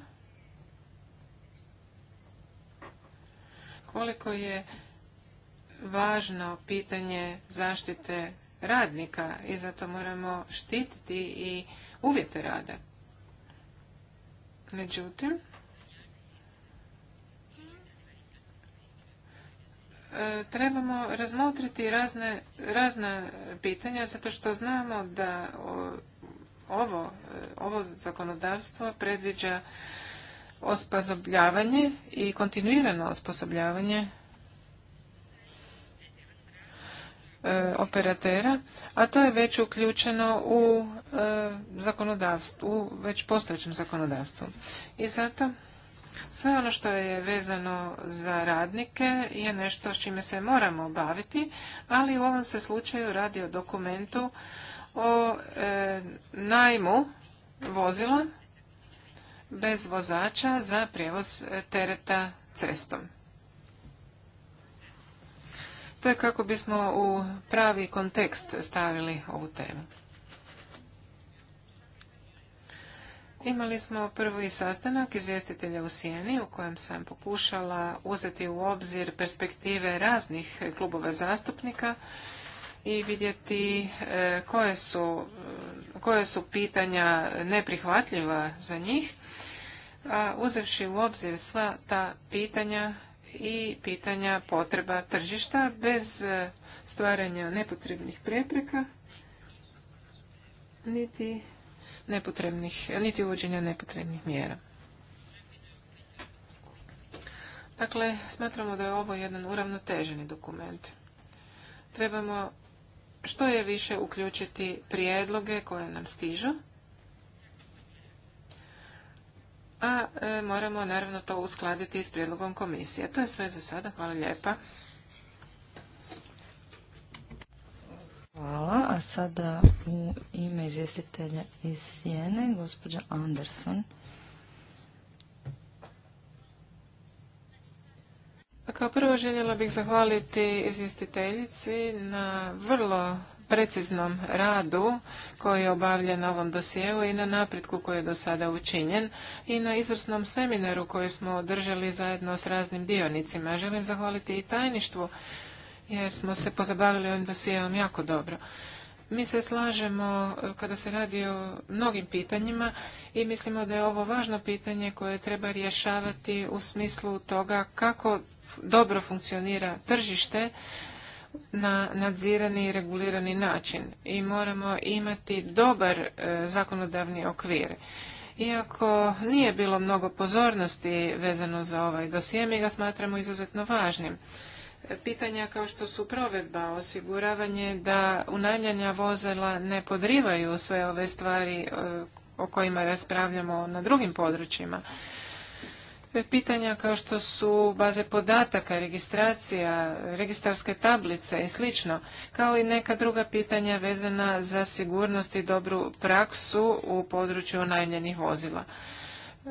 koliko je važno pitanje zaštite radnika i zato moramo štititi i uvjete rada. Međutim, e, trebamo razmotriti razne, razna pitanja zato što znamo da ovo, e, ovo zakonodavstvo predviđa osposobljavanje i kontinuirano osposobljavanje e, operatera, a to je već uključeno u e, zakonodavstvu, u već postojećem zakonodavstvu. I zato sve ono što je vezano za radnike je nešto s čime se moramo baviti, ali u ovom se slučaju radi o dokumentu o e, najmu vozila bez vozača za prijevoz tereta cestom. To je kako bismo u pravi kontekst stavili ovu temu. Imali smo prvi sastanak izvjestitelja u Sijeni u kojem sam pokušala uzeti u obzir perspektive raznih klubova zastupnika i vidjeti e, koje su, e, koje su pitanja neprihvatljiva za njih a uzevši u obzir sva ta pitanja i pitanja potreba tržišta bez e, stvaranja nepotrebnih prepreka niti nepotrebnih, niti uvođenja nepotrebnih mjera. Dakle, smatramo da je ovo jedan uravnoteženi dokument. Trebamo što je više uključiti prijedloge koje nam stižu a e, moramo naravno to uskladiti s prijedlogom komisije. To je sve za sada. Hvala lijepa. Hvala. A sada u ime izvjestitelja iz Sijene, gospođa Anderson. Kao prvo željela bih zahvaliti izvjestiteljici na vrlo preciznom radu koji je obavljen na ovom dosjeu i na napretku koji je do sada učinjen i na izvrsnom seminaru koji smo održali zajedno s raznim dionicima. Želim zahvaliti i tajništvu jer smo se pozabavili ovim dosjeom jako dobro. Mi se slažemo eh, kada se radi o mnogim pitanjima i mislimo da je ovo važno pitanje koje treba rješavati u smislu toga kako dobro funkcionira tržište na nadzirani i regulirani način i moramo imati dobar e, zakonodavni okvir. Iako nije bilo mnogo pozornosti vezano za ovaj dosije, mi ga smatramo izuzetno važnim. E, pitanja kao što su provedba, osiguravanje da unajmljanja vozila ne podrivaju sve ove stvari e, o kojima raspravljamo na drugim područjima pitanja kao što su baze podataka, registracija, registarske tablice i sl. kao i neka druga pitanja vezana za sigurnost i dobru praksu u području najmljenih vozila.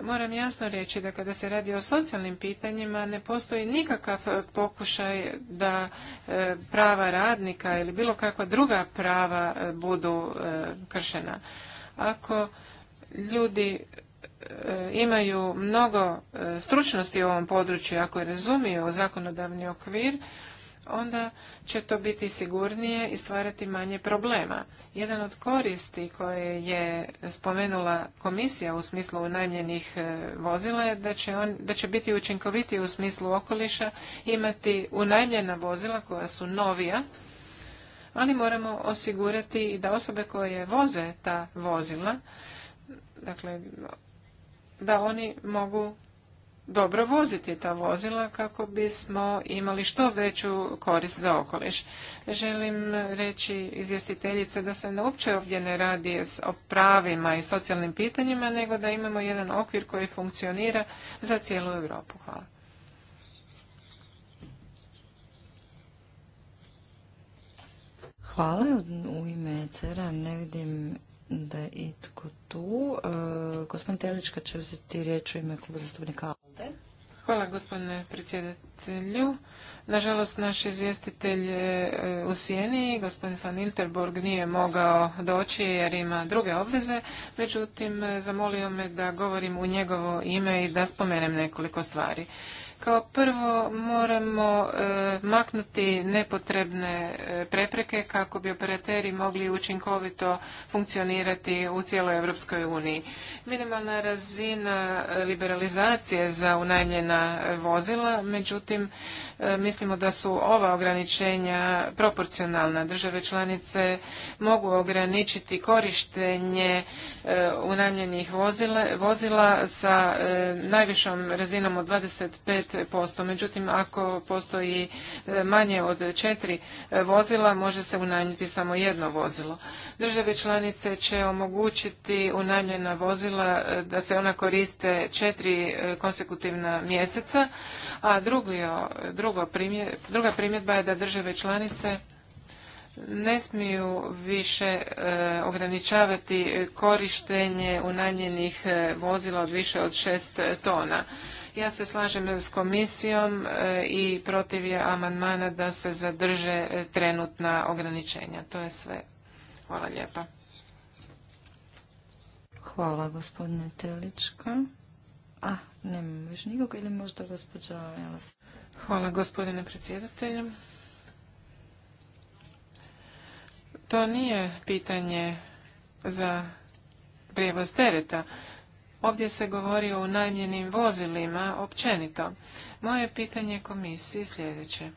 Moram jasno reći da kada se radi o socijalnim pitanjima ne postoji nikakav pokušaj da e, prava radnika ili bilo kakva druga prava e, budu e, kršena. Ako ljudi E, imaju mnogo e, stručnosti u ovom području, ako razumiju zakonodavni okvir, onda će to biti sigurnije i stvarati manje problema. Jedan od koristi koje je spomenula komisija u smislu unajmljenih e, vozila je da će, on, da će biti učinkovitiji u smislu okoliša, imati unajmljena vozila koja su novija, ali moramo osigurati i da osobe koje voze ta vozila, dakle da oni mogu dobro voziti ta vozila kako bismo imali što veću korist za okoliš. Želim reći izvjestiteljice da se uopće ovdje ne radi o pravima i socijalnim pitanjima, nego da imamo jedan okvir koji funkcionira za cijelu Europu. Hvala. Hvala. U ime CERA ne vidim da je itko tu. E, gospodin Telička će uzeti riječ u ime kluba zastupnika Hvala gospodine predsjedatelju. Nažalost, naš izvjestitelj je e, u Sijeni, gospodin van Interborg, nije mogao doći jer ima druge obveze, međutim, e, zamolio me da govorim u njegovo ime i da spomenem nekoliko stvari. Kao prvo moramo e, maknuti nepotrebne e, prepreke kako bi operateri mogli učinkovito funkcionirati u cijeloj Europskoj uniji. Minimalna razina liberalizacije za unajmljena vozila, međutim e, mislimo da su ova ograničenja proporcionalna. Države članice mogu ograničiti korištenje unajmljenih vozila sa najvišom razinom od 25 5%. Međutim, ako postoji e, manje od četiri e, vozila, može se unajmiti samo jedno vozilo. Države članice će omogućiti unajmljena vozila e, da se ona koriste četiri konsekutivna mjeseca, a drugo, druga primjedba je da države članice ne smiju više ograničavati korištenje unajmljenih vozila od više od šest tona. Ja se slažem s komisijom e, i protiv je amandmana da se zadrže e, trenutna ograničenja. To je sve. Hvala lijepa. Hvala gospodine Telička. A, nemam još nikoga ili možda gospođa Elas. Hvala gospodine predsjedatelju. To nije pitanje za prijevoz tereta. Ovdje se govori o najmjenim vozilima općenito. Moje pitanje komisiji sljedeće.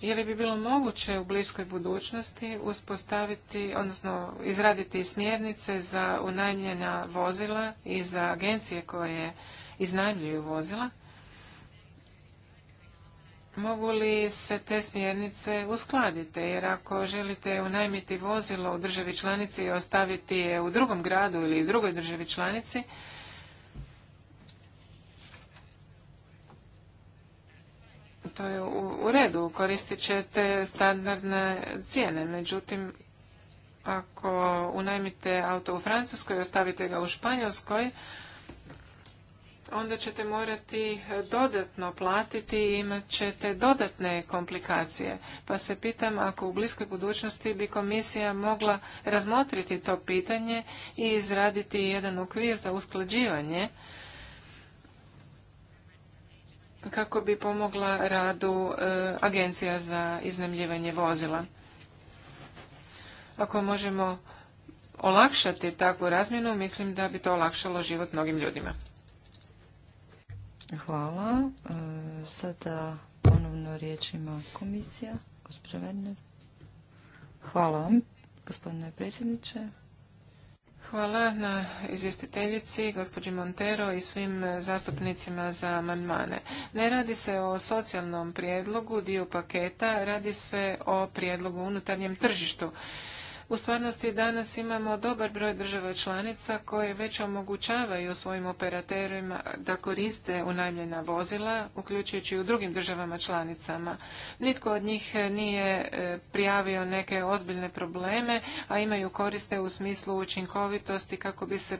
Je li bi bilo moguće u bliskoj budućnosti uspostaviti, odnosno izraditi smjernice za unajmljena vozila i za agencije koje iznajmljuju vozila? mogu li se te smjernice uskladiti? Jer ako želite unajmiti vozilo u državi članici i ostaviti je u drugom gradu ili u drugoj državi članici, to je u, u redu, koristit ćete standardne cijene. Međutim, ako unajmite auto u Francuskoj i ostavite ga u Španjolskoj, onda ćete morati e, dodatno platiti i imat ćete dodatne komplikacije. Pa se pitam ako u bliskoj budućnosti bi komisija mogla razmotriti to pitanje i izraditi jedan okvir za usklađivanje kako bi pomogla radu e, agencija za iznemljivanje vozila. Ako možemo olakšati takvu razmjenu, mislim da bi to olakšalo život mnogim ljudima. Hvala. E, sada ponovno riječ ima komisija. Gospođa Werner. Hvala vam, gospodine predsjedniče. Hvala na izvjestiteljici, gospođi Montero i svim zastupnicima za amandmane. Ne radi se o socijalnom prijedlogu, dio paketa, radi se o prijedlogu unutarnjem tržištu. U stvarnosti danas imamo dobar broj država članica koje već omogućavaju svojim operaterima da koriste unajmljena vozila, uključujući i u drugim državama članicama. Nitko od njih nije e, prijavio neke ozbiljne probleme, a imaju koriste u smislu učinkovitosti kako bi se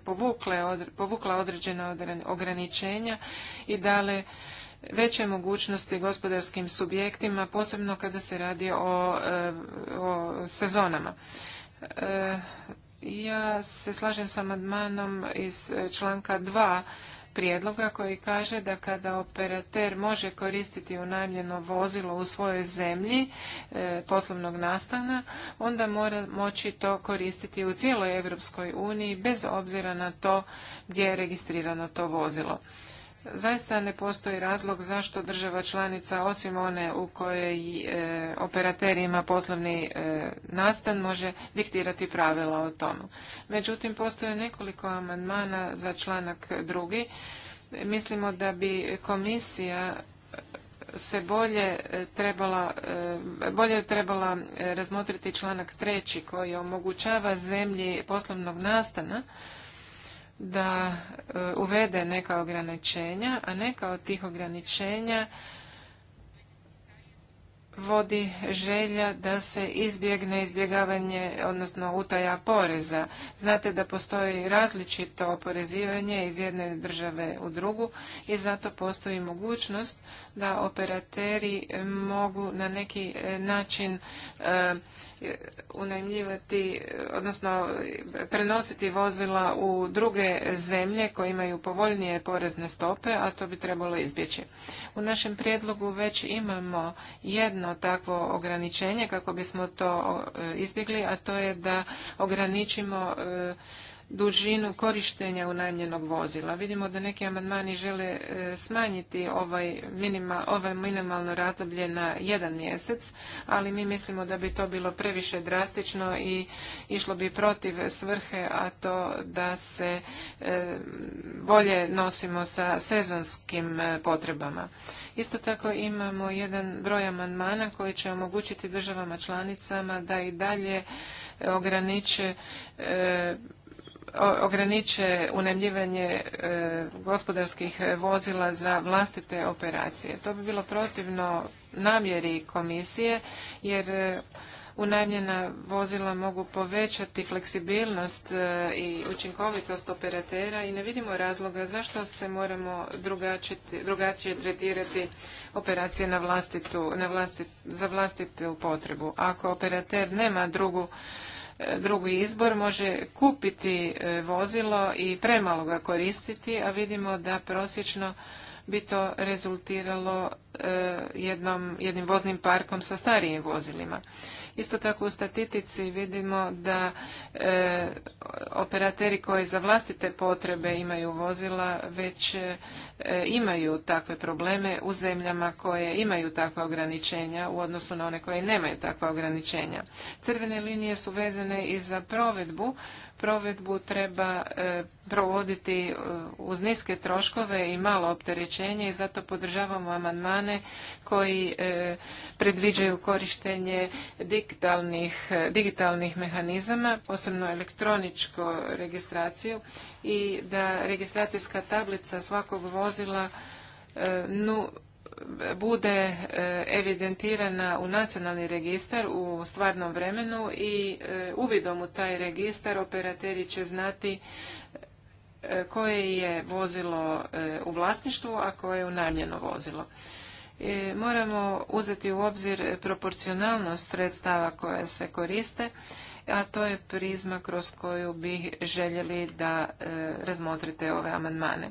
povukla određena ograničenja i dale veće mogućnosti gospodarskim subjektima, posebno kada se radi o, e, sezonama. E, ja se slažem sa amandmanom iz članka 2 prijedloga koji kaže da kada operater može koristiti unajmljeno vozilo u svojoj zemlji e, poslovnog nastana, onda mora moći to koristiti u cijeloj Europskoj uniji bez obzira na to gdje je registrirano to vozilo. Zaista ne postoji razlog zašto država članica, osim one u kojoj e, operater ima poslovni e, nastan, može diktirati pravila o tomu. Međutim, postoje nekoliko amandmana za članak drugi. Mislimo da bi komisija e, se bolje trebala, bolje trebala razmotriti članak treći koji omogućava zemlji poslovnog nastana da e, uvede neka ograničenja, a neka od tih ograničenja vodi želja da se izbjegne izbjegavanje, odnosno utaja poreza. Znate da postoji različito oporezivanje iz jedne države u drugu i zato postoji mogućnost da operateri e, mogu na neki e, način e, unajmljivati, odnosno prenositi vozila u druge zemlje koje imaju povoljnije porezne stope, a to bi trebalo izbjeći. U našem prijedlogu već imamo jedno takvo ograničenje kako bismo to izbjegli, a to je da ograničimo dužinu korištenja unajmljenog vozila. Vidimo da neki amandmani žele e, smanjiti ovaj minimalno razdoblje na jedan mjesec, ali mi mislimo da bi to bilo previše drastično i išlo bi protiv svrhe, a to da se e, bolje nosimo sa sezonskim e, potrebama. Isto tako imamo jedan broj amandmana koji će omogućiti državama članicama da i dalje ograniče ograniče unajmljivanje e, gospodarskih vozila za vlastite operacije. To bi bilo protivno namjeri komisije jer e, unajmljena vozila mogu povećati fleksibilnost e, i učinkovitost operatera i ne vidimo razloga zašto se moramo drugačije tretirati operacije na vlastitu, za vlastitu potrebu. Ako operater nema drugu E, drugi izbor može kupiti e, vozilo i premalo ga koristiti, a vidimo da prosječno bi to rezultiralo e, jednim voznim parkom sa starijim vozilima. Isto tako u statistici vidimo da e, operateri koji za vlastite potrebe imaju vozila već e, imaju takve probleme u zemljama koje imaju takva ograničenja u odnosu na one koje nemaju takva ograničenja. Crvene linije su vezane i za provedbu provedbu treba e, provoditi e, uz niske troškove i malo opterećenje i zato podržavamo amandmane koji e, predviđaju korištenje digitalnih, mehanizama, posebno elektroničku registraciju i da registracijska tablica svakog vozila nu bude e, evidentirana u nacionalni registar u stvarnom vremenu i e, uvidom u taj registar operateri će znati e, koje je vozilo u vlasništvu, a koje je unajmljeno vozilo. Moramo uzeti u obzir proporcionalnost sredstava koja se koriste, a to je prizma kroz koju bi željeli da razmotrite ove amandmane.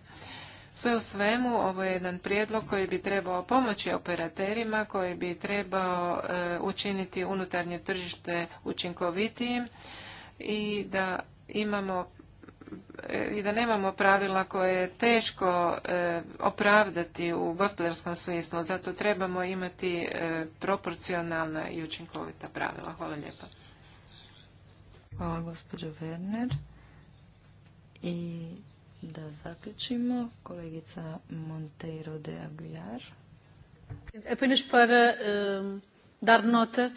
Sve u svemu, ovo je jedan prijedlog koji bi trebao pomoći operaterima, koji bi trebao e, učiniti unutarnje tržište učinkovitijim i da imamo e, i da nemamo pravila koje je teško e, opravdati u gospodarskom smislu. Zato trebamo imati proporcionalna i učinkovita pravila. Hvala lijepa. Hvala gospođo Werner. I da zaključimo, kolegica Monteiro de Aguiar. Apenas para ehm, dar nota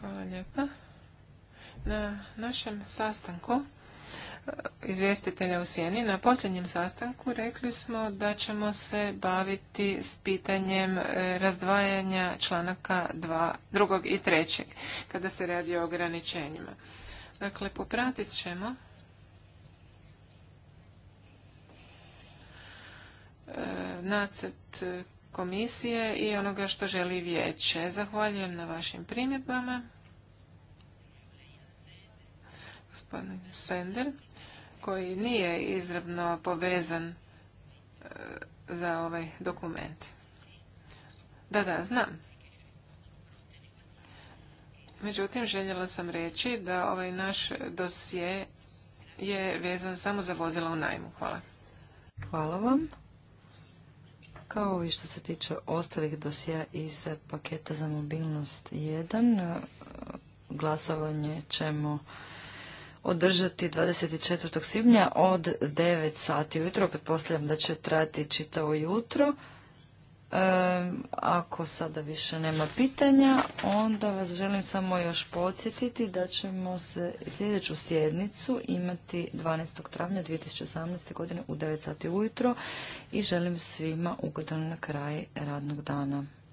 Hvala lijepa. Na našem sastanku eh, izvjestitelja u Sjeni, na posljednjem sastanku rekli smo da ćemo se baviti s pitanjem eh, razdvajanja članaka dva, drugog i trećeg, kada se radi o ograničenjima. Dakle, popratit ćemo E, nacrt komisije i onoga što želi vijeće. Zahvaljujem na vašim primjedbama. Gospodin Sender, koji nije izravno povezan e, za ovaj dokument. Da, da, znam. Međutim, željela sam reći da ovaj naš dosje je vezan samo za vozila u najmu. Hvala. Hvala vam kao i što se tiče ostalih dosija iz paketa za mobilnost 1. E, glasovanje ćemo održati 24. svibnja od 9 sati ujutro. Pretpostavljam da će trajati čitavo jutro. E, ako sada više nema pitanja, onda vas želim samo još podsjetiti da ćemo se sljedeću sjednicu imati 12. travnja 2018. godine u 9 sati ujutro i želim svima ugodan kraj radnog dana.